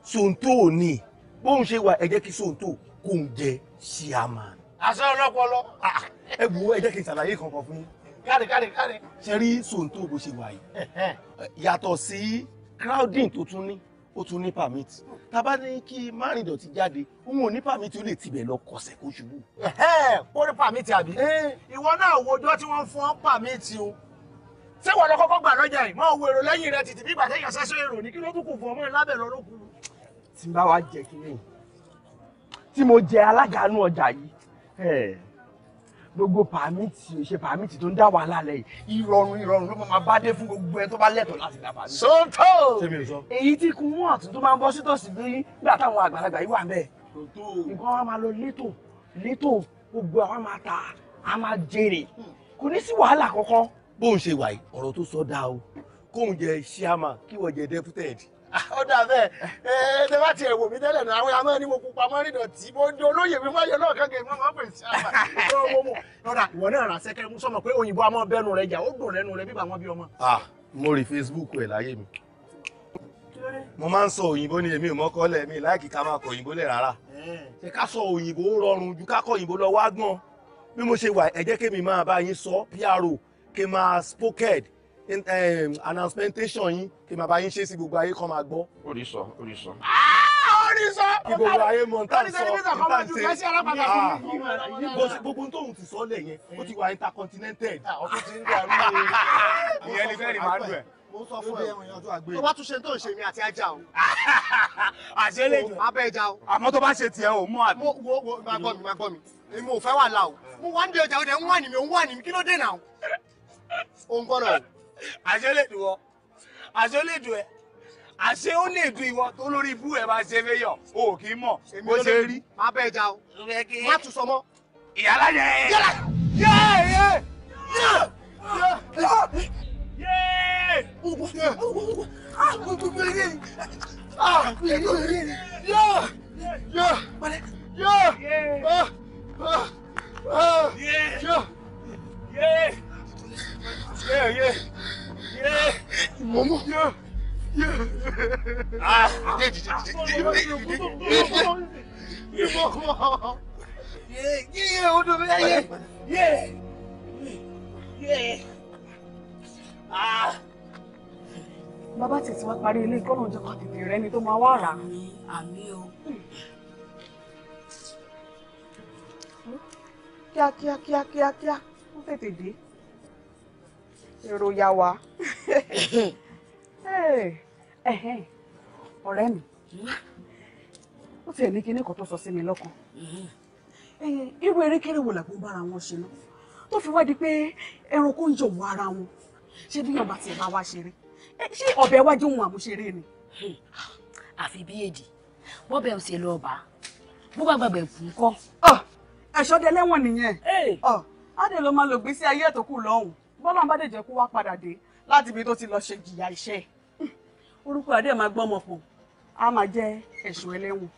S3: sóńtò ní bóun ṣe wà ẹ jẹ́ kí sóńtò kóun jẹ ṣíàmán àṣẹ ọlọ́pọlọ. Ah. ẹ wo ẹ jẹ́ kí n ṣàlàyé kankan fún yín. kárí kárí kárí. ṣe rí sòǹtò bó ṣe wà
S5: yìí.
S3: yàtọ̀ sí crowding tó tún ní ó tún ní permit tá bá ní kí márìndọ̀tí jáde òun ò ní permit ó lè tibẹ̀ lọ kọsẹ̀ kó ṣubú. ó ní permit àbí ìwọ náà wo ọjọ́ tí wọ́n fún ọ́ permit o ṣé wọ́n lọ kọ́kọ́ gbà lọ́jà yìí máa wo èrò lẹ́yìn rẹ títí bí ìgbà téèyàn ṣẹ́ṣọ́ èrò ní kí ló tún kù fún ọmọ ìlábẹ̀ lọ́rùkù. tí n ni tí mo jẹ alága inú ọjà yìí gbogbo pàmìtì ṣe pàmìtì tó ń dá wàhálà lẹ́yìn ìrọ̀rùn ìrọ̀rùn ló máa bá dé fún gbogbo ẹ tó bá lẹ́tọ̀ọ́ láti dá pàmìtì. sọ́tò èyí tí kun wọn àtúntò máa ń bọ́ sí tòsí nígbà táwọn àgbàlagbà yìí wà ń nǹkan wa máa lọ létò létò gbogbo àwa máa ta a máa jèrè kò ní sí wàhálà kankan. bó ń ṣe wàyí ọ̀rọ̀ tó sọ dáa o kóun jẹ ṣíàmà kíwọ jẹ dẹ́pútẹ́ẹ̀dì ó dà bẹ́ẹ̀ ẹ ẹ tẹ bá tiẹ̀ wò mí tẹ́lẹ̀ náà àwọn àmọ́ ẹni wo pupa mọ́ rìn dọ̀tí mo di olóyè mi máa yọ náà kankan ìmọ̀ máa ń pèsè àbá lọ́dà ìwọ náà rà sẹ́kẹ́ mú sọmọ pé òyìnbó àmọ́ bẹ́nu rẹ jà ó dùn lẹ́nu rẹ bíbà wọn bí ọmọ. ah mo rí facebook ẹ láyé mi mo máa ń sọ òyìnbó ni èmi ò mọ́kọ́lẹ̀ mi láìkí ká máa kọ òyìnbó lẹ̀ rárá ṣe ká sọ òyìnbó rọrùn ju ká kọ òyìnbó lọ wá gbọ́n bí mo ṣe wà ẹ jẹ́ kémi máa bá yín sọ pro kí n máa spoked announcement yín kí màá bá yín ṣe sí gbogbo ayé kan máa gbọ́. orí sọ orí sọ.
S2: orí sọ. kí gbogbo ayé mọ̀ nta sọ nta ṣe bó ṣe
S3: gbogbo tóun ti sọ lẹ̀ yẹn ó ti wà intercontinental. ọtún ti
S7: ń dàrú ìyẹn ní fẹ́ẹ́ rí màá dùn ẹ̀
S3: mo sọ fún ẹwọn ìyànjú àgbẹ̀. tó bá tún ṣe tó ń ṣe mi àti ajá o. àṣẹ lè jù. abẹ́ ẹja o. àmọ́ tó bá ṣe tiẹ̀ o mú àbí. wo wo máa gbọ́ mi máa gbọ́ mi èmi ò fẹ́ wà láò. mo wá ń de ọjà ọdẹ ń wà ní mi ò ń wà ní mi kí ló dé náà. o ń gbọ́dọ̀ o àṣé ó lè dùn wọ àṣé ó lè dùn ẹ àṣé ó lè dùn ìwọ tó lórí ibú ẹ máa ṣe fẹyọ o kì í mọ bó ṣe rí. má
S2: bẹ́ẹ̀ ja o má tún sọ mọ́. ìyá alájà ẹ. yẹ́lá yẹ́ẹ̀ yẹ́ẹ̀ yẹ́ẹ̀. Yeah! Yeah! Yeah! Yeah! Yeah, yeah. Yeah. Momo. Yeah. Yeah. Ah. Yeah, yeah, hold on. Yeah. Yeah.
S8: Yeah. Ah. Bàbá tètè wá parí ilé ìkọ́nà ọjọ́ kan tètè rẹ ni tó máa wá rà. Àmì o. Kíá kíá kíá kíá kíá, ó tètè dé èrò ya wa eh, eh, ọ̀rẹ́ mi ó tiẹ̀ ní kinní kan tó sọ sí mi lọ́kàn eh, irú erékéré wo làgbó bára wọn ṣe náà tó fi wá di pé ẹranko ń jọ̀wọ́ ara wọn ṣé bí ọba tiẹ̀ bá wá ṣeré ṣé ọ̀bẹ wájú òun àmúṣeré ni. àfi bí èdè wọ́n bẹ̀ ń ṣe lọ bá bó bá gbàgbẹ́ kú kọ́. Ah, ẹ̀ṣọ́dẹ lẹ́wọ̀n nìyẹn ah, á dẹ̀ lọ máa lògbé sí ayé ẹ̀tọ́kù lọ́hùn bọ́lá bá dẹ̀ jẹ́ kó wá padà dé láti ibi tó ti lọ ṣe jìyà iṣẹ́ orúkọ àdé máa gbọ́mọ fún a máa jẹ́ ẹ̀sùn ẹlẹ́wọ̀n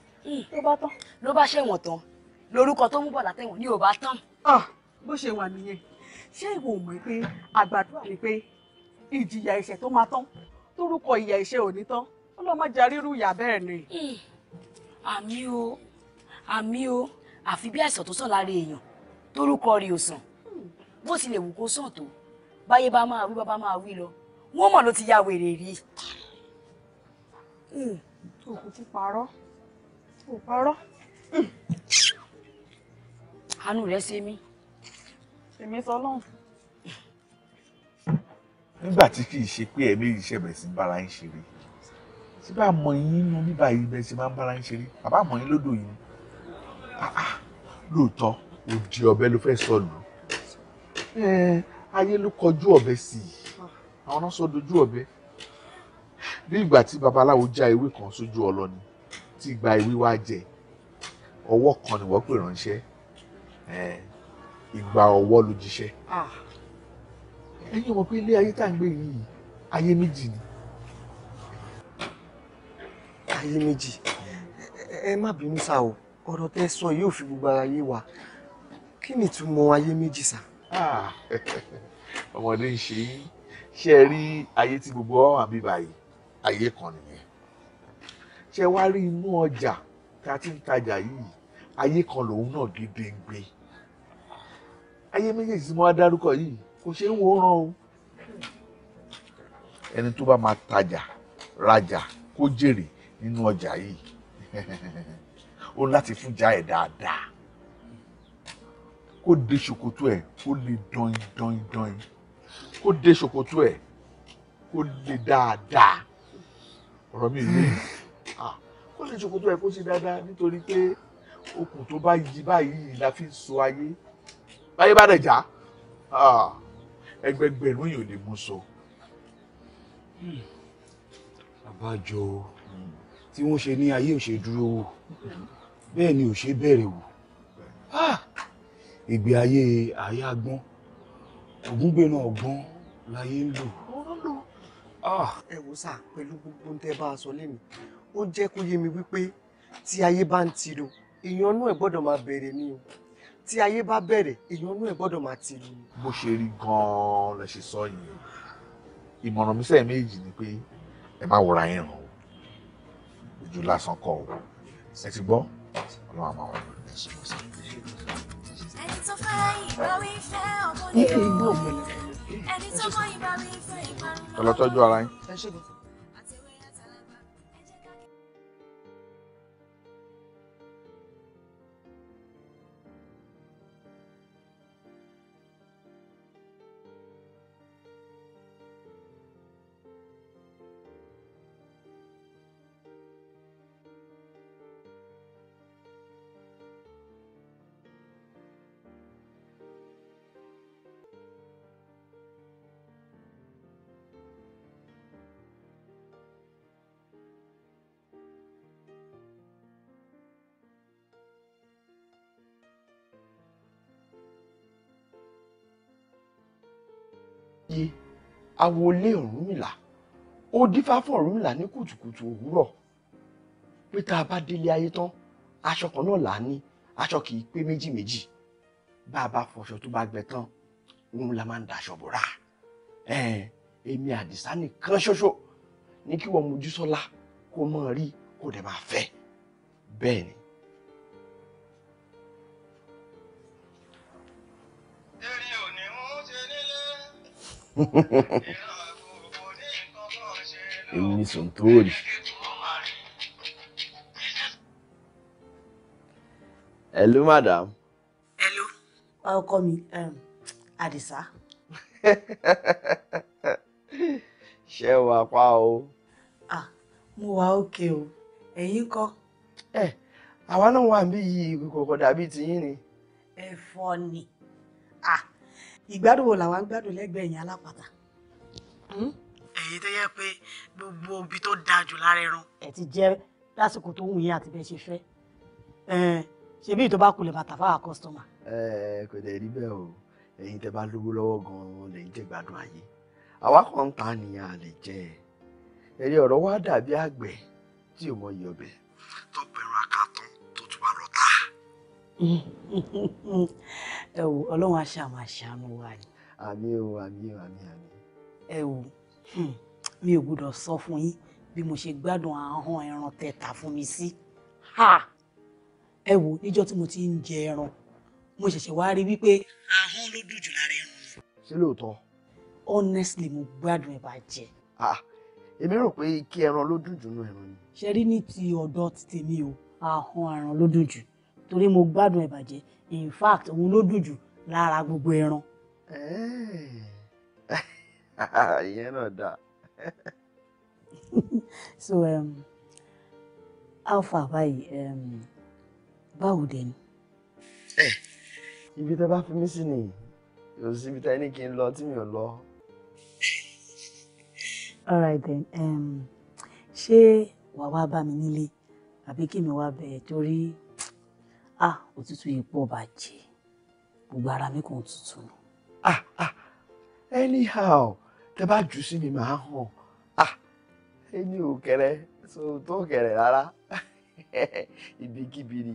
S8: ló bá tán ló bá ṣẹ̀wọ̀n tán lórúkọ tó mú bọ̀ látẹ̀wọ̀n ni ò bá tán. Ah, bó ṣe wà nìyẹn ṣé ìwọ mọ̀ pé àgbàdua ni pé ìjìyà ẹ̀ṣẹ̀ tó máa tán tórúkọ ìyà ẹ̀ṣẹ̀ ò ní tán ó lọ́ máa jẹ ríru ìyà bẹ́ẹ̀ ni. Hmm. àmì o àmì o àfi bí àìsàn tó sàn lára èèyàn tórúkọ rè ò sàn hmm. bó tilẹ̀ wù kó sàn tó báyé bá máa wí bàbá máa wí lọ wọn mọ̀ ló ti ya wèrè rí. Hmm, òkú ti parọ́ ò parọ́. Hmm. àánú rẹ ṣe mí. èmi sọ lọ́hùn.
S3: nígbà tí kì í ṣe pé ẹ̀mí iṣẹ́ bẹ̀rẹ̀ sí bára ń ṣeré tí bá mọ yín nínú bíbá yìí bẹ́ẹ̀ ṣe máa ń bára ń ṣeré bàbá mọ yín lódò yìí ah, ah, lóòótọ́ òdi ọbẹ̀ ló fẹ́ sọ̀lù eh, ayé ló kọjú ọ̀bẹ sí i àwọn náà sọ dojú ọ̀bẹ bí ìgbà tí babaláwo já ewé kan sójú ọlọ ni tí gba ewé wá jẹ ọwọ́ kan ni wọ́n pè ránṣẹ́ ìgbà ọwọ́ ló jíṣẹ́
S4: ah. ẹ̀yin mọ̀ pé ilé ayé tá ń gbé yìí ayé méjì ni. ayé méjì ẹ má bínú sá o ọ̀rọ̀ tẹ́ sọ yóò fi gbogbo ara yé wa kí ni ìtumọ̀ ayé méjì sáà.
S3: Ah. ọmọdé ń ṣe yín ṣé ẹ rí ayé tí gbogbo wa wà bíbá yìí ayé kan nìyẹn ṣé wá rí inú ọjà tá a ti ń tajà yìí ayé kan lòun náà gédéǹgbé ayé méjèèjì tí mo wá dárúkọ yìí kò ṣe é wòran o ẹni tó bá máa tajà rajà kó jèrè nínú ọjà yìí ó láti fún já dáadáa kó de ṣòkòtò ẹ̀ kó le dọ̀in dọ̀in dọ̀in kó de ṣòkòtò ẹ̀ kó le dáadáa ọ̀rọ̀ mi rí kó le ṣòkòtò ẹ̀ kó ṣe dáadáa nítorí pé okùn tó bá yí báyìí la fi ń so ayé báyé bá dẹ̀ já ẹgbẹgbẹ̀rún yìí ò lè mú so. àbájọ tí wọ́n ṣe ní ayé ò ṣe dúró wò bẹ́ẹ̀ ni ò ṣe bẹ̀rẹ̀ wò ìgbé ayé àyà gbọ́n ògúngbè náà gbọ́n láyé ń lò.
S4: Ah. ẹ wò sá pẹ̀lú gbogbo ohun tẹ́ bá a sọ lẹ́nu ó jẹ́ kó yé mi wípé tí ayé bá ń tiro èèyàn inú ẹ̀ gbọ́dọ̀ máa bẹ̀rẹ̀ ni o tí ayé bá bẹ̀rẹ̀ èèyàn inú ẹ̀ gbọ́dọ̀ máa tiro ni.
S3: bó ṣe rí gan-an lẹ ṣe sọ yìí ìmọ̀ràn mi sẹ́yìn méjì ni pé ẹ má wòra yín ràn o ojú lásán kọ́ o ẹ ti gbọ́
S2: ọlọ́run àmọ́ àwọn ṣe wọ́n sí i ẹni tó mọ ìbáwí fẹ́ ìbáwí.
S1: ẹ ara yín. ẹ ṣe gbọ́dọ̀.
S3: awolé Ọ̀rúnmìlà ó dífá
S4: fún Ọ̀rúnmìlà ní kùtùkùtù òwúrọ̀ pé tá a bá délé ayé tán aṣọ kan náà là á ní aṣọ kì í pé méjì méjì bá a bá fọṣọ tó bá gbẹ tán
S3: òun la máa ń daṣọ bòrà èmi àdìsá nìkan ṣoṣo ní kí wọ́n mojú sọ́lá kó mọ̀ rí kó dẹ̀ máa fẹ́ bẹ́ẹ̀ ni èmi ni sòǹtórì. hello madam.
S8: hello ọkọ mi um, àdìsá.
S4: ṣé wà pa o.
S8: ah mo wà òkè o ẹ̀yin kọ́. ẹ eh, àwa náà wà níbí yìí kòkò dàbí tiyín ni. ẹ̀fọ́ ni ìgbádùn wo làwa ń gbádùn lẹ́gbẹ̀ẹ́ yẹn alápàtà. Hmm? èyí tó yẹ pé gbogbo ibi tó dáa jù lára ẹran. ẹ ti jẹ lásìkò tó wù yín àti bẹ́ẹ̀ ṣe fẹ́ ṣebí tó bá kulẹ̀ bàtà fáwọn kọ́sítọ́mà.
S4: ẹ kò dẹ̀ rí bẹ́ẹ̀ o ẹ̀yin tẹ́ bá lówó lọ́wọ́ gan-an lẹ́yìn tẹ́ gbádùn ayé àwa kan ta nìyẹn à lè jẹ ẹ̀rí ọ̀rọ̀ wa dàbí àgbẹ̀ tí ò mọ iye ọbẹ̀ tó pẹ̀rọ akátán
S8: tó tún wá lọ tà. ẹ wò ọlọ́run á ṣàmà ṣàánú wa ni.
S4: àmì o àmì o
S8: àmì àmì. ẹ wò hmm, mi ò gbọ́dọ̀ sọ fún yín bí mo ṣe gbádùn ahọ́n ẹran tẹ tà fún mi sí ẹ wò níjọ́ tí mo ti ń jẹ ẹran mo ṣẹ̀ṣẹ̀ wá rí wípé ahọ́n ló dùn jù lára ẹran yẹn. ṣé lóòótọ́. honestly mo gbádùn ẹ èmi rò pé
S3: kí ẹran ló dùn jù nù ẹran ni.
S8: ṣe rí ní ti ọ̀dọ́ ti tèmi o ahọ́n ẹran ló dùn jù torí mo gbádùn ẹ̀ in fact òun ló dùn jù lára gbogbo ẹran. Eh.
S4: ìyẹn náà dà.
S8: so um, alpha báyìí um, báwo dé ni. Eh, ibi tẹ bá fi mí sí nìyí
S4: kò síbi tẹ ní kí n lọ tí mi ò lọ.
S8: all right then um, ṣé wàá wá bá mi nílé àbí kí mi wá bẹ̀ torí ah òtútù yìí pọ̀ bàjẹ́ gbogbo ara mi kò tutù ni. ah ah anyhow tẹ bá jù sí mi màá hàn ah
S4: èmi ò kẹrẹ so tó kẹrẹ rárá ibikíbi ni.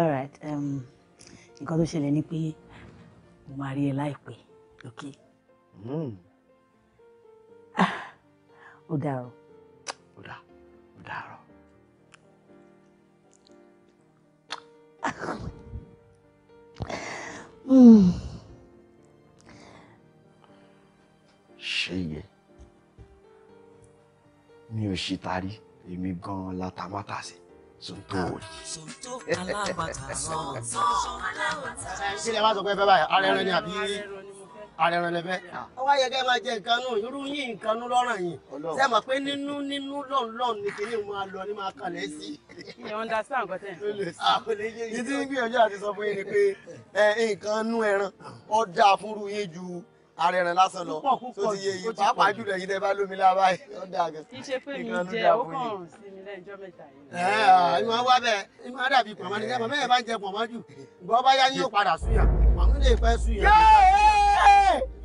S8: alright um, nǹkan tó ṣẹlẹ̀ ni pé mo máa rí ẹ láìpẹ́ lókè. Hmm. Ah, ó dáa o. ó dáa. ṣeyẹ
S4: mi ò ṣì tarí èmi gan-an látàmátà sí sọ́ńtò òòlì. sọ́ńtò alábàtà sọ́ńtò
S8: alábàtà. kí lè má sọ pé bẹ́ẹ̀ báyìí arẹ́rẹ́ ni àbí
S4: ààrẹ rẹlẹbẹ. ó wá yẹ kẹ́ máa jẹ nǹkan nù irú yín nǹkan nù lọ́ràn yìí ṣe mọ̀ pé nínú nínú lọ́nlọ́n ni kìíní máa lọ ní máa kalẹ̀ sí. ẹ understand gọtẹ. yìí tí ń gbìyànjú àti sọ fún yín ni pé nǹkan nù ẹran ó dáa fúnru yín ju ààrẹ rẹ lásán lọ tó ti yẹ yìí pàápàá jùlọ yìí tẹ bá lómi lábá yìí ó dáa gan. kì í ṣe pé mi jẹ ó kàn
S8: sí mi lẹ́jọ́ mẹ́ta yìí. ẹ
S4: ẹ ah, ìmọ̀ wá bẹ́ẹ̀ ìmọ̀ dàbí pàmò ní sẹ́wọ̀n bẹ́ẹ̀ bá ń jẹ pàmò jù ìgbọ́ bá yá yín ó padà súyà pàmò lè fẹ́ súyà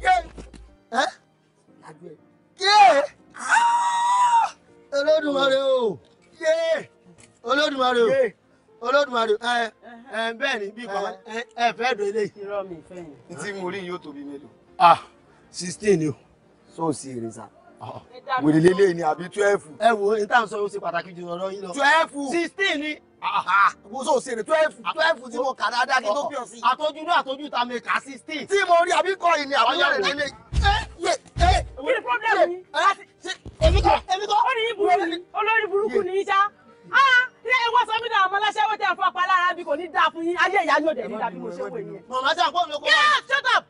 S2: ẹ ah! yé
S4: olódùmarè o yé olódùmarè o olódùmarè o ẹ ẹ bẹ́ẹ̀ ni bí kò eh, eh, ẹ fẹ́ dùn eléyìí. irọ́ mi fẹ́ yẹn. tí mo rí yóò tóbi mélòó.
S3: ah sixteen ni o. sọ́ọ̀sì rẹ̀ sá. Ah, wèrè lélẹ̀ ni àbí twelve.
S4: ẹ wo n tàn sọ ó ṣe pàtàkì jù ọ̀rọ̀ yín lọ. twelve sixteen ni. Ah,
S3: ah. mo sọ òṣèré twelve twelve tí mo kà dáadáa kí tó fi ọ̀sìn. Oh, oh. àtọ́jú ní àtọ́jú ta mi kà sixteen. tí
S2: mo rí àbí kọ́ ìní àbí wèrè lélẹ̀. kí ni problem yìí.
S8: èmi kọ́ èmi kọ́. ó ní burúkú olórí burúkú ní í sá ilé ìwọ sọ mí náà ọmọ aláṣẹwó tẹ fún ọ̀pá lára bí kò ní dáa fún yín ayé ìyá ni òde ní dàbí mo ṣe wò yín. mọ̀mọ́ sọ àpò mi kò wá. yẹ́ẹ̀ shut
S3: up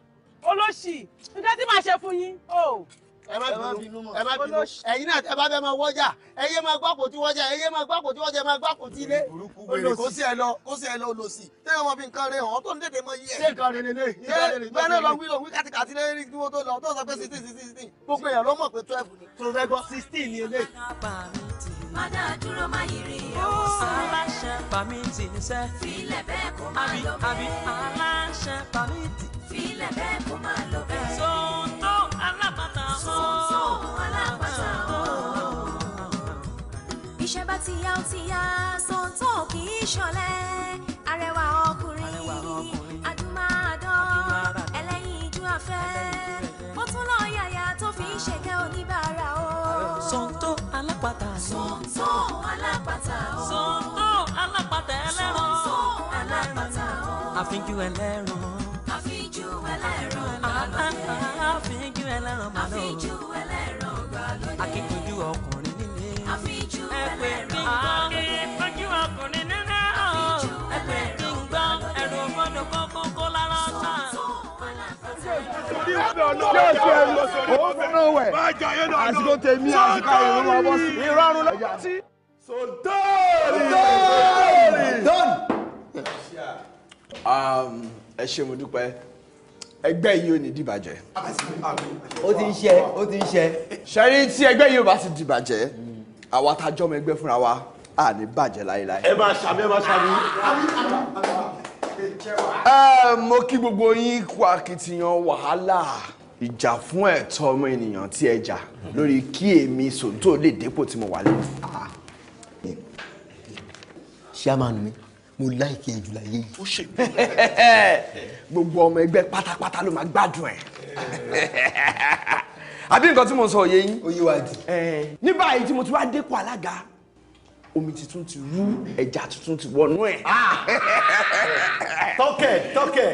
S3: olóṣì nǹkan tí màá ṣe fún yín. Oh ẹ má bínú ẹ má bínú ẹ̀yin náà tẹ bá fẹ́ máa wọ́jà ẹyẹ máa gbọ́ kò tí wọ́jà ẹyẹ máa gbọ́ kò tí wọ́jà máa gbọ́ kò tí ilé olùsí kó sí
S4: ẹ lọ kó sí ẹ lọ olùsí téèyàn máa fi nǹkan rẹ hàn ọ́ tó ń tètè mọ iye ẹ̀. ṣé nǹkan rẹ lélẹ̀ nǹkan rẹ bẹ́ẹ̀ náà lọ wí lọ wí kàtìkàtì lẹ́yìn kí wọ́n tó lọ tó sọ pé sixteen sixteen sixteen gbogbo èèyàn ló mọ̀ pé twelve ni. tó fẹ́ gbọ́ sixteen ni eléyìí.
S1: Mádà dúró má yiri ọ̀sán. Aláṣẹ bàmí ti ń sẹ́. Filẹ̀ bẹ́ẹ̀ kó máa lọ bẹ́ẹ̀. aláṣẹ bàmí ti. Filẹ̀ bẹ́ẹ̀ kó máa lọ bẹ́ẹ̀. tíyá ó tíyá sọ́ńtò kì í ṣọ̀lẹ arẹwà ọkùnrin adúmáadán ẹlẹ́yin ijú afẹ́ ó tún lọ yàyà tó fi ń ṣẹ̀kẹ́ oníbàárà o. sọ́ńtò alápàtà ni. sọ́ńtò alápàtà o. sọ́ńtò alápàtà ẹlẹ́ran. sọ́ńtò alápàtà o. àfíjú ẹlẹ́ran. àfíjú ẹlẹ́ran gbàlódé. àfíjú ẹlẹ́ran gbàlódé. àfíjú ẹlẹ́ran gbàlódé.
S3: ẹ ṣé mo dúpẹ́ ẹgbẹ́ yìí ò ní dìbàjẹ́. ó ti ń ṣe ó ti ń ṣe. ṣẹ́rí tí ẹgbẹ́ yìí ò bá ti dìbàjẹ́ àwa tá a jọ́mọ ẹgbẹ́ fúnra wa à ní bàjẹ́ láéláé. ẹ bá ṣàmì ẹ bá ṣàmì ẹ eh, mo kí gbogbo yín kú akitiyan wàhálà ìjà fún ẹ̀tọ́ ọmọ ènìyàn tí ẹ jà lórí kí èmi Sòótọ́ lè dépò tí mo wà lẹ́nu. ṣíàmánu ah, mi
S4: mo láìkí ẹ jùlọ yé yìí.
S3: gbogbo ọmọ ẹgbẹ́ pátápátá ló máa gbádùn ẹ̀. àbí nǹkan tí mo sọ òye yín. oyè wa di. Eh, ní báyìí tí mo ti wá dépò alága omi tuntun ti rú ẹja tuntun ti wọnú ẹ̀. Ah! tọ́kẹ̀ tọ́kẹ̀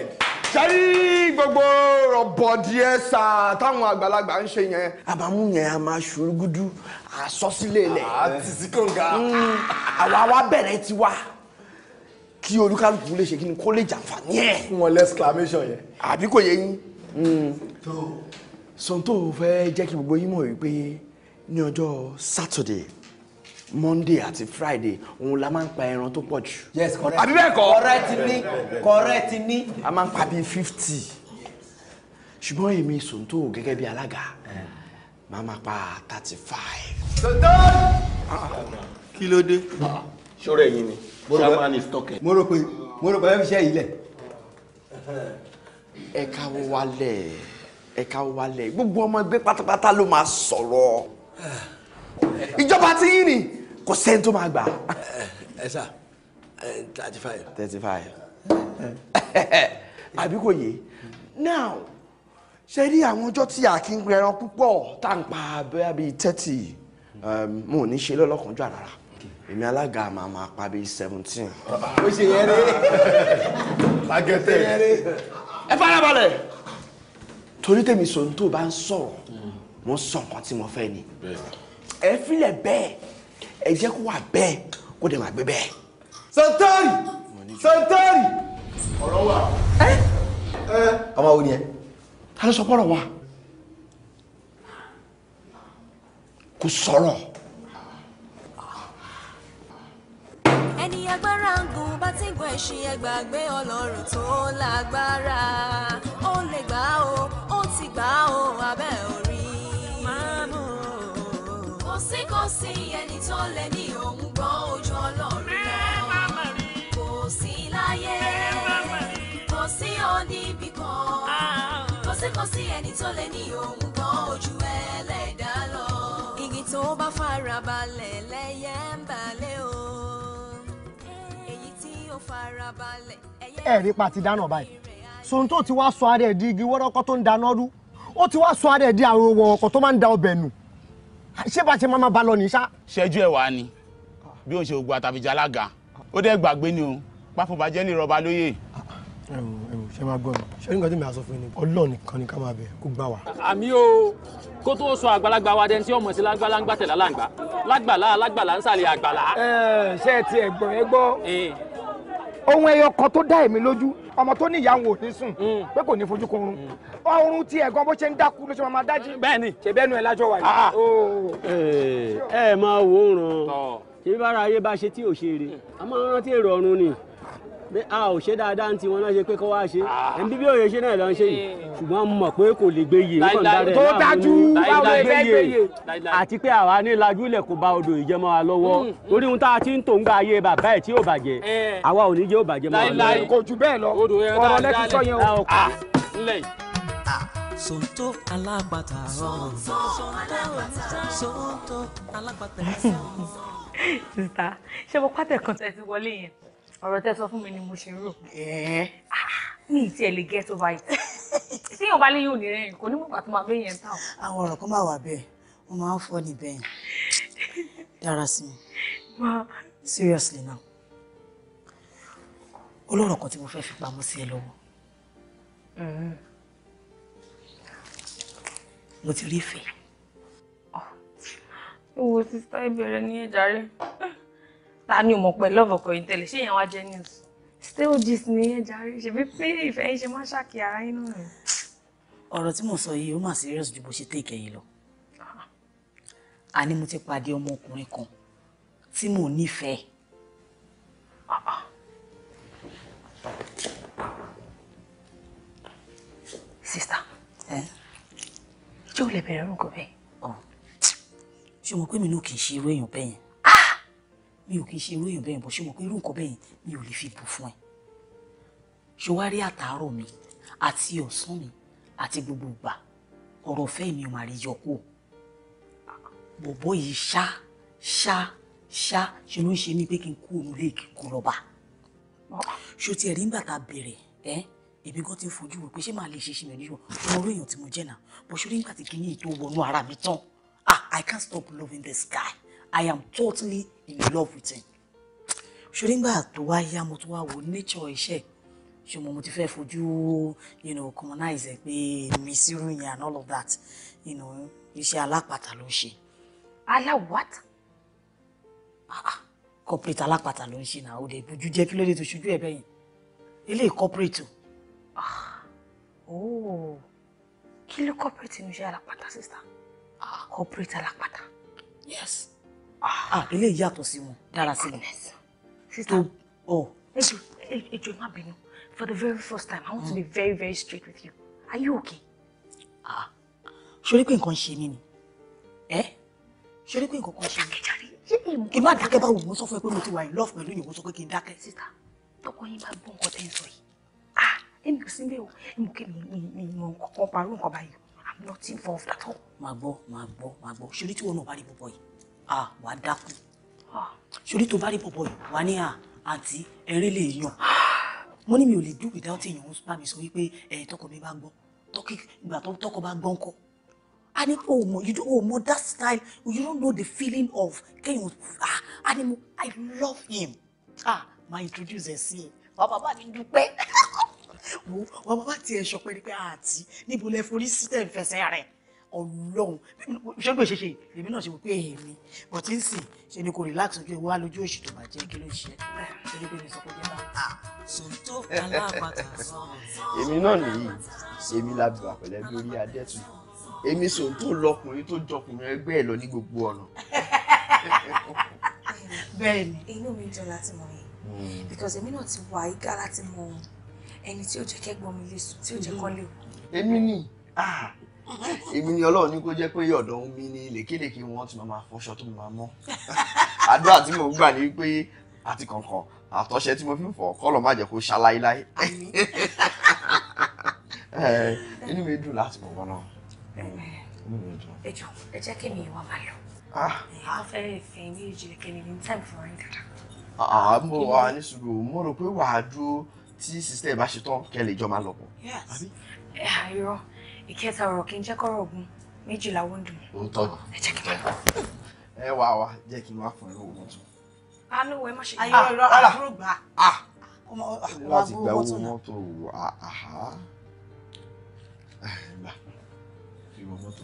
S3: ṣáyí gbogbo rọ̀bọ̀dì ẹ̀sà táwọn àgbàlagbà ń ṣe yẹn àbámú yẹn a máa ṣùrùgùdù àsọsílẹ̀ ilẹ̀ ah, mm, àwa wa bẹ̀rẹ̀ tiwa kí olúkálùkù lè ṣe kí ni kó lè jàǹfààní ẹ̀. fún wọn lẹ́sìklámẹ́ṣọ̀ yẹn. àbí kò yẹ yín mm. sọ̀n fẹ́ jẹ́ kí gbogbo yín mọ̀ wípé ní ọjọ́ sátọ̀dẹ̀ monday àti friday òun la máa ń pa ẹran tó pọ̀ jù. yes correct àbí bẹ́ẹ̀ kọ́. correct ni correct ni. a máa ń pa bíi fifty ṣùgbọ́n èmi sòǹtò gẹ́gẹ́ bí alága màá máa pa thirty five. sòǹtò. kí ló dé. ṣòro ẹ̀yin ni shamani stọkẹ. mo rò pé mo rò pé ẹ fi ṣe ilẹ̀. ẹ káwọ́ wálẹ̀ ẹ káwọ́ wálẹ̀ gbogbo ọmọ ẹgbẹ́ pátápátá ló máa sọ̀rọ̀ ìjọba ti yín ni kò sẹ́ni tó máa gbà. ẹ sà thirty five. thirty five àbí kò yé now ṣe rí àwọn ọjọ́ tí a kì í gbẹran púpọ̀ tá à ń pa abẹ́ bíi thirty um, mo ò ní ṣe lọ́lọ́kanjọ́ rárá èmi alága màá máa pa bíi seventeen. ó ṣe yẹn rí agẹtẹ yẹn rí. ẹ farabalẹ̀ torí tèmi sọ̀rọ̀ bá ń sọ̀rọ̀ mm. mo sọ nǹkan tí mo fẹ́ ni ẹ filẹ̀ bẹ́ẹ̀ ẹ jẹ́ kó wà bẹ́ẹ̀ kó dẹ̀ máa gbé bẹ́ẹ̀. santari santari. ọ̀rọ̀ wà. ẹ
S4: ẹ ọmọ wo ni ẹ.
S3: ta ló sọ pọ́rọ̀ wa
S4: kò
S2: sọ̀rọ̀.
S1: ẹni agbára ń gùn bá ti ẹṣin ẹgbàgbé ọlọ́run tó lágbára ó lè gbà ó ó ti gbà ó abẹ́. sí ẹni tó lè ní òun gbọ́n ojú ọlọ́run náà kò sí láyé kò sí oníbì kan ah. kò sí kò sí ẹni tó lè
S4: ẹ̀rí pa ti dáná báyìí sohun tó ti wá sọ ara ẹ̀ di igi wọ́rọ́kọ́ tó ń dáná rú ó ti wá sọ ara ẹ̀ di àwọn ọkọ̀ tó máa ń da ọbẹ̀ nù ṣé
S3: bá ṣe máa bá lọ ní sá. ṣẹ́jú ẹ̀ wá ni bí òun ṣe gbogbo àtàbíjà alága ó dẹ́ gbàgbé ni o páfọ̀bàjẹ́ lè rọba lóyè. ẹ̀wọ̀n ẹ̀wọ̀n ṣe máa gbọ́ mi ṣé nǹkan tí mi àsọ fún yín ni ọlọ́ọ̀ nìkan ni ká máa bẹ̀ kó gbà wá.
S7: àmì o kó tó sọ àgbàlagbà wa dẹni tí ọmọ sí lágbàlá ń gbàtẹ̀lá láǹgbà lágbàlá lágbàlá ń sàlẹ̀ àgbàlá. ẹ ti ẹ̀gbọ́n ẹ gbọ́
S3: ohun ẹyọ kan tó dá èmi lójú ọmọ tó ní ìyá òun ò ní sùn mm. pé kò ní fojú kọrun ọrùn tí ẹ̀gbọ́n bó ṣe ń dákú ló ṣe máa dájú. bẹ́ẹ̀ni ṣèbẹ́nu ẹ̀ lájọ wà yìí. Ah, ah. Eh, ẹ máa wò ó ràn kí bára ayé bá ṣe tí ò ṣe rè a máa rántí èrò ọ̀run ni a ò ṣe dáadáa ní tiwọn náà ṣe pé kọ́ wá ṣe ah. ẹni bíbí òye ṣe náà lọ ń ṣe yìí eh. ṣùgbọ́n mo mọ̀ pé kò lè gbé yìí nípa ìdá rẹ̀ láàmú tó dájú báwo ẹgbẹ́ gbé
S5: yìí
S3: àti pé àwa ní lajúlẹ̀ kò ba odò ìjẹmọ́ wa lọ́wọ́ mm, mm. torí ohun tá a ti ń tò ń gba ayé bàbá ẹ̀ tí ò bàjẹ́ eh.
S1: àwa ò ní jẹ́ ò bàjẹ́
S7: mọ́ wa lọ́wọ́. kò
S1: jù bẹ́ẹ̀ lọ
S3: ọ̀rọ̀ lẹ́kùn sọ yẹn
S7: o.
S1: Sonto alágbàtà rọrùn. Sonto
S8: alágbàtà rọrùn. Sista, ṣé mo pátẹ̀ kan tẹ́ ti wọlé yẹn? Ọ̀rọ̀ tẹ́ sọ fún mi ni mo ṣe rò. Ah, mi ì tiẹ̀ lè get over it. Tí yóò bá lé yóò ní rẹ̀yìn, kò ní mọ̀ pàtó máa bẹ́yẹn tán. Àwọn ọ̀rọ̀ kan máa wà bẹ́ẹ̀, wọ́n máa ń fọ́ ní bẹ́yìn. Dára sí mi. Seriously now. Olórọ̀ kan tí mo fẹ́ fi pamọ́ sí ẹ lọ́wọ́. Mm-hmm mo ti rí ìfẹ́. Oh, wo sista ìbẹ̀rẹ̀ ní ìjàre ta ni o mọ̀ pẹ̀lú ọ̀kọ̀ yìí tẹ́lẹ̀ ṣé ìyẹn wá
S1: jẹ́ news still gist ní ìjàre ṣèbí tí ìfẹ́ yín ṣe máa ṣàkí ara yín náà rẹ̀.
S8: ọ̀rọ̀ tí mo sọ yìí ó mà serious ju bó ṣe tẹ̀ ìkẹyìn lọ. àní mo ti pàdé ọmọkùnrin kan tí mò ń nífẹ̀ẹ́. Sister. Eh? jẹ́ ò lè bẹ̀rẹ̀ orúkọ bẹ́ẹ̀. ṣé mo pé mi náà kì í ṣe irú èèyàn bẹ́ẹ̀ yẹn ah! mi ò kì í ṣe irú èèyàn bẹ́ẹ̀ yẹn bó ṣé mo pé irú nǹkan bẹ́ẹ̀ yẹn mi ò lè fi bù fún ẹ. ṣé wàá rí àtàárọ̀ mi àti ọ̀sán mi àti gbogbo ìgbà ọ̀rọ̀ ọ̀fẹ́ mi ò máa rí yọkú bọ̀bọ̀ yìí ṣá ṣá ṣá ṣe ló ń ṣe mí pé kí n kú òun lè kí n kú lọ́ba ṣó tiẹ̀ rí ńgbà tá a bẹ̀rẹ̀ ẹ́ èmi gan ti ń fojú wò pé ṣé màá lè ṣe ṣe mẹ́rin yọ ọ̀rọ̀ èèyàn tí mo jẹ́ náà But surely nígbà tí kìíní tó wọnú ara mi tán ah i can't stop loving this guy i am totally in love with him Surely nígbà tó wá yá mo tó wá wo nature iṣẹ́ ṣe mo mo ti fẹ́ fojú you know commonize ẹ pé mi yẹn and all of that you know iṣẹ́ alápàtà ló ń ṣe aláwàtà ah, ah, corporate alápàtà ló ń ṣe náà ó lè bójú jẹ́ kí ló dé tó ṣojú ẹ̀ bẹ́yìn ilé corporate o. Ah, oh kí ló corporate mi ṣe alápàtà sister ah corporate alápàtà. yes ah, ah ilé ìyàtọ̀ sí wọn dára sí mi. sister oh. ejo ejo má bínú for the very first time i want to be hmm. very very straight with you are you okay. ah ṣorí pé nǹkan ṣe mí ni ẹ ṣorí pé nǹkan kan ṣe mí kí n má dákẹ́ báwo mo sọ fún ẹ pé mo ti wà in love pẹ̀lú ìyẹn mo sọ pé kí n dákẹ́. sister tọkọ yín bá gbọ́ nǹkan tẹ́ ń sọ yìí èmi kò sí bẹ́ẹ̀ o èmi kò mi mi mọ kankan parú nǹkan báyìí i'm not involved at all. màá gbọ́ màá gbọ́ màá gbọ́ ṣorí tí wọn náà bá rí bọ́bọ́ yìí ah wà á dákú ṣorí tó bá rí bọ́bọ́ yìí wà á ní à àǹtí ẹ̀rí lè yàn mo ní mi ò lè do without èèyàn ń bá mi sọ wípé ẹ̀ tọkọ mi bá gbọ́ ìgbà tọkọ bá gbọ́ ńkọ́ a ní kó o mọ you don't know mọ that style you don't know the feeling of kéèyàn ah a i love him ah my introduce ẹ sí ẹ bàbá bá mi dúpẹ́. wo wà bá tiẹ̀ sọ pé ní pé àti níbo lẹ forí sí tẹ̀ ń fẹsẹ̀ rẹ̀ ọlọ́run ṣẹ́gun ṣeṣe èmi náà ṣe wò pé èmi bọ̀ tí ń sìn ṣe ni kò relax ojú ẹ̀ wá lójú òṣì tó bá jẹ́ kí ló ṣe ṣe ni pé mi sọ pé jẹ́ bá. Ah, sòtó
S3: aláàpàtà èmi náà
S4: nìyí èmi
S3: lábẹ́ àpẹ̀lẹ́ bí orí adẹ́tù èmi sòtó lọkùnrin tó jọkùnrin ẹgbẹ́ ẹ̀ lọ ní gbogbo ọ̀nà.
S8: bẹ́ẹ̀ni inú mi jọ láti mọ̀ yẹn hmm. because èmi náà ti wà igá láti mọ ohun ẹni tí ó jẹ́ kẹ́gbọ́n mi lè sùn tí ó jẹ́ kọ́ lè wò. èmi
S4: ni ah! èmi ni ọlọ́run ní kó jẹ́ pé ọ̀dọ̀ mi ni lèkèlèkè wọn ti máa
S3: fọṣọ tó máa mọ́ àdúrà tí mo gbà ní pé àti kankan àtọ́ṣe tí mo fi fọ kọ́lọ̀ má jẹ́ kó ṣaláíláí
S8: eh, inú mi
S3: dùn láti mọ̀ wọn náà
S8: ẹ jọ̀ọ́ ẹ jẹ́ kí mi ìwà máa lọ ah! wọ́n fẹ́ fẹ́ ní ìjìnlẹ̀ kẹ́mi ní time for rain dada.
S3: àmọ́ àníṣòro mo rò pé wàá dúró tí sísítẹ́ ẹ̀ bá ṣe tán kẹ́ lè jọ máa lọ pọ̀.
S8: àìrọ ìkẹta ọ̀rọ̀ kì í jẹ́ kọ́rọ̀ ogun méjìlá wọ́n dùn. òótọ́ ni ẹ jẹ́ kí n máa lọ.
S3: ẹ wá wa jẹ́ kí n wá fún ẹ lówó wọn tún.
S8: àánú wẹ má ṣe kí n lọ àdúrò gbà. láti ah. ah, gba owó
S3: mọ́tò àhá. gbà ìwọ mọ́tò.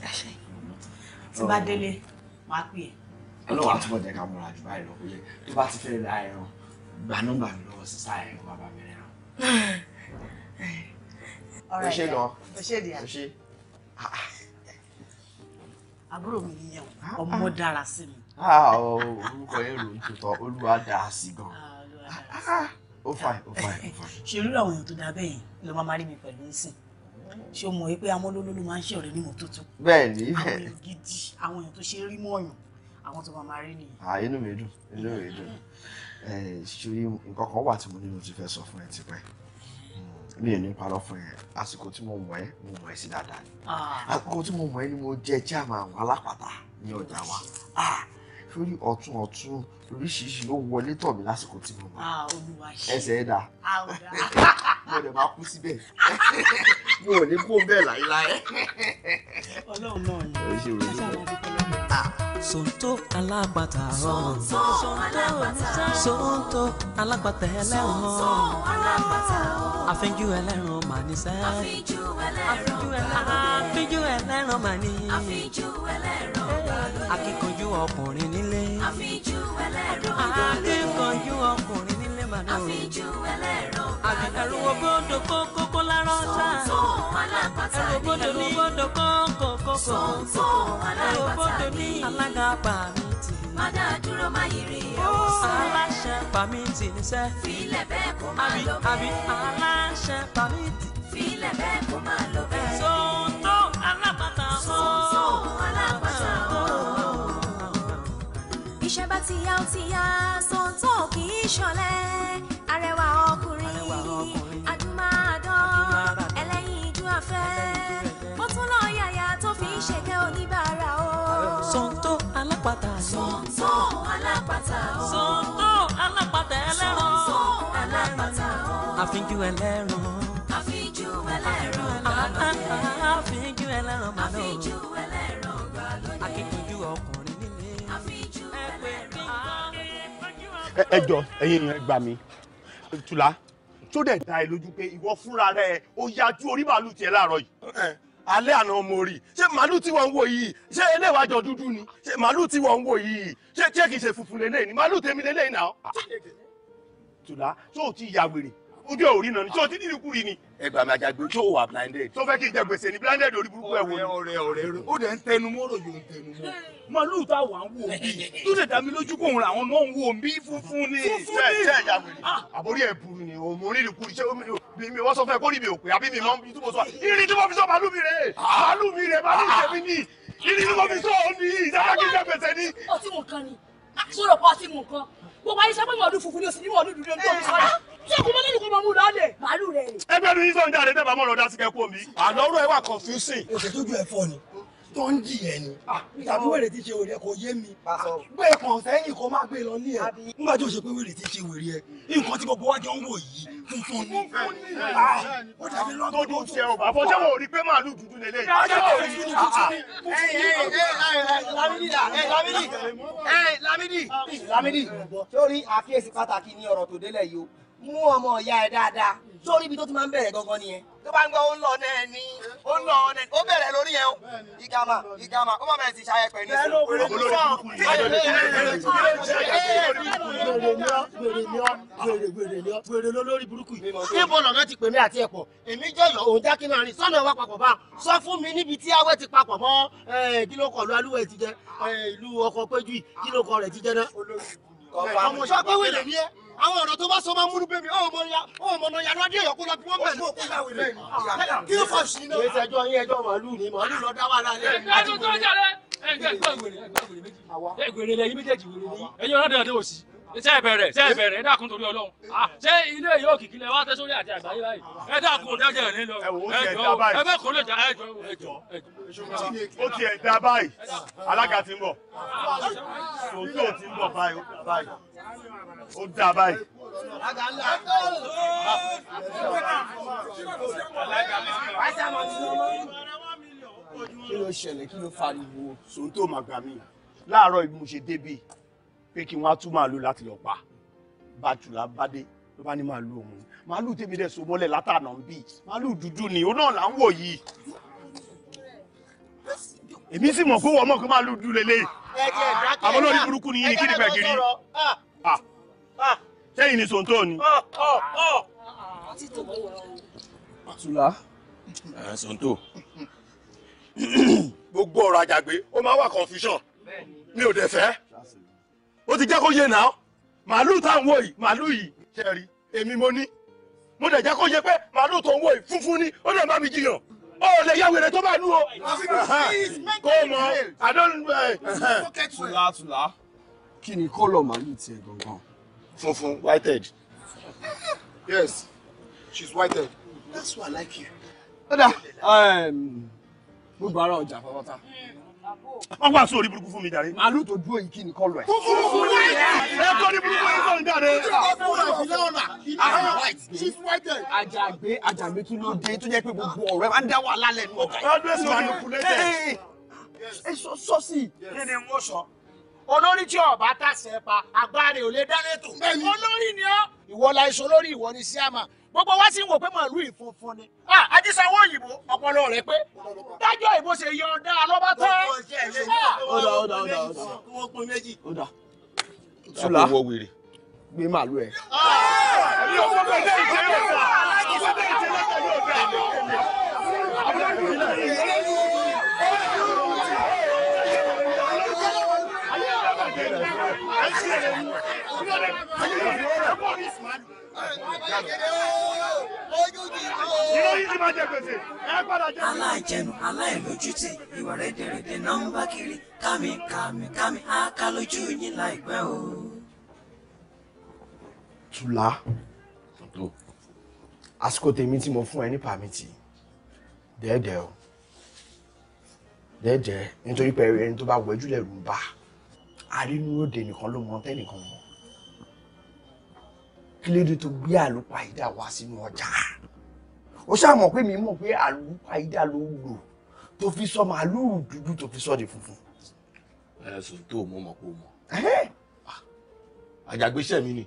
S3: tí bá délé máa pè é. ọlọ́wà túbọ̀ jẹ́ ká múra jù báyìí lọ kó yẹ tó bá ti fẹ́ ra ẹran gba nọ́mbà mi lọ́wọ́ sísá ẹran bàbá mi o ṣe gan o
S8: ṣe di àṣe. àbúrò mi nìyẹn o ah, ah. ọmọ dára sí mi.
S3: Ah, orúkọ yẹn ròyìn tó tọ olúwa dá a Si gan. ó fàì ó fàì ó fàì.
S8: ṣe irú àwọn èèyàn tó dáa bẹ́ẹ̀ ló máa rí mi pẹ̀lú nísìn ṣé o mọ̀ pé amọ́lóló ló máa ń ṣọ̀rẹ́ ní mọ́tótó. bẹ́ẹ̀ ni bẹ́ẹ̀ àwọn èèyàn gidi àwọn èèyàn tó ṣe rí mọ́ọ̀yàn àwọn tó máa máa rí nìyẹn. inú
S4: mi dùn inú mi dùn ṣùrí nǹkan kan wà tí
S3: mo nínú ti fẹ́ sọ fún ẹ tipẹ́ hmm, mi ò ní parọ́ fún ẹ àsìkò tí mo mọ̀ ẹ́ mo mọ̀
S4: ẹ́ sí dáadáa ni ah. àsìkò tí mo mọ̀ ẹ́ ni mo jẹ́ chairman àwọn alápàtà ní ọjà wa ah, sórí ọ̀tún ọ̀tún oríṣiríṣi ló wọlé tọ̀ mí lásìkò tí mo
S5: mọ̀ ah,
S3: ẹsẹ̀ ẹ̀dá. mo dẹ̀ máa kú síbẹ̀ mo ò ní kó bẹ́ẹ̀
S1: láéláé.
S8: ọlọ́run
S5: náà ni
S3: ṣáṣá
S8: máa dúpẹ́
S1: lọ́wọ́ sonto alágbàtà rọrùn sonto alágbàtà ẹlẹ́rùn àfínjú ẹlẹ́rùn mà ní sẹ́ àfínjú ẹlẹ́rùn mà ní akíkanjú ọkùnrin nílé akíkanjú ọkùnrin nílé mà ní ẹ̀rù wo bódò kókó kó lárọ́ ṣá ẹ̀rù bódò ní bódò kókó kókó ẹ̀rù bódò ní alága bà mí tì. Mádà dúró má yí rí ọ̀sán. Aláṣẹ bà mí tì ní sẹ́. Fílẹ̀ bẹ́ẹ̀ kó má lọ bẹ́ẹ̀. Àbí aláṣẹ bà mí tì. Fílẹ̀ bẹ́ẹ̀ kó má Iṣẹ́ bá ti yá ó ti yá, Sòǹtò kì í ṣọ̀lẹ. alápatà. Sọ̀ǹtò alápatà o. Sọ̀ǹtò alápatà ẹlẹ́ran. Sọ̀ǹtò alápatà o. Àfínjú ẹlẹ́ran. Àfínjú ẹlẹ́ran gbàlódé. Àfínjú ẹlẹ́ran gbàlódé. Àfínjú ẹlẹ́ran gbàlódé. Akíkanjú ọkùnrin nílé. Àfínjú ẹlẹ́ran gbàlódé.
S3: Ẹ jọ ẹ̀yin èèyàn gbà mí Tùlá tó dẹ̀ dá ẹ lójú pé ìwọ fúnra rẹ ó yájú orí màálù tiẹ̀ láàárọ̀ yìí alẹ́ àná mo rí ṣé màálù tí wọ́n ń wò yìí ṣé eléwàjọ dúdú ni ṣé màálù tí wọ́n ń wò yìí ṣé tí èkì funfun lélẹ́yìn ni màálù tèmi lélẹ́yìn náà. Ah. tùlá tó o ti ya ojú ẹ ò rí náà ni tí o ti dídì kú rí ni. ẹ gbà mí àjàgbé tí o wà blinded. tó fẹ́ kí n jẹ gbèsè ni blinded orí burúkú ẹ̀ wò ni. ọ̀rẹ́ ọ̀rẹ́ ọ̀rẹ́ ó dẹ̀ ń tẹnu mọ́ ròyìn ń tẹnu mọ́. màálù tá a wà ń wò bí tó lè dá mi lójú kó òun làwọn náà ń wò bí funfun ni. funfun ni ṣe ìjàgbé ni àbórí ẹ̀ burú ni òun ò rí ìlú kúrú ṣé mi wọ́n sọ fún ẹ kó rí mi ò pé àbí mi mọ́ bí túbọ̀ sọ ìrìn tí mo fi sọ màálù
S2: mi rè ah. màálù mi rè màálù ìṣẹ̀mí ni ìrìn
S8: tí mo fi sọ òun ni ìdájọ́ kí n jẹ gbèsè ni. ọtí mò kan ni ah, tí ẹkùn mọ́lẹ́ nìkan máa mú lọ́lẹ̀ màálù rẹ̀ ni. ẹgbẹ́ mi yín sọ̀rọ̀ jáde tẹ́ bá mọ́ lọ dá sí kẹ́kọ̀ọ́ mi. àlọ́ ọ̀rọ̀ ẹ wà
S3: confusing. òṣè tójú ẹ fọ ni tó ń jì ẹ ni tàbí ah, wèrè tí ṣe wèrè kò yé mi gbé kàn sẹ́yìn kó má gbé lọ ní ẹ nígbà tí ó ṣe pé wèrè tí ṣe wèrè ẹ nǹkan tí gbogbo wa jọ ń wò yìí funfun ni ah, ó dàbí lọ́dún tó ṣe ọba àfọ̀ṣẹ́ wo rí pé màálù dúdú lélẹ̀ yìí. Ah, ọjọ́ kò rí dúdú dúdú ni. ẹ ẹ Lamidi ẹ eh, Lamidi ẹ eh, Lamidi Lamidi sórí àfiyèsí pàtàkì ní ọ̀rọ̀ tó délẹ̀ yìí o mú
S4: ọmọ ìyá ẹ dáadáa sórí ibi tó ti máa ń bẹ̀rẹ̀ gangan nìyẹn tó bá ń gbọ́ ó ń lọ náà ni ó ń lọ ọ̀nà ó bẹ̀rẹ̀ lórí yẹn o ìgàmà ìgàmà ó má bẹ̀rẹ̀ sí ṣayẹ pẹ̀lú wèrè
S3: lórí burúkú yìí níbo lọ́nà ti pèmí àti ẹ̀pọ̀ èmi jọ̀yọ̀ òun jákè máa rìn sọ́nà ti papọ̀ mọ́ kílókọ̀ lu alúwẹ̀ ti jẹ ìlú ọkọ̀ péjú kílókọ̀ rẹ̀ ti jẹ náà ọmọ ṣọpẹ́ wèrè ni ẹ́ àwọn ọ̀rọ̀ tó bá sọ máa múlù bẹ́ẹ̀ mi ọmọ ya ọmọ náà yàrá dé ọ̀kú lọ bí wọ́n bẹ̀rẹ̀ fún òkú láwìn rẹ̀ ah, ah, ah. kí ló fà sí iná. ìṣe ẹjọ́
S7: yín ẹjọ́ màálù ni màálù lọ dá wà lálẹ́. ẹjọ́ tó jàre ẹgbẹ́ ìgbà wèrè ẹgbẹ́ wèrè méjì ẹgbẹ́ wèrè lẹ́yìn méjèèjì wèrè ni ẹ̀yin ọ̀rọ̀ dẹ̀ òsì ṣe ẹbẹrẹ ṣe ẹbẹrẹ ẹ dákun torí Ọlọ́run ṣe ilé yóò kìkì lẹ wá tẹsórí àti àgbáyé báyìí ẹ dákun dájẹ ẹ nílò ẹjọ ẹbẹ kò lè jà ẹjọ ẹjọ.
S3: ó ti ẹ̀ dá báyìí
S7: alága ti ń bọ̀
S3: sòtò ti ń bọ̀ báyìí ó dà báyìí. kí ló ṣẹlẹ̀ kí ló fariwo sòńtò màgbà mi láàárọ̀ ibi mo ṣe débì pé kí wọ́n á tún màálù láti lọ pa bàjùlá bá dé ló bá ní màálù òun màálù tèmi dẹ̀ so mọ́lẹ̀ látànà ń bì màálù dúdú ni òun náà là ń wò yìí èmi sì mọ̀ pé wọ́n mọ̀ pé màálù dúdú lélẹ̀
S2: àmọ́ lórí burúkú ni yìí ni kí ni pẹ̀
S3: sẹ́yìn ni sòǹtò ni. àtúlá. sòǹtò. gbogbo ọ̀rọ̀ àjàgbé ó máa wà confusion mi ò dẹ̀ fẹ́ ó ti jẹ́ kó yé náà màálù tá à ń wò yìí màálù yìí ṣẹ̀rí èmi mo ní mo dẹ̀ jẹ́ kó yé pé màálù tó ń wò yìí funfun ni ó dẹ̀ má mi jiyàn ó lè yá
S2: wèrè tó bá lù o. kó o mọ àdó.
S3: tùlátùlá kí ni kó lọ màálù tiẹ̀ gangan funfun whitehead yes she's whitehead that's why i like you. kódà um, gbogbo ara ọjà pátápátá wọ́n wá sórí burúkú fún mi jàre. màálù tó dúró yìí kí ni kọ́ lọ ẹ̀. funfun white. ẹ kọ́ ni burúkú yìí sọ̀rọ̀ ah, jàre. whitehead. àjàgbé tún ló dé tó jẹ́ pé gbogbo ọ̀rẹ́ máa ń dá wàhálà lẹ́nu ọ̀gá yìí. ọdún èso àlùkù lẹ́sẹ̀. ẹ sọ sí. kí ni wọ́n sọ olórí tí ọba tàṣẹ pa agbára ò lè dáná ètò olórí ni ọ ìwọ la iṣan ìwọ ni síàmà gbogbo wa sì ń wò pé màálù ìfunfun ni ajísanwó òyìnbó ọpọlọ rẹ pé dájọ́ ìbò ṣe yọ ọdá alọba tán. ọ̀dà ọ̀dà ọ̀dà ọ̀dà ṣùlá gbé màálù ẹ.
S5: Thank you.
S2: alájẹnu
S1: aláìlójútì ìwà rẹ̀ dẹ̀rẹ̀dẹ̀ náà ń bá kiri kámi kámi kámi á ká lójú yín láìpẹ́ o.
S3: tùlá àsìkò tèmi tí mo fún ẹ ní pàmìtì dẹ́ẹ̀dẹ́ o dẹ́ẹ̀dẹ́ nítorí pé ẹni tó bá wẹ́jú lẹ̀ bá àrínúròdè nìkan ló mọ tẹ́nìkan mọ́ kí ló dé tó gbé àlùpàídà wá sínú ọjà ó ṣàmọ̀ pé mi mọ̀ pé àlùpàídà ló lò tó fi sọ màálùú dúdú tó fi sọ di funfun.
S6: ẹ sọ tó o mọ mọ kó
S3: o mọ ah,
S6: àjàgbéṣẹ́ mi ni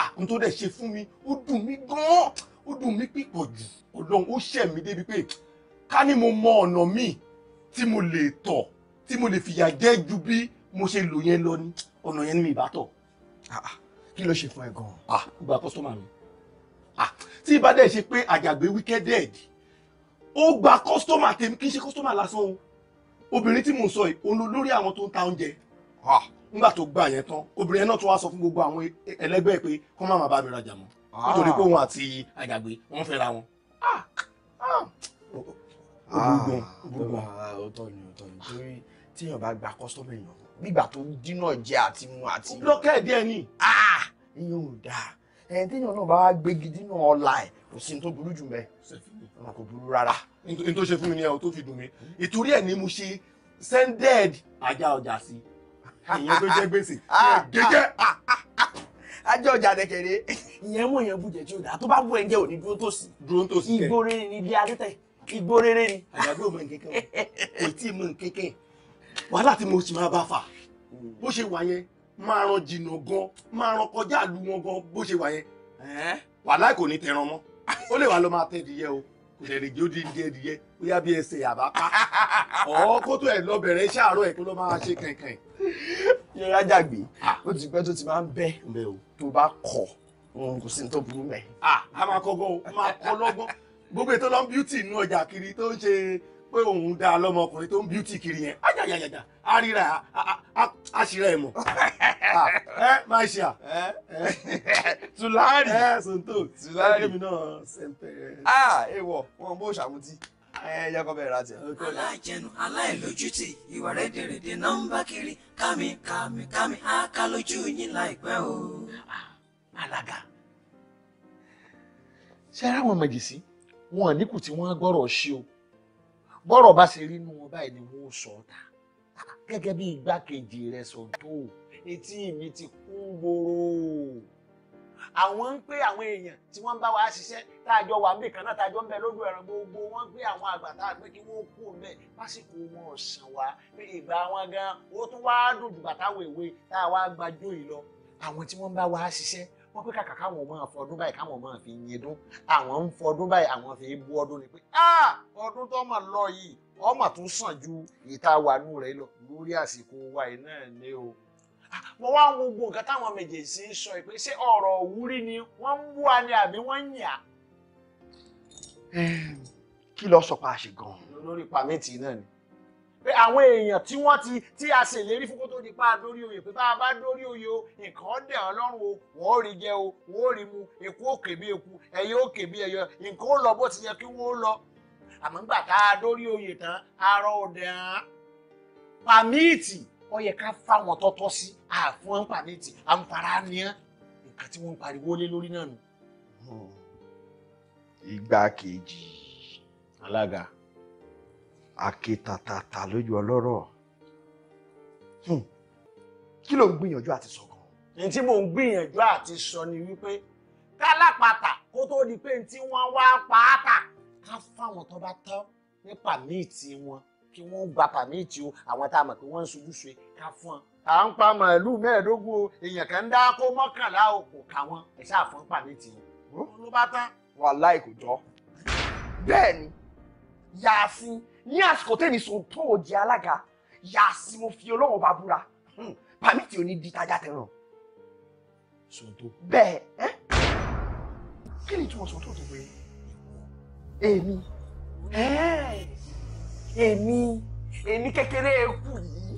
S3: ah, n tó dẹ̀ ṣe fún mi ó dùn mí gan-an ó dùn mí pípọ̀ jù ọlọ́run ó ṣẹ̀ mí débi pé ká ní mo mọ ọ̀nà míì tí mo lè tọ̀ tí mo lè fìyà jẹ ju bí mo ṣe lò yẹn lọ ní ọ̀nà yẹn ní mi ìbátọ̀. Ah, ah. kí ló ṣe fún ẹ gan. Ah. gba kọ́sọ́mà mi tí ìbá dẹ̀ ṣe pé àjàgbé wíkẹ́dẹ̀ẹ̀dì ó gba kọ́sọ́mà tèmi kì í ṣe kọ́sọ́mà lásán o
S7: obìnrin tí mo sọ yìí
S3: òun lórí àwọn tó ń ta oúnjẹ nígbà tó gbà yẹn tán obìnrin yẹn náà tún wá sọ fún gbogbo àwọn ẹlẹgbẹ́ pé kó má má bá mi rajà mọ́ nítorí pé òun àti àjàgbé wọ́n fẹ́ra wọn òtọ́ ni òtọ́ ni torí tíyàn bá gba kọ́sọ́mù èèyàn bígbà tó dínà jẹ àti mu àti. lọ́kẹ́ ẹ̀dí ẹ̀ ni. Ah, ìyẹn ò dáa ẹni téèyàn náà bá wá gbégi dínà ọ̀la ẹ̀ kò sí ní tó burú jù mẹ́ ọ̀la kò burú rárá. n tó ṣe fún mi ni ẹ̀ o tó fi dùn mí ìtorí ẹ̀ ni mo ṣe sended ajá ọjà sí ìyẹn tó jẹ́ gbèsè ah, ah, gẹ́gẹ́ ajá ọjà dẹ̀kẹ̀rẹ́ ìyẹn mọ̀ yẹn bùjẹ̀ tí ó dáa tó bá bú ẹ̀ jẹ́ òní dúró tòsí dúró tòsí kẹ́ igbó rere ni ilé adẹ́tẹ̀ igbó rere ni. àyàgbé òmò nkẹ́kẹ́ kò tí ì mú nkẹ́kẹ́ wàhálà tí mo sì máa bá fà bó ṣe wà yẹn máa ran jìnnà gan máa ran kọjá àlù wọn gan bó ṣe wà yẹn wàhálà kò ní tẹran mọ́ ó lè wà lọ máa tẹ́ o kò dẹ̀ lè jẹ́ ó di díẹ̀ díẹ̀ bóyá bí ẹsẹ̀ àbápá ọ̀ kó tó ẹ̀ lọ bẹ̀rẹ̀ iṣẹ́ àárọ̀ ẹ̀ kó ló máa ṣe kẹ̀kẹ́. yẹra jàgbé ó ti pẹ́ tó ti máa ń bẹ́ tó bá kọ̀ kò sí ní tó burú mẹ́. a máa kọ́ gan o máa kọ́ lọ́gbọ́n gbogbo ètò lọ́n bíútì inú ọjà kiri tó ń ṣe pé òun dá lọ́mọkùnrin tó ń bíútì kiri yẹn ajajajaja àríra àṣírà ẹ̀ ẹ máa ṣe à.
S2: tùlárì ẹ
S3: sọ̀tò tùlárì mi náà
S1: sẹ́ńpẹ̀rẹ̀.
S3: a ah, ewọ wọn bó ṣàmùtí ẹ yẹ kọ bẹ̀rẹ̀
S1: láti. aláìjẹnu aláìlójútì ìwà rẹ̀ dèrèdè náà ń bá kiri kámi kámi kámi á lójú yín láìpẹ́ o. Ah, alága
S3: ṣe ara wọn mẹjì sí wọn àníkù tí wọn gbọ́rọ̀ ṣí o bọ́rọ̀ bá ṣe rí inú wọn báyìí ni wọ́n sọ ọ́ta gẹ́gẹ́ bí igbákejì rẹ̀ sọ̀tò etí mi ti kú gbòòrò àwọn ń pé àwọn èèyàn tí wọ́n bá wa ṣiṣẹ́ táàjọ wà níbì kan náà táàjọ ń bẹ lójú ẹ̀rọ gbogbo wọ́n pé àwọn àgbà tá a pé kí wọ́n kú ń bẹ̀ lásìkò wọn ọ̀sán wa pé ìgbà wọn gan ó tún wá dùn jù wèwe tá a wá gbàjọ yìí lọ àwọn tí wọ́n bá wa ṣiṣẹ́ wọ́n pé kàkà káwọn máa fọdún báyìí káwọn máa fi yin dún àwọn ń fọdún báyìí àwọn fi bú ọdún ni pé ah! ọdún tó mà lọ yìí ọmọ tó sàn ju ìta wàánú rẹ lọ lórí àsìkò wa yìí náà ní o. Ah! mo wá gbogbo nǹkan táwọn méjèèjì ń sọ pé ṣé ọ̀rọ̀ òwúrí ni wọ́n ń bú wa ni àbí wọ́n ń yà. Ehm, kí ló sọ pa àṣẹ lórí pàmìtì náà ni àwọn èèyàn tí wọ́n ti tí a ṣèlérí fún kó tó di pa dórí oyè pé bá a bá dórí oyè o nǹkan dẹ̀ ọlọ́run o wọ́n ò rí jẹ o wọ́n ò rí mu èkó òkè bí eku ẹyẹ òkè bí ẹyẹ nǹkan ó lọ bó ti yẹ kí wọ́n ó lọ àmọ́ nígbà tá a dórí oyè tán arọ òdẹ hàn pàmíìtì ó yẹ ká fáwọn tọ́tọ́ sí àfún pàmíìtì àǹfààníyàn nǹkan tí wọ́n pariwo lé lórí náà nù. Hmm. igbákejì alága àkìtàtàtà lójú ọlọ́rọ̀ hmm. kí ló ń gbìyànjú àti sọ kan. ní tí mò ń gbìyànjú àti sọ ni wípé kálápàtà kó tó di pé tí wọ́n wá pàátà ká fáwọn tó bá tán ní pàmíìtì wọn kí wọ́n gba pàmíìtì o àwọn tá a mọ̀ pé wọ́n ń sojú ṣe ká fún wọn. à ń pa màálù mẹ́ẹ̀ẹ́dógún o èèyàn kan ń dá kó mọ́kànlá o kò kà wọ́n ẹ̀ ṣáà fún pàmíìtì wọn. ló hm? bá tán. wàhálà ìkòjọ́ bẹ́ẹ̀ yáa fún ní àsìkò tẹ́mi sọ tó o jẹ alága yà á sí mo fi ọlọ́run bá búra hmm, pàmìtì òní di tájà tẹ̀ràn. sọ̀tò. bẹ́ẹ̀ ẹ́ kí ni ìtumọ̀ sọ̀tò tó gbé èmi èmi èmi kékeré eku yìí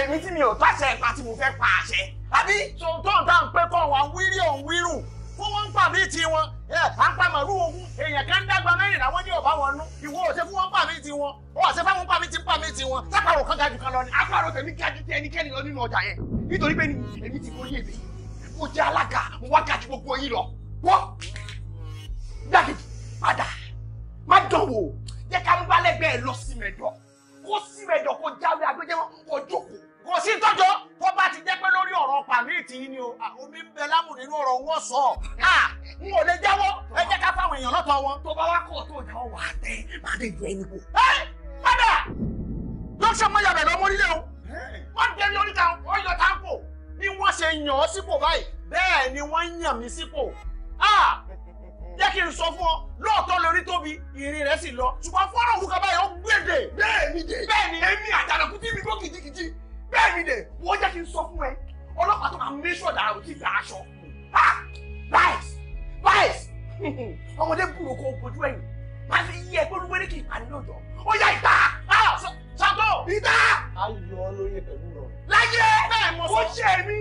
S3: èmi tí mi ò tàṣẹ ipa tí mo fẹ́ pa àṣẹ àbí sọ̀tò tá à ń pẹ́ kọ́ wa wírí òun wírùn fún wọn ń pa mí ti wọn ẹ à ń pa màálù ogun èèyàn kan dágba mẹ́rin làwọn ní ọ̀bá wọn nú ìwọ ò ṣe fún wọn pa mí ti wọn ó wà ṣe fáwọn pa mí ti ń pa mí ti wọn sápàrọ̀ kan gajù kan lọ ni àpàrọ̀ tèmi gajù tí ẹnikẹ́ni lọ nínú ọjà yẹn nítorí pé èmi ti borí èmi mo jẹ́ alága mo wá gajù gbogbo yín lọ wọ́n gbàgede padà má dánwò jẹ́ ká mú balẹ̀ bẹ́ẹ̀ lọ sí mẹ́dọ̀ kó sí mẹ́dọ̀ kó jáwé agbẹ́jẹ́ wọn kó jókòó kò sí tọ́jọ́ tó bá ti jẹ́ pé lórí ọ̀rọ̀ pàmìtì yìí ni o omi ń bẹ lámù nínú ọ̀rọ̀ wọn sọ n ò lè
S2: jáwọ́ ẹ jẹ́ ká fáwọn èèyàn lọ́tọ̀ wọn. tó bá wá kọ̀ tó ìjà wà á tẹ màá lè ju ẹni wò. ẹ padà
S5: lọ́sọ̀ mọ́ yàrá ìlọ́mọ nílé o
S2: wọ́n gbé lórí ta ọyọ̀ tá
S3: a kò bí wọ́n ṣe yàn ọ́ sípò báyìí bẹ́ẹ̀ ni wọ́n yàn mí sípò jẹ́ kí n sọ fún ọ lóòótọ́ lórí tóbi ìrìn rẹ̀ sì lọ ṣùgbọ́n fọ́nrán òun kan báyìí ó gbèdè. bẹ́ẹ̀ ni dè bẹ́ẹ̀ ni èmi àjànàkú mi gbó kìjikìji bẹ́ẹ̀ ni dẹ̀ wọ́n jẹ́ kí n sọ fún ẹ ọlọ́pàá tó máa make sure that I will keep that aṣọ ha bias bias ọmọdé gbúrò kó o kojú ẹ̀yìn máa fi yí ẹ pé olúwerè kì í pa nínú ọjọ́ ó yá
S2: ìta sago ìta.
S3: ayọ̀ olóyè pẹ̀lú rọ.
S2: láyé kó ṣe mí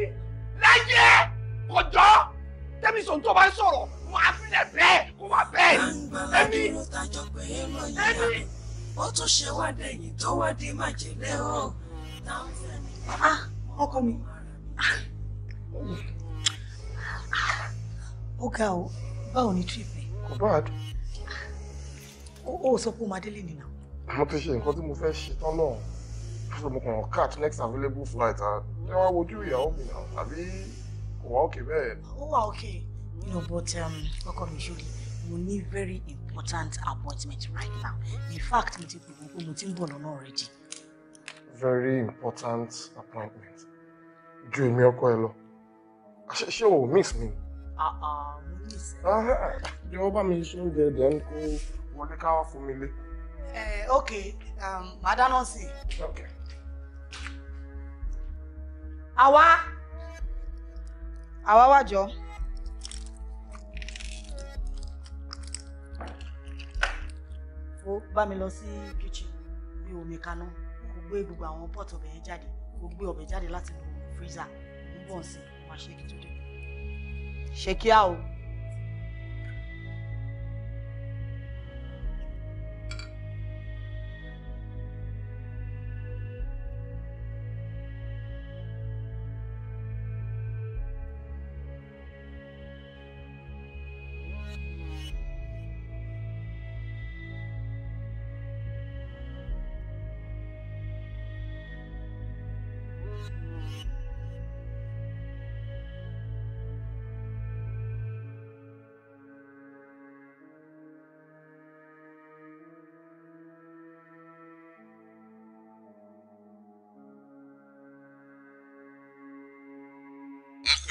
S2: láyé kọjọ́ tẹ́mi sọ̀n tó bá ń sọ̀rọ̀ mo á
S1: filẹ̀ bẹ́ẹ̀ kó wá bẹ́ẹ̀ ẹ̀mí ẹ̀mí. ó tún ṣe wá dẹ̀yìn tó wá di májèlé o
S8: ah ọkọ mi ah. ó ga o báwo ni trip mi. kò bá a dùn. ó sọ pé ó máa délé nìyà.
S6: mo ti ṣe nǹkan tí mo fẹ́ ṣe tán náà fún mi kàn catch next available flight
S8: ẹ wá wojú ìyàwó
S6: mi náà tàbí kò wá òkè bẹ́ẹ̀.
S8: ó wà òkè you know but um, ọkọ mi ṣòrí mo ní very important appointment right now in fact mo ti pè wọ́n pé mo ti ń bọ̀ lọ́nà already
S4: very important appointment
S6: ju èmi ọkọ ẹ lọ àṣẹṣe ò miss mi.
S8: Ah, ah, ah,
S3: eh, jọ̀wọ́ bá mi ṣe oúnjẹ ẹ̀dẹ̀ ń kó wọlé káwá fún mi lé.
S8: Eh, ok um, màá dáná sí i. àwa àwa wájọ. ó bá mi lọ sí kitchen bí omi kaná gbé gbogbo àwọn pọ́ọ̀tì ọbẹ̀ yẹn jáde kó gbé ọbẹ̀ jáde láti lo freezer ń bọ̀ sí i wọ́n á ṣe kí tó dé. ṣe kíá o.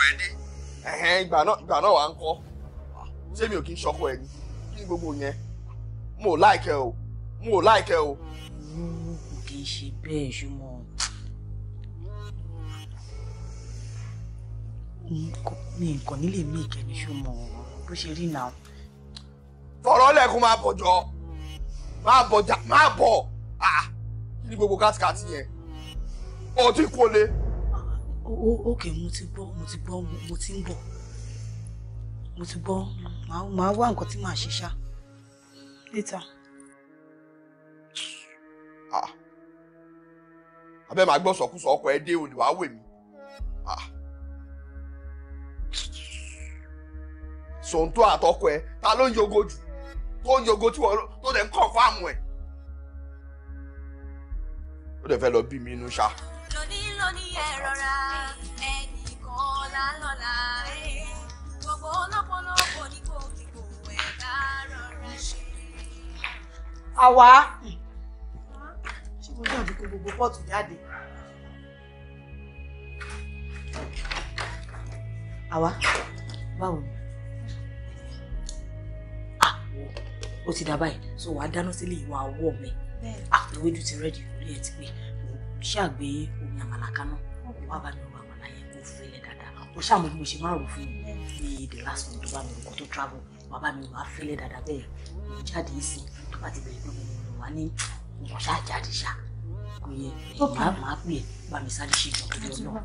S6: already. ẹ̀hẹ́n ìgbà náà ìgbà náà wà ń kọ́ ṣé
S3: mi ò kí ń ṣọkọ ẹ̀ ni kí ni gbogbo yẹn mo ò láìkẹ́ o mo ò láìkẹ́ o.
S8: kò kì í ṣe bẹ́ẹ̀ ṣùgbọ́n mi nǹkan nílé mi ìkẹ́ni ṣùgbọ́n bó ṣe rí náà.
S3: fọ̀rọ̀ lẹ́kùn máa bọ̀ jọ máa bọ̀ máa bọ̀ ah, kí ni gbogbo kátikáti yẹn ọtí kò le
S8: okay mo ti gbọ́ mo ti gbọ́ mo ti ń bọ̀ mo ti gbọ́ màá wá nǹkan tí màá ṣe ṣá later.
S6: abẹ́ ah. màá gbọ́ sọkúsọ ọkọ̀ ẹ dé òní wàá wè mí. Ah. sòǹtó àtọkọ
S3: ẹ ta ló ń yogo jù tó ń yogo tí wọn tó dẹ̀ ń kọ̀ fáàmù ẹ̀. ó dẹ̀ fẹ́ lọ bí mi inú ṣá
S1: ló ní ẹ̀rọra ẹnìkan lálọ́la gbogbo lọ́pọ̀lọpọ̀ ní kò fi kò ẹ̀dá rọra ṣe.
S8: àwa ṣé mo ah, so wàá dáná sílé ìwà àwọ̀ mi àwọn ewédú ah, ti rẹ́dì orí ẹ̀ ti ṣàgbé omi àmàlà kaná wàá bá mi rọ àmàlà yẹn kó fún ilẹ̀ dáadáa o ṣàmọ bí mo ṣe máa rò fún mi ní the last one tó bá mi kó tó travel wàá bá mi rò á fẹ́lẹ̀ dáadáa bẹ́ẹ̀ mo jáde ìsìn tó bá ti bẹ̀rẹ̀ pé mo rò wá ní nǹkan ṣáà jáde ṣá kò yẹ màá pè é bá mi sáré ṣe ìjọba ìjọba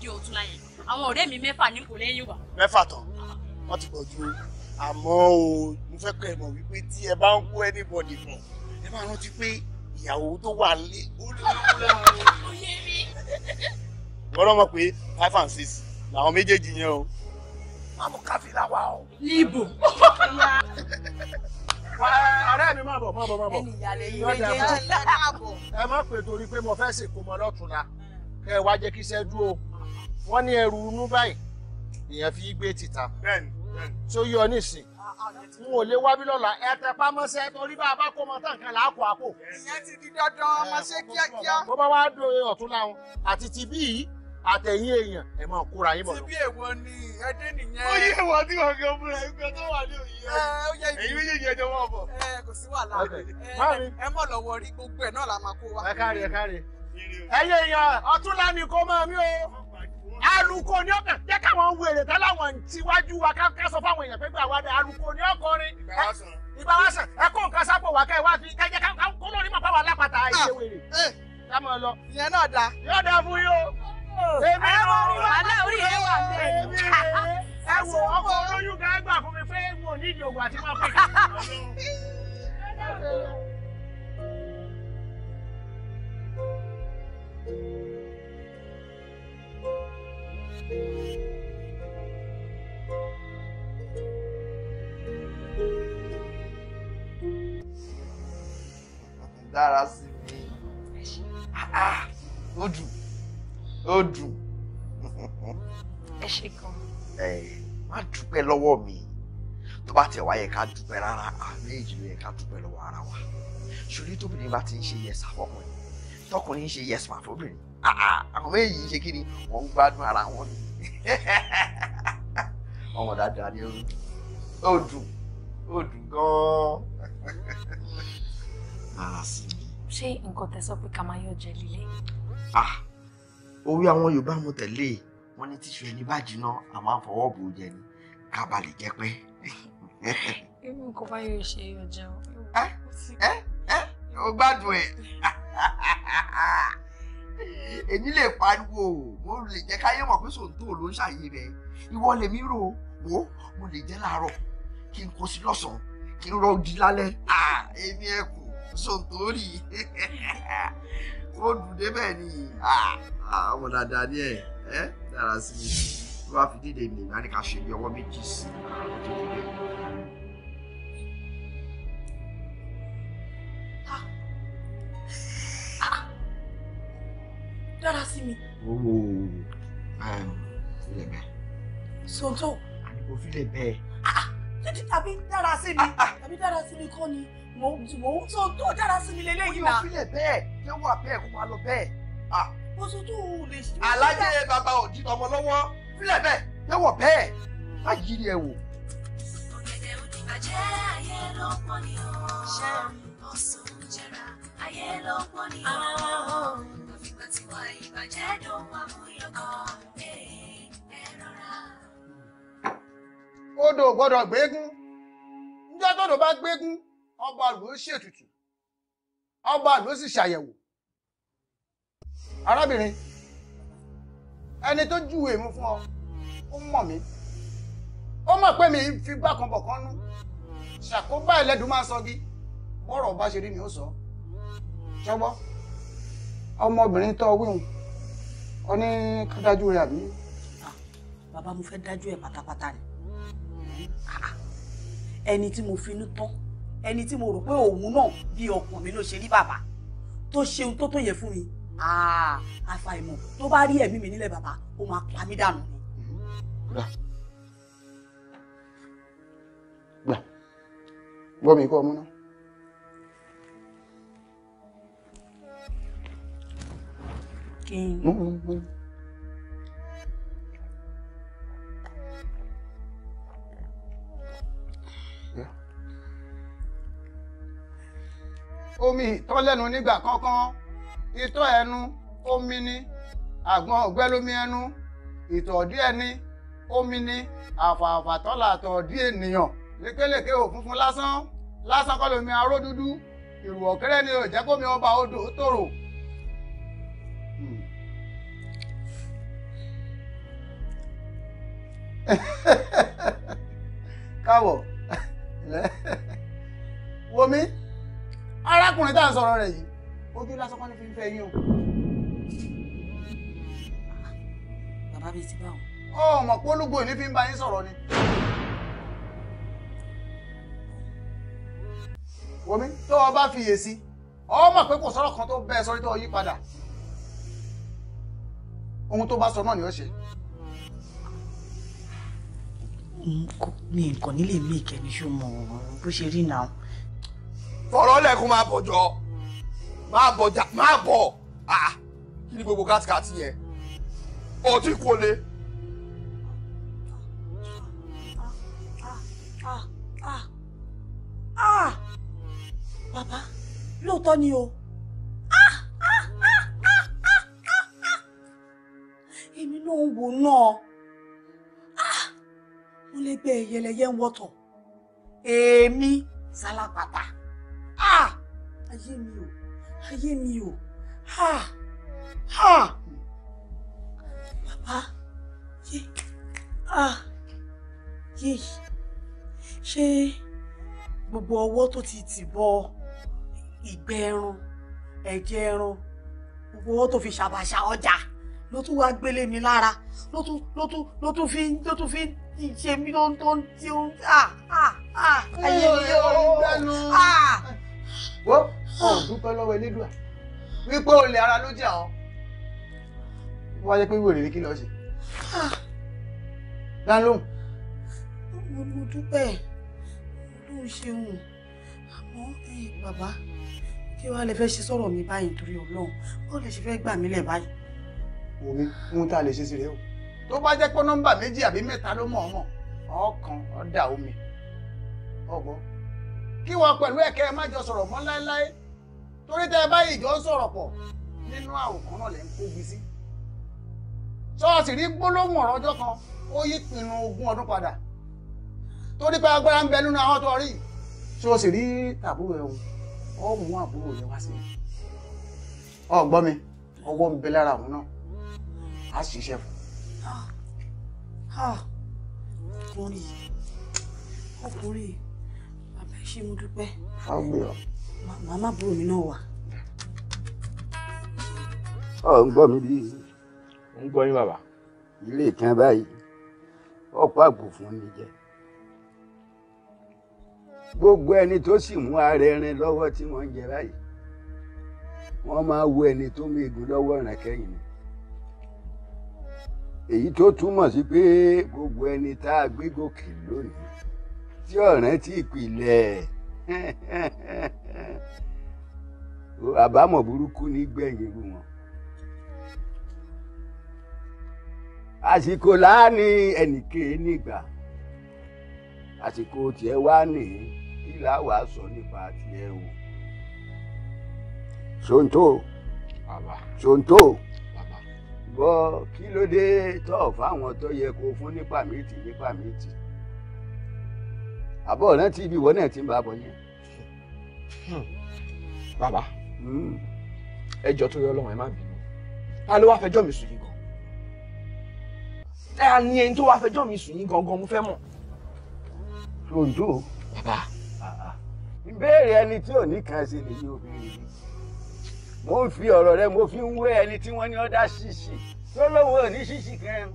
S8: di ọ̀túnla yẹn àwọn ọ̀rẹ́ mi mẹ́fà ní kò lẹ́yìn wa. mẹ́fà tán
S3: wọ́n ti pọ̀ ju àmọ́ o mo fẹ́ kọ́ ẹ mọ̀ wípé tí ẹ bá ń kó anybody fún
S2: ẹ máa rántí pé
S3: ìyàwó tó wà lé wọ́n rọ́ mọ̀ pé five and six làwọn méjèèjì yẹn o máa mú káfí láwa o. níbo. ọ̀rẹ́ mi máa bọ̀ máa bọ̀ máa bọ̀. ẹnì ìyàlẹ̀ yìí méjèèjì láàbọ̀. ẹ má pè torí pé mo fẹ́ sìnkú mọ́ lọ́tùnla kẹ́ ẹ wá jẹ́ kí iṣẹ́ dúró wọ́n ní ẹrù inú báyìí èèyàn fi gbé títà tó yọ nísìn n ò lè wábí lọ́la ẹ tẹpá mọ́ṣẹ́ torí bá a bá kó mọ́tàn kan làákò àpò. ìyẹn ti di dandan ọmọṣẹ́ kíákíá. bó bá wá do ọ̀tún láwọn àti ti bí yìí àtẹ̀yìn èèyàn ẹ̀ máa kóra yín bọ̀ ti bí èwo ni
S2: ẹdẹ nìyẹn. ó yẹ ìwọ tí wọn gan múra ẹgbẹ́ tó wà ní òye ẹ èyí méjèèjì ẹjọ wọn bọ. ẹ kò sí
S3: wàhálà ẹ mọ̀ lọ́wọ́ rí gbogbo ẹ̀ náà la máa kó wa. ẹ káre ẹ ni kó máa aluko ni ọkàn jẹ́ káwọn wèrè táláwọn tíwájú wa ká sọ fáwọn èèyàn pé gbà wá dé aluko ni ọkọrin ìgbà wá sàn ẹ kó nǹkan sápò wá kẹ́ wá fi kẹjẹ ká kó lórí mọ̀ fáwọn alápàtà ah, ìṣe wèrè eh. ká lọ. ìyẹn náà da. yóò da
S2: fún yóò. Oh. èmi ló ń wá wàhálà orí ẹ wà bẹ́ẹ̀. ẹ wo ọkọ olóyún
S3: kan gbà fún mi pé mo ní ìdí ògùn àti máa pè é dára sí mi ah, ah, ó dùn ó dùn. ẹ ṣe gan. ẹ
S8: má
S4: dúpẹ́ lọ́wọ́ mi tó bá tẹ̀ wá yẹ ká dúpẹ́ rárá àmì èjì ló yẹ ká dúpẹ́ lọ́wọ́ ara wa ṣùgbọ́n tóbìnrin bá ti ń ṣe yẹsà fọkùnrin tọkùnrin ń ṣe yẹsà fọbìnrin
S2: Ah,
S3: ah, àwọn méjì ṣe kí ni wọ́n ń gbádùn ara wọn ni
S4: ọmọ dáadáa ni ó
S3: dùn ó dùn gan-an. ara ah, sí mi.
S8: ṣé nǹkan tẹ sọ pé ká máa yọ jẹ líle.
S3: orí àwọn yorùbá mo tẹ̀lé wọn ní tíṣù ẹni bá jiná a máa ń bò ó jẹ ni
S4: ká jẹ pẹ́.
S8: irú nǹkan bá yóò ṣe yọ jẹun. ẹ ẹ ẹ o gbádùn ẹ èmi
S3: lè pariwo mo lè jẹ́ káyé mọ̀ pé sòǹtò ló ń ṣàyè rẹ̀ ìwọ lèmi rò wò mo lè jẹ́ láàárọ̀ kí n kó sí lọ́sàn-án kí n rọ di lálẹ́ èmi
S2: ẹ̀ kù sòǹtò rì ó dùn débẹ̀ ni
S3: ọmọ dáadáa ni ẹ dára sí mi tó bá fi dídè mi ìgbà ní ká ṣe bí ọwọ́ méjì
S2: sí i.
S3: owó filẹ̀ um, bẹ́ẹ̀. sọ́tò. àdìgbò
S4: filẹ̀ bẹ́ẹ̀. Ah, ah,
S8: títí tàbí dára sí mi ah, tàbí dára sí mi kọ́ ni mo mo tó tó dára sí mi lélẹ́yìn náà. ó yọ filẹ̀ bẹ́ẹ̀ kí wà bẹ́ẹ̀ kó máa lọ bẹ́ẹ̀. mo sọ tó
S3: o lè ṣe. alájẹ bàbá òdì ọmọ lọ́wọ́ filẹ̀ bẹ́ẹ̀ kí wọ bẹ́ẹ̀ má yiri
S6: ẹ̀ wò.
S1: ọ̀gẹ̀dẹ̀ oníbàjẹ́ ayé ló pọ̀ ní
S6: o ṣàrùn
S1: ọ̀sán jẹ̀ra ayé ló pọ̀ ní o. Odo ló máa ndị yọkọ ẹ rọra.
S3: odò gbọ́dọ̀ gbégún níjọ́ tó bá gbégún ọba ló ṣètùtù ọba ló sì ṣàyẹ̀wò arábìnrin ẹni tó júwèé mú fún ọ ó mọ̀ mi, ó mọ̀ pé mi fi bákan kan nú ṣàkóbá ẹlẹ́dùn máa ń sọgi bọ́rọ̀
S8: bá ṣe rí mi ó sọ ṣọgbọ
S4: ọmọbìnrin tó wíhun
S8: ọ ní ká dájú rẹ àbí. bàbá mo fẹ́ dájú ẹ̀ pátápátá ni ah, ẹni tí mo fi inú tán ẹni tí mo rò pé òun náà bí ọkàn mi ló ṣe ní bàbá tó ṣe ohun tó tó yẹ fún mi ah, àfàìmọ̀ tó bá rí ẹ̀mí mi nílẹ̀ bàbá ó máa pa mí dànù
S6: gbọ́ mi kọ́ ọmọ náà.
S5: again. Mm-hmm.
S3: Omi ìtọ́ lẹ́nu nígbà kankan, ìtọ́ ẹnu, omi ni, àgbọn ọ̀gbẹ́ lómi ẹnu, ìtọ̀ọ̀dí ẹni, omi ni, àfààfà tọ́lá àtọ̀ọ̀dí ènìyàn, lékelèké òfunfun lásán, lásán kọ́ lomi aró dúdú, ìrù ọ̀kẹ́rẹ́ ni ò jẹ́ kómi ọba odò tòrò.
S4: káwọ̀ wọmi
S3: arákùnrin tá à ń sọ̀rọ̀ rẹ̀ yìí ojú lásán kan ní fífẹ́ yín o. bàbá mi ti bá wọn. ọmọ polúgbò ní fi ń bá yín sọ̀rọ̀ ni. wọmi tó o bá fiyèsí ọmọ pé kò sọ̀rọ̀ kan tó bẹ́ẹ̀ sọ́rí tó yí padà ohun tó bá sọ náà ni ó ṣe
S8: mi nǹkan nílé mi ìkẹ́ni ṣó mọ̀ bó ṣe rí náà. fọ̀rọ̀
S3: lẹ́kùn máa bọ̀ jọ máa bọ̀ jà máa bọ̀ ah, kí ni gbogbo kátikàti yẹn ọtí kò le.
S8: bàbá lóòótọ́ ni o. Ah, ah, èmi náà ń wò náà wọ́n lẹ́gbẹ́ ẹyẹlẹyẹ ń wọ́tọ̀ èmi sálápàtà ayé mi o ayé mi o bàbá yé yé ṣé gbogbo ọwọ́ tó ti tì bọ ìgbẹ́ ẹran ẹ̀jẹ̀ ẹran gbogbo ọwọ́ tó fi ṣàbàṣà ọjà ló tún wá gbélé mi lára ló tún ló tún ló tún fi ló tún fi ti ṣe mí tó ń tó ń tí ó ń ayé mi yóò gbẹnu.
S3: wọ́n ò dúpẹ́ lọ́wọ́ elédùà
S4: wípé olè ara ló jẹ́ àwọn wáyé pé wèrè ní kí lọ ṣe. Ah. dánlóhùn.
S8: mo dúpẹ́ ló ń ṣeun àmọ́ eh, bàbá kí wàá lè fẹ́ ṣe tó bá jẹ́ pé nọ́mbà méjì àbí mẹ́ta ló mọ̀ ọmọ
S3: ọkàn ọ̀dà omi ọ̀gbọ́ kí wọ́n pẹ̀lú ẹ̀kẹ́ ẹ má jọ sọ̀rọ̀ mọ́ láéláé torí tẹ́ ẹ báyìí jọ sọ̀rọ̀ pọ̀ nínú àwòkán náà lẹ́ ń kógi sí ṣọ́ọ̀ṣì rí gbólóhùn ọ̀rọ̀ ọjọ́ kan ó yí pinnu ogún ọdún padà torí pé agbára ń bẹ nínú àwọn tó rí
S4: ṣọ́ọ̀ṣì rí tàbúrò ẹ̀
S3: ó mú
S8: ọkùnrin ah, ah, ọkùnrin bàbá ẹ ṣé mo dúpẹ́ màmá àbúrò mi náà wà.
S3: ọ ń gbọ́ mi bí ń gbọ́ yín bàbá. ilé kan báyìí ọ̀pọ̀ àgbò fún mi jẹ gbogbo ẹni tó sì mú ara ẹrin lọ́wọ́ tí wọ́n ń jẹ báyìí wọ́n máa wo ẹni tó mú egun lọ́wọ́ ìrànkẹ́yìn ni
S4: èyí tó túmọ̀ sí pé
S3: gbogbo ẹni tá a gbé gòkè lónìí tí ọ̀rẹ́
S4: tí ìpìlẹ̀
S2: àbámọ̀
S3: burúkú ní gbẹ̀yìn irú wọn. àsìkò láàánì ẹnìké nígbà àsìkò tiẹ̀ wá ní ìlà wàá sọ nípa tiẹ̀ o.
S4: ṣòǹtò ṣòǹtò gbọ́ kí ló dé tọ́ fáwọn tó yẹ kó fún ní pàmìtì ní pàmìtì àbọ̀ rántí ibi ìwọ náà ti ń bá bọ̀ yẹn.
S5: Hmm.
S3: bàbá ẹjọ́ tó yọ ọlọ́run ẹ má bínú ta ló wáá fẹjọ́ mi sùn yìí gan ta ni ẹni tó wáá fẹjọ́ mi sùn yìí gangan mo fẹ́ mọ̀.
S4: rondo bàbá
S3: ìbéèrè ẹni tí ò ní kan ṣe lèyí obìnrin yìí mo fi ọ̀rọ̀ rẹ mo fi wé ẹni tí wọ́n ní ọ̀dà ṣíṣì tọ́lọ́wọ́ ní ṣíṣì kan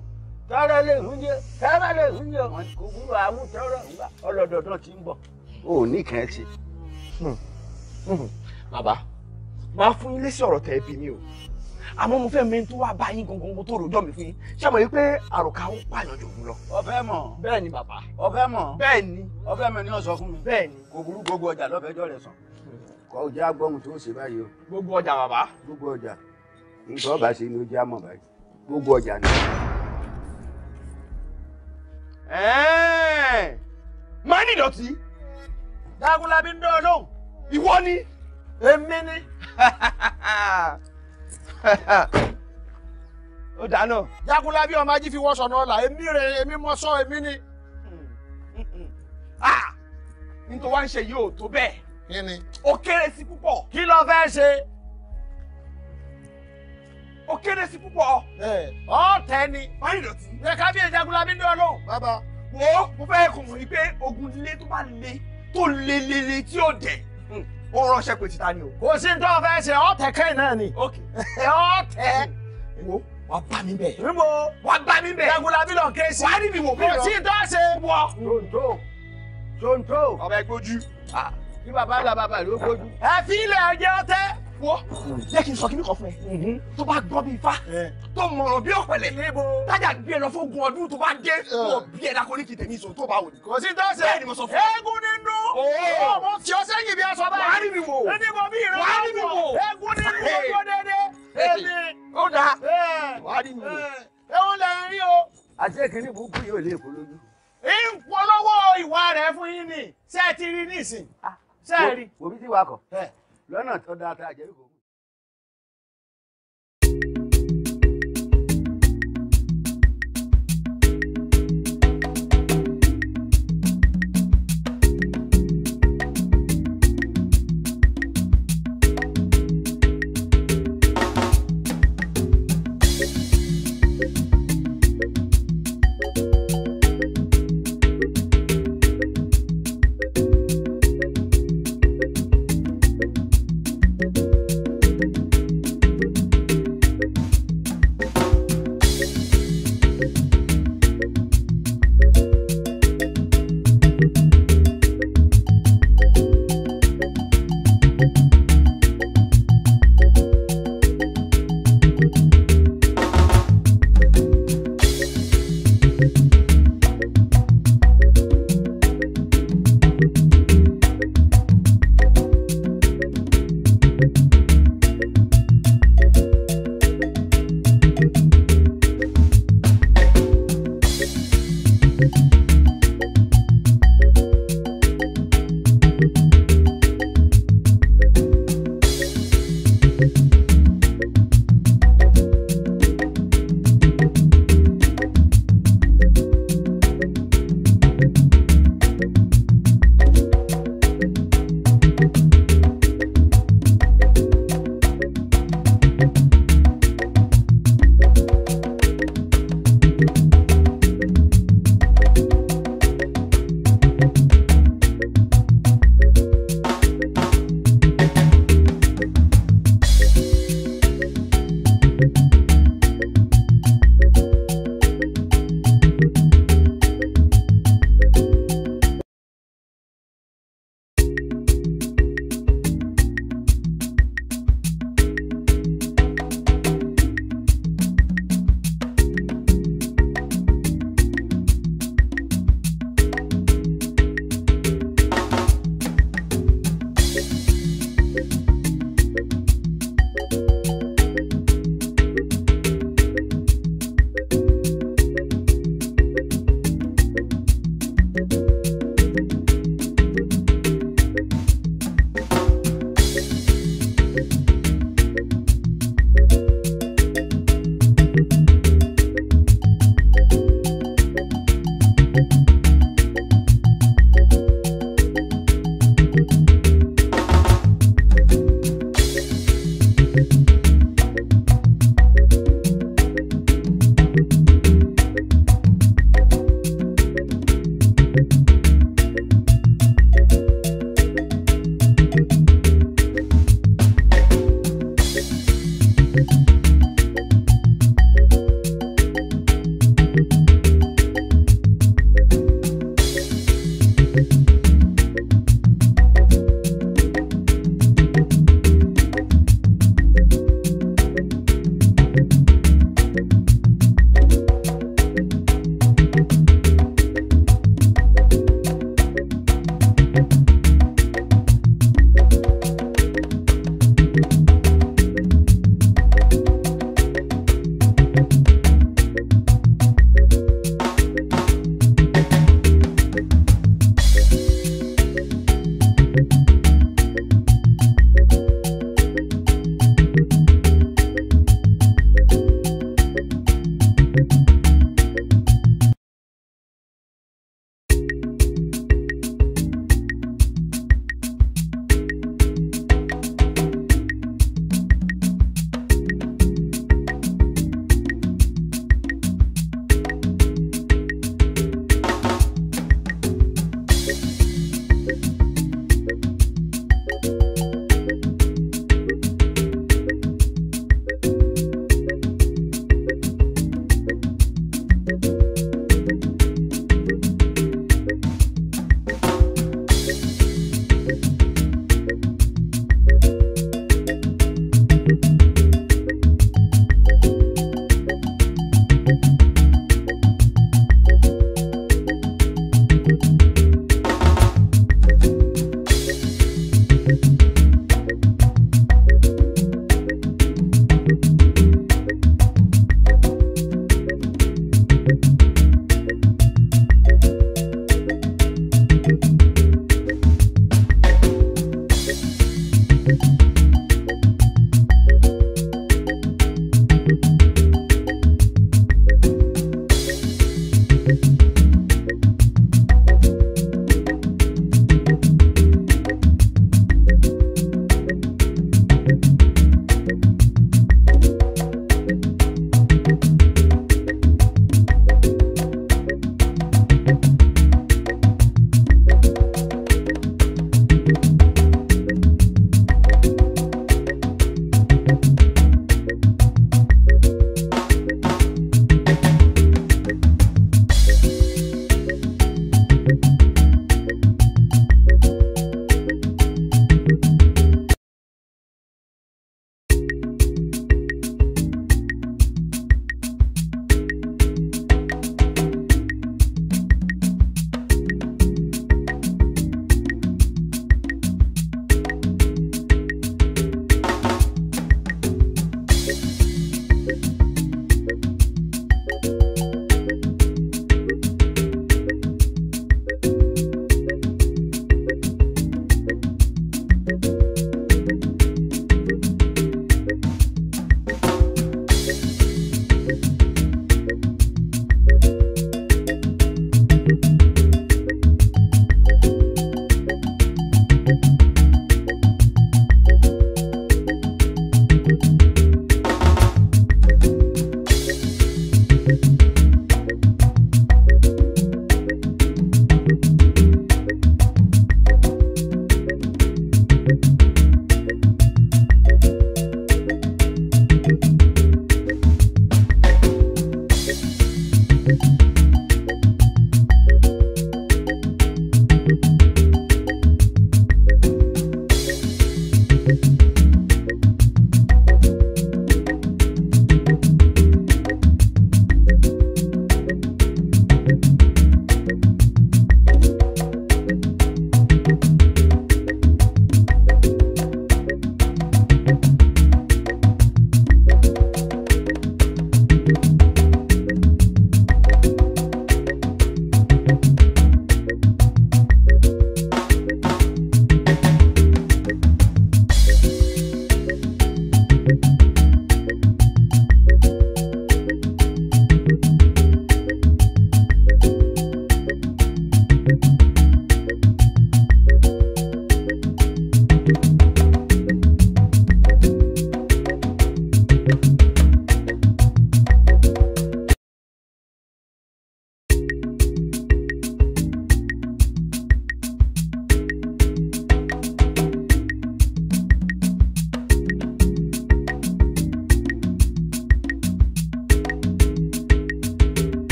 S3: tọ́rọ lè húnjẹ tọ́rọ lè húnjẹ kò gbúrò àmútọ́rọ̀ ọlọ́dọọdún ti ń bọ̀ ò ní kàn ṣe. Hmm. Hmm. bàbá màá fún yín lésì ọ̀rọ̀ tẹ̀ bí mi o àmọ́ mo fẹ́ mi tó wá bá yín gangan tó rojọ́ mi fún yín ṣé mo rí pé àròkà ó pààyàn jòwú lọ. ọfẹ mọ bẹ́ẹ̀ ni bàbá ọfẹ mọ bẹ́ẹ̀ ni ọfẹ mọ ni ó sọ fún mi bẹ́ẹ̀ ni kò burú gbogbo ọjà lọfẹjọ rẹ sàn kọ ọjà gbọ́hùn tó ṣe báyìí o. gbogbo ọjà bàbá. gbogbo ọjà nǹkan ọba ṣe ni ó jẹ́ àmọ̀ báyìí gbogbo ọjà ni. máa ní ìdọ̀tí dágúnlábí ń dán lóhùn ìwọ ni èmi ni. ó dáná. dágúnlábí ọmọ ají fi wọ́sọ̀ náà là èmi rẹ̀ èmi mọ́ sọ èmi ni. Ah! nítorí wá ń ṣe yìí ò tó bẹ́ẹ̀ kí ni. ó kéré sí púpọ̀. kí ló fẹ́ ṣe. ó kéré sí púpọ̀. ọ tẹ ni. báyìí dọ̀tí. ẹ kábíyèsí jagunla mi ní ọlọ́run. bàbá. wo mo fẹ́ kàn wọ́n pé ogun líle tó bá le tó lelele tí ó dẹ̀ hmm. ó ránṣẹ́ pé títa ni o. kò sí nítorí ọ̀fẹ́ ṣe ọ̀tẹ̀ kẹ́hìn náà ni. ọ̀tẹ̀. wo wà bá mi bẹ̀. níbo wà bá mi bẹ̀. jagunla mi lọ kéésì. wàá rí mi wò. kò sí nítorí ọ̀ṣẹ̀. wọ. tonto tonto. ọba ẹgbẹ́ ojú. Ah kí bàbá là bàbá ló gbójú. ẹ fi ilẹ̀ ẹ̀jẹ̀ ọtẹ́ wo jẹ́ kí n sọ kíní kan fún ẹ mhm. tó bá gbọ́ bí ifá tó mọ̀rọ̀ bí ọ̀pẹ̀lẹ̀ tájà gbé ẹ lọ fógun ọdún tó bá dé wọ bí ẹ dákọ ní kìtẹ̀ ní ìṣòro tó bá wò ní. kò sí tó ṣe bẹ́ẹ̀ nínú
S5: oh. ọmọ tí ó sẹ́yìn bí
S3: aṣọ báyìí. wàá mi wò ẹni mo bí ìran wàá mi wò
S2: eégún nínú ọjọ́ dédé
S4: èmi. ó dáa wàá mi wò.
S3: ẹ̀hún lẹ rí o.
S4: àti èkìní burúkú yóò lé èkó
S3: ìpolówó ìwà rẹ̀ fún yín ni ṣé ẹ ti rí nísìn. Ah
S4: sẹ́ẹ̀rì. òbí ti wakọ̀
S3: lọ́nà tó dáa tá a jẹ́ kó.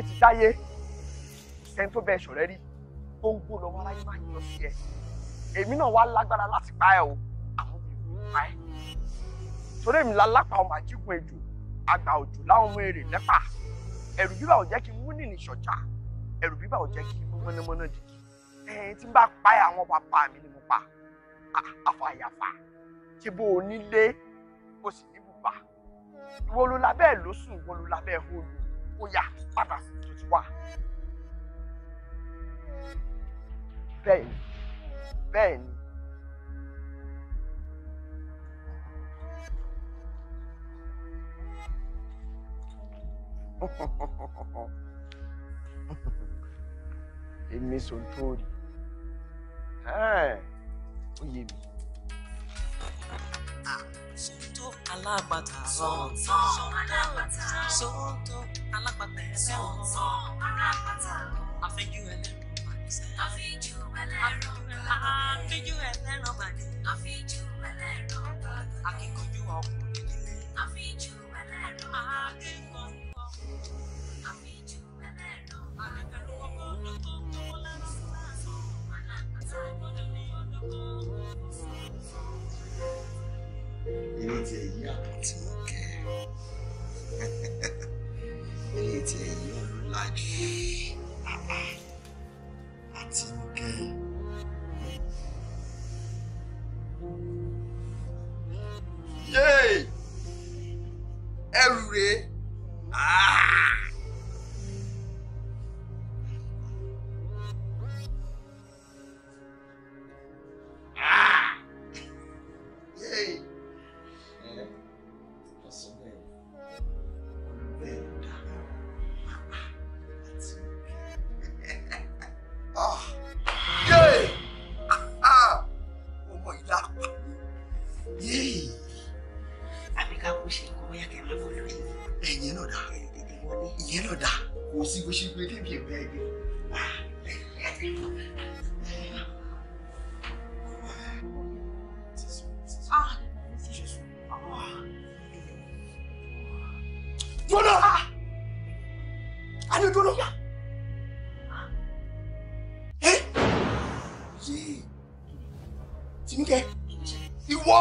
S3: ayé ti sáyé ẹni tó bẹ ṣọ̀rẹ́ rí tó ń gbó lọ wá láyé máa yọ sí ẹ èmi náà wá lágbára láti pa ẹ o àwọn obìnrin pa ẹ torí èmi lálápá ọmọ àjígun ejò àgbà òjò láwọn ọmọ èrè lẹ́pà ẹ̀rù bíbà ò jẹ́ kí n mú nìní ṣọ̀jà ẹ̀rù bíbà ò jẹ́ kí n mú mọ́nàmọ́ná dìde ẹ̀yìn tí n bá pa ẹ àwọn bàbá mi ni mo pa àfàyàfà tí bó o nílé o sì ní bùbá ìwọ labẹ́ ẹ̀ lóṣù ìwọ labẹ́ ẹ̀ hóòlù ó yá padà sí tuntun wá. bẹ́ẹ̀ni bẹ́ẹ̀ni.
S4: èmi sòtúrì
S3: ó yé mi.
S1: Sonto alágbàtà ẹ̀rọ. Sonto alágbàtà ẹ̀rọ. Àfẹ́jú ẹlẹ́rọ bàdìsẹ́. Àfẹ́jú ẹlẹ́rọ bàdìsẹ́. Àfẹ́jú ẹlẹ́rọ bàdìsẹ́. Àfẹ́jú ẹlẹ́rọ bàdìsẹ́. Akíkanjú ọkùnrin nílé. Àfẹ́jú ẹlẹ́rọ bàdìsẹ́. Akíkanjú ọkùnrin nílé. ẹlẹ́rọ bàdìsẹ́.
S4: ilé tí ẹ yí àpótí kẹ
S2: ilé tí ẹ yí ọlọ́lájú àti kẹ. ẹrù rèé. Ah! tìmíkẹ́ ìwọ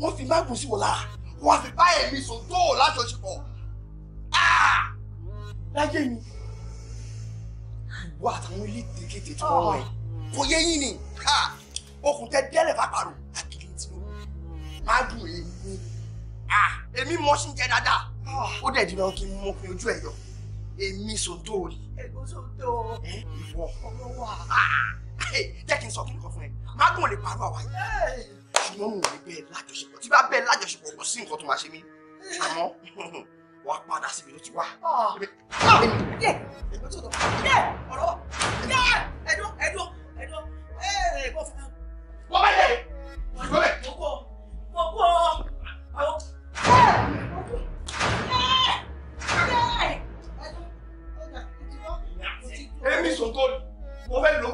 S3: wọ́n fi máàgù sí wọ lára wọ́n fi bá ẹ̀mí sùn tó lájọṣepọ̀ ah! lájẹ́ mi ìwọ àtàwọn ilé tèkété tí wọ́n rẹ̀ kò yé yín ni okùn tẹ dẹ́lẹ̀ fàpàrọ̀ àkìlì tí ó máàgù èmi ah! èmi mọ́ sí jẹ dáadáa ó dẹ̀ dìbọn kí n mọ́ pé ojú ẹ̀ yọ èmi sùn tó rí ẹ̀gbọ́n sódò ìwọ ọmọ wa jẹ́ kí n sọ kí n kọ fún ẹ mágùn lè parọ́ àwa yìí ṣùgbọ́n mo lè bẹ́ẹ̀ lájọṣepọ̀ tí bá bẹ́ẹ̀ lájọṣepọ̀ kò sí nǹkan tó máa ṣe mí àmọ́ wà
S2: á padà síbi tó ti wá. Ah. Ah. ẹ̀gbọ́n sódò ọ̀rọ̀ ẹ̀dùn ẹ̀dùn ẹ̀dùn ẹ̀gbọ́n fún mi. wọ́n bá yẹ.
S3: mo fẹ́ lò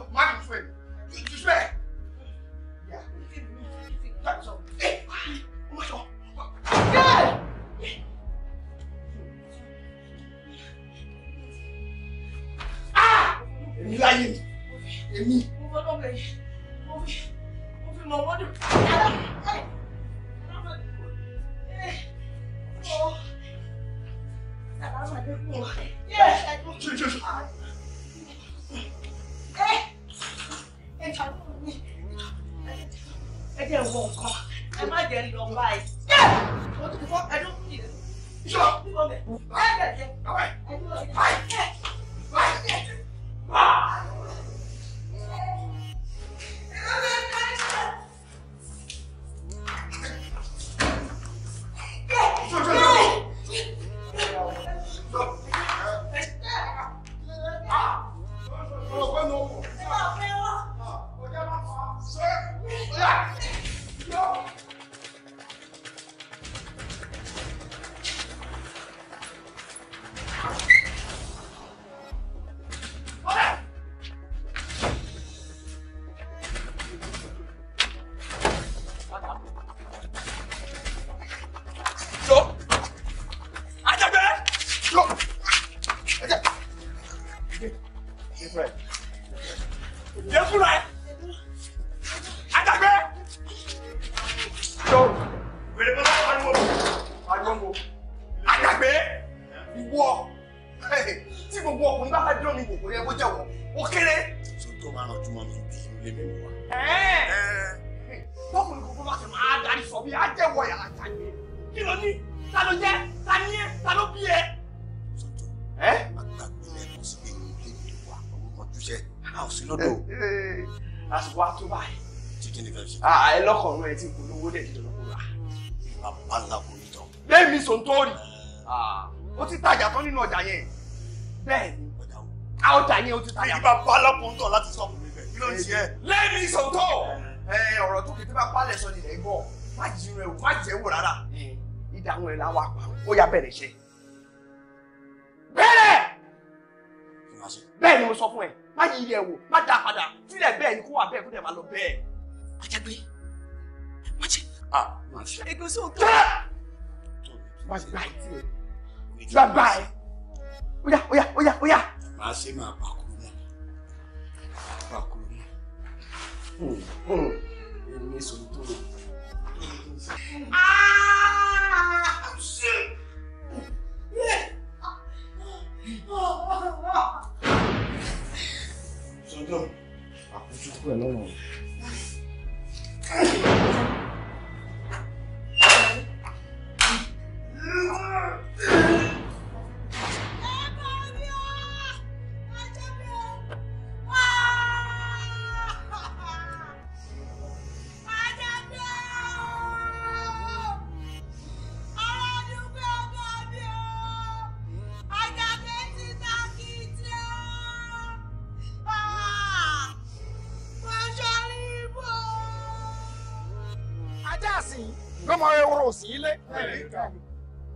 S3: lọ bẹ́ẹ̀. Àjàgbé, má ṣe. Ègbè sóò tó. Bàbá ẹ̀. Bàbá ẹ̀. Oya, oya, oya, oya. Màá ṣe máa bá mọ́. Bá kú mọ́. Hmm, hmm. Èmi sọ̀rọ̀ tó lò.
S2: Ah!
S4: kú ẹ lọ́rùn. Yeah.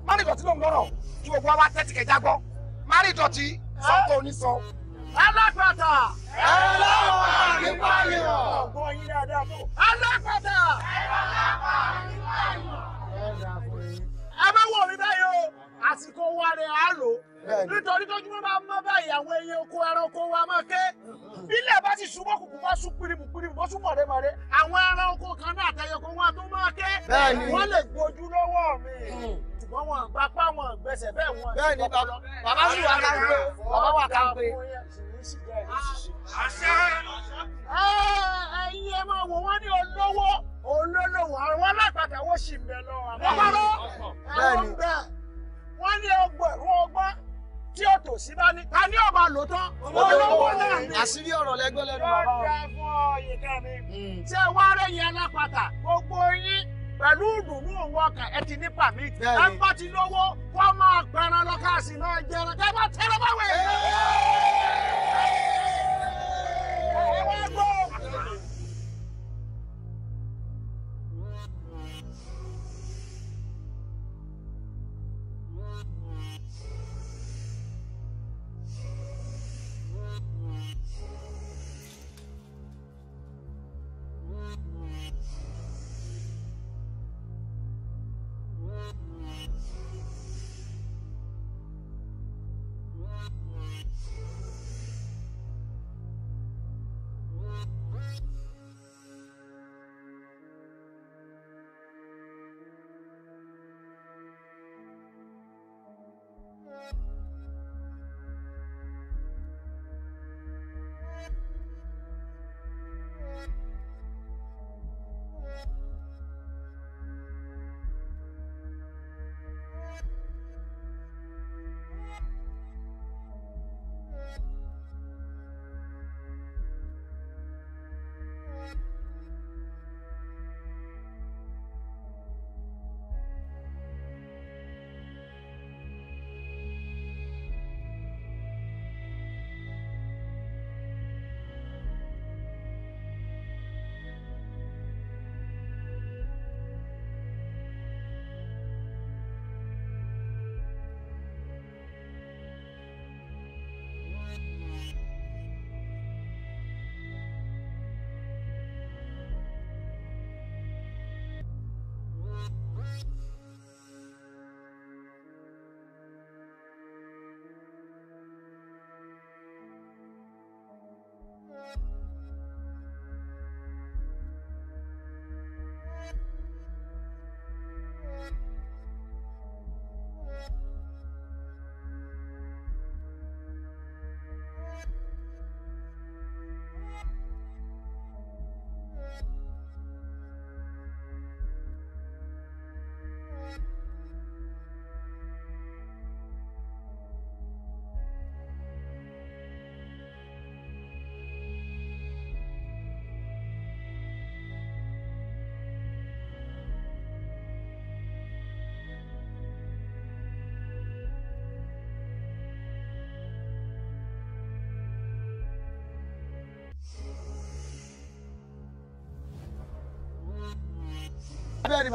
S3: mari dọ̀tí ló ń gbọ́rọ̀ kí gbogbo wa wá tẹ́tí kẹjá gbọ́ mari dọ̀tí sọ́kò onísọ. alápàtà ẹlọ́wọ̀ nípa yìí.
S2: alápàtà
S5: ẹlọ́wọ̀
S2: nípa yìí. ẹ bá wọ̀ mí báyìí o àsìkò
S3: wa rẹ̀ á lò ó nítorí tójú mọ́ máa mọ́ báyìí àwọn ẹyẹ oko ẹranko wa máa ké bílẹ̀ bá ti súnmọ́ kùkù bá sún pirimu pirimu bó sún mọ̀rẹ́mọ̀rẹ́ àwọn ẹranko kan náà àtẹyẹkọ wọn tó máa ké wọ́n lè
S2: gbójú lọ́wọ́
S3: mi ṣùgbọ́n wọn gbapá wọn gbẹsẹ̀ bẹ́ẹ̀ wọn.
S2: bẹ́ẹ̀ ni bàbá wà ká pé bàbá wà ká pé. àṣẹ àṣẹ. Mm. ṣé wàá rẹ̀yìn alápatà
S3: gbogbo yín pẹ̀lú ìdùnnú òun ọkàn ẹ ti ní pàmì ẹ ń bá ti lówó wọ́n máa gbẹran
S2: lọ́kàsí náà jẹran kẹ́ tẹ́lẹ̀ báwẹ̀ yìí.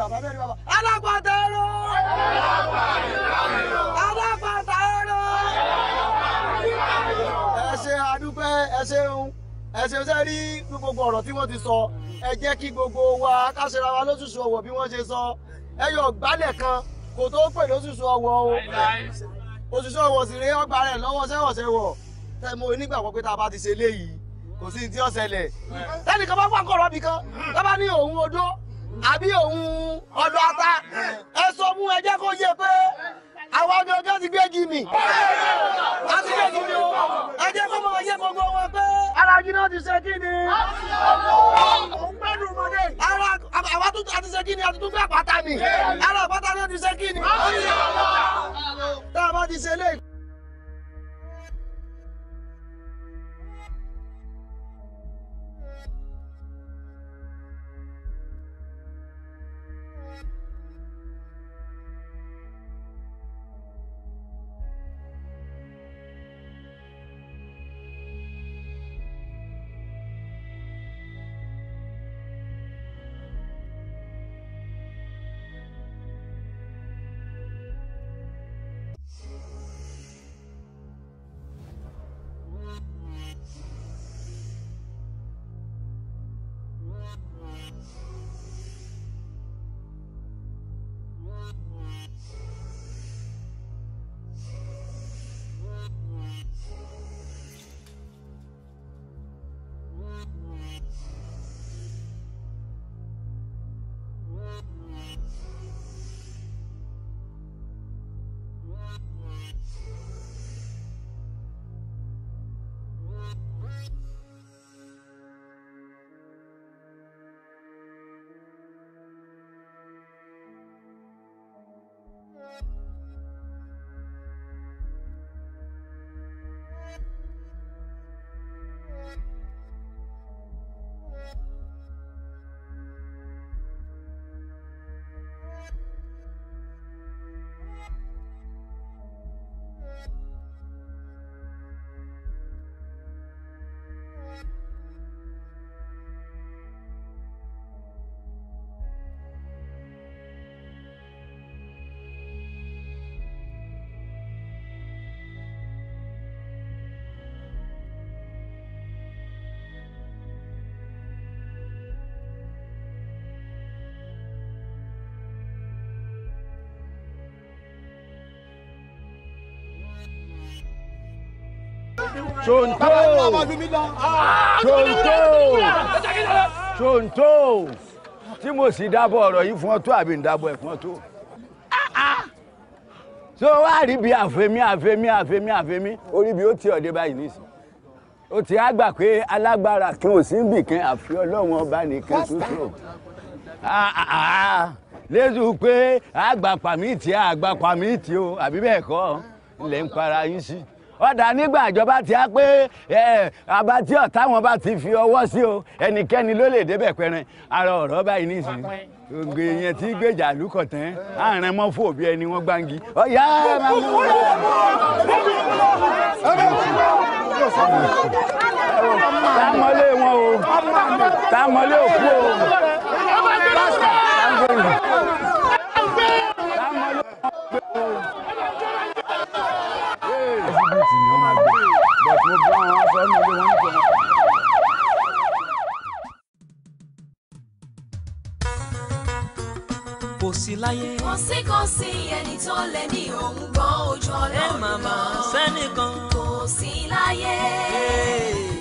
S4: bàbá bẹ́ẹ̀ ẹ ṣe àdúpẹ́ ẹ ṣeun ẹ ṣeun ṣe rí gbogbo ọ̀rọ̀ tí wọ́n ti sọ ẹ jẹ́ kí gbogbo wa ká ṣe wa lóṣooṣù ọ̀wọ̀ bí wọ́n ṣe sọ ẹ yọ gbálẹ̀ kan kò tó pè lóṣooṣù ọ̀wọ̀ o oṣooṣù ọ̀wọ̀ sì rí ọgbà rẹ̀ lọ́wọ́ sẹ́wọ̀sẹ̀wọ̀ tẹmọ onígbàgbọ́ pé tá a bá ti ṣe léyìí kò sí ti ọ̀sẹ̀lẹ̀ tẹ́nìkan bá pàkọ̀rọ̀ bìkan tá bá ní òun odó àbí
S3: òun
S2: ọ̀dọ̀ ata ẹ sọ fún ẹ jẹ́ kó yé pé àwọn ọdún ọjọ́ ti gbé jì mí láti gbé jì mí o ẹ kó máa yé gbogbo wọn pé ara yìí náà ti ṣe kí ni òun gbẹ́nu ọmọdé ara àwa tún ti ṣe kí
S4: ni àti tún gbé mi ara àpáta náà ti ṣe kí ni tá a bá ti ṣe léyìí.
S5: Chonto!
S2: Chonto!
S3: Chonto! Tí mo sì dábọ̀ ọ̀rọ̀ yìí fún ọ tó àbí ń dábọ̀ ẹ̀ fún ọ tó. Tó wá rí bí àfẹ́mí àfẹ́mí àfẹ́mí àfẹ́mí orí bí ó ti ọ̀dẹ́ báyìí nísìn. O ti á gbà pé alágbára kan ò sí ń bì kan àfi Ọlọ́run ọba nìkan tó sọ lẹ́sùn pé àgbàpàmìtì àgbàpàmìtì o àbí bẹ́ẹ̀ kọ́ lẹ́ ń para yín sí ọ̀dà nígbà ìjọba ti á pé abatí ọ̀tá wọn bá ti fi ọwọ́ sí o ẹnikẹ́ni ló lè débẹ̀ pẹ̀rẹ̀ ara ọ̀rọ̀ báyìí nísìnyí ògbè yẹn tí gbèjà lùkọ̀ tán àárín mọ́ fún òbí ẹni wọ́n gbáǹgì ọ̀yá máa mú un.
S2: támọ́lé wọn o támọ́lé
S5: òkú o.
S1: sí láyé. kò sí kò sí ẹni tó lè ní òun gbọ́ ojú ọlọ́run lọ. ẹ màmá sẹ́nìkan. kò sí láyé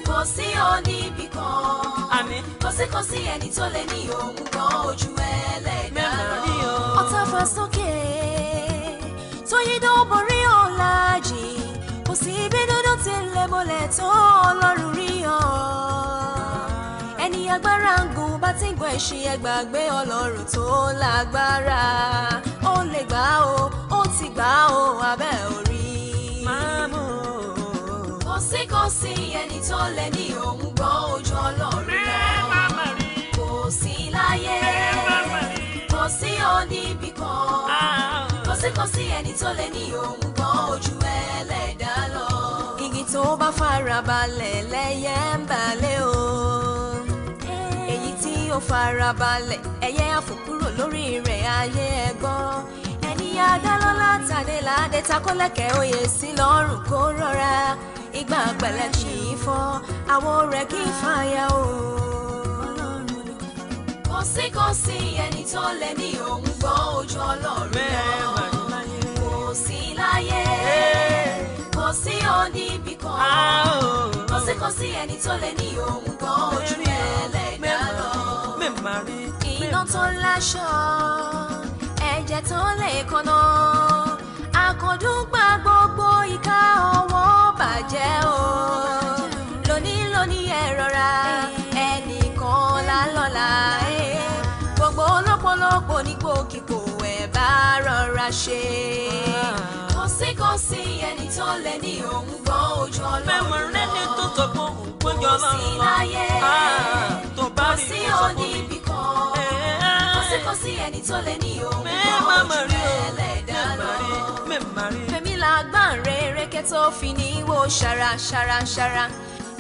S1: kò sí oníbì kan. àmín. kò sí kò sí ẹni tó lè ní òun gbọ́ ojú ẹlẹ́dàá lọ. ọ̀tá fa sókè tóyídó borí ọ̀làjì kò sí ibi dúdú tí ń lè tó ọlọ́run rí ọ agbára ń gùn bá ti ń gun ẹṣin ẹ gbàgbé ọlọ́run tó lágbára ó lè gbà ó ó ti gbà ó abẹ́ orí. máàmù kò sí kò sí ẹni tó lè ní òun gbọ́ ojú ọlọ́run lọ kò sí láyé kò sí oníbì kan ah. kò sí kò sí ẹni tó lè ní òun gbọ́ ojú ẹlẹ́dàá lọ. igi tó bá fara balẹ̀ lẹ́yẹ̀ ń balẹ̀ o yóò farabalẹ̀ ẹ̀yẹ àfòkúrò lórí rẹ̀ ayé ẹ̀gbọ́n ẹni adálọ́lá tàdé ládé takọ́lẹ̀kẹ́ oyè sí lọ́rùn kó rọra ìgbà àgbẹ̀lẹ̀ kì í fọ́ àwo rẹ̀ kì í fàya o. kò sí kò sí ẹni tó lè ní òun gbọ́ ojú ọlọ́run náà kò sí láyé kò sí oníbi kan kò sí kò sí ẹni tó lè ní òun gbọ́ ojú ẹlẹ́dàá lọ màrí. iná tó láṣọ ẹ̀jẹ̀ tó lè kọ́nà àkọ́dún gba gbogbo ìka ọwọ́ bàjẹ́ o lónìí lónìí ẹ rọra ẹnìkan lálọ́la gbogbo olópolópo ní gbòkìgbò ẹ̀ bá rọra ṣe sí kan sí ẹni tó lẹ ní òun gbọ́ ojú ọlọ́run lọ. mẹ́wọ̀n rẹ́ni tó tọgbọ́n òun gbọ́njọ ọlọ́run lọ. tó bá rí ìfọ̀sọ́gbọ́n. kò sí òní ibì kan. kò sí ẹni tó lẹ ní òun gbọ́ ojú ẹlẹ́dàá lọ. fẹ̀mí làgbọ́n rẹ̀ rẹ́kẹ́ tó fi ní wo ṣara ṣara ṣara.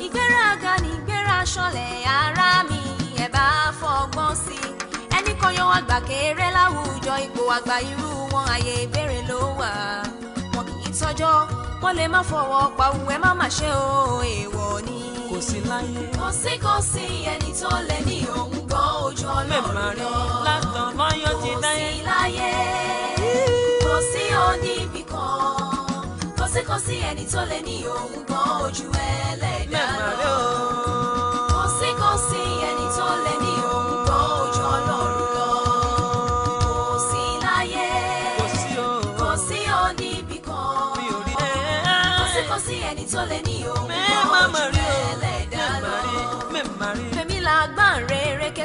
S1: ìgbéraga ni ìgbéra ṣọlẹ̀ ara mi ẹ̀ bá fọgbọ́n sí i ẹnì kan yan àgbà kéré láwùjọ ipò àgbà irú wọn àyè ìbéèrè ló wà tọjọ́ wọ́n lè má fọwọ́ pawú ẹ má má ṣe o èèwọ̀ ni. kò sí láyé. kò sí kò sí ẹni tó lè ní òun gan ojú ọlọ́run lọ. látàn lọ́yọ̀ ti kò sí láyé kò sí oníbì kan kò sí kò sí ẹni tó lè ní òun gan ojú ẹlẹ́dàá lọ.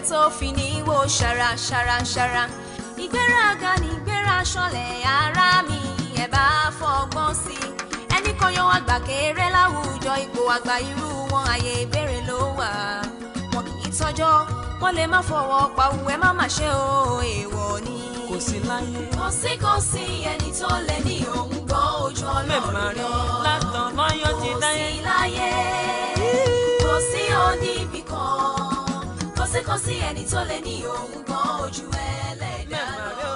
S1: tó fi wo ṣara ṣara ṣara ìgbéraga ní ìgbéra ṣọlẹ̀ ara mi ẹ̀ bá fọgbọ́n sí i ẹni kan yan àgbà kéré láwùjọ ipò àgbà irú wọn àyè ìbéèrè ló wà wọn kì í tọ́jọ́ wọn lè má fọwọ́ pawú ẹ má má ṣe o èèwọ̀ ni. kò sí láyé. kò sí kò sí ẹni tó lè ní òun gbọ́ ojú ọlọ́run lọ. látàn lọ́yọ̀ ti dáyé. kò sí láyé kò sí oníbìkan sí kò sí ẹni tó lè ní òun gan ojú ẹlẹ́dàá
S5: lọ.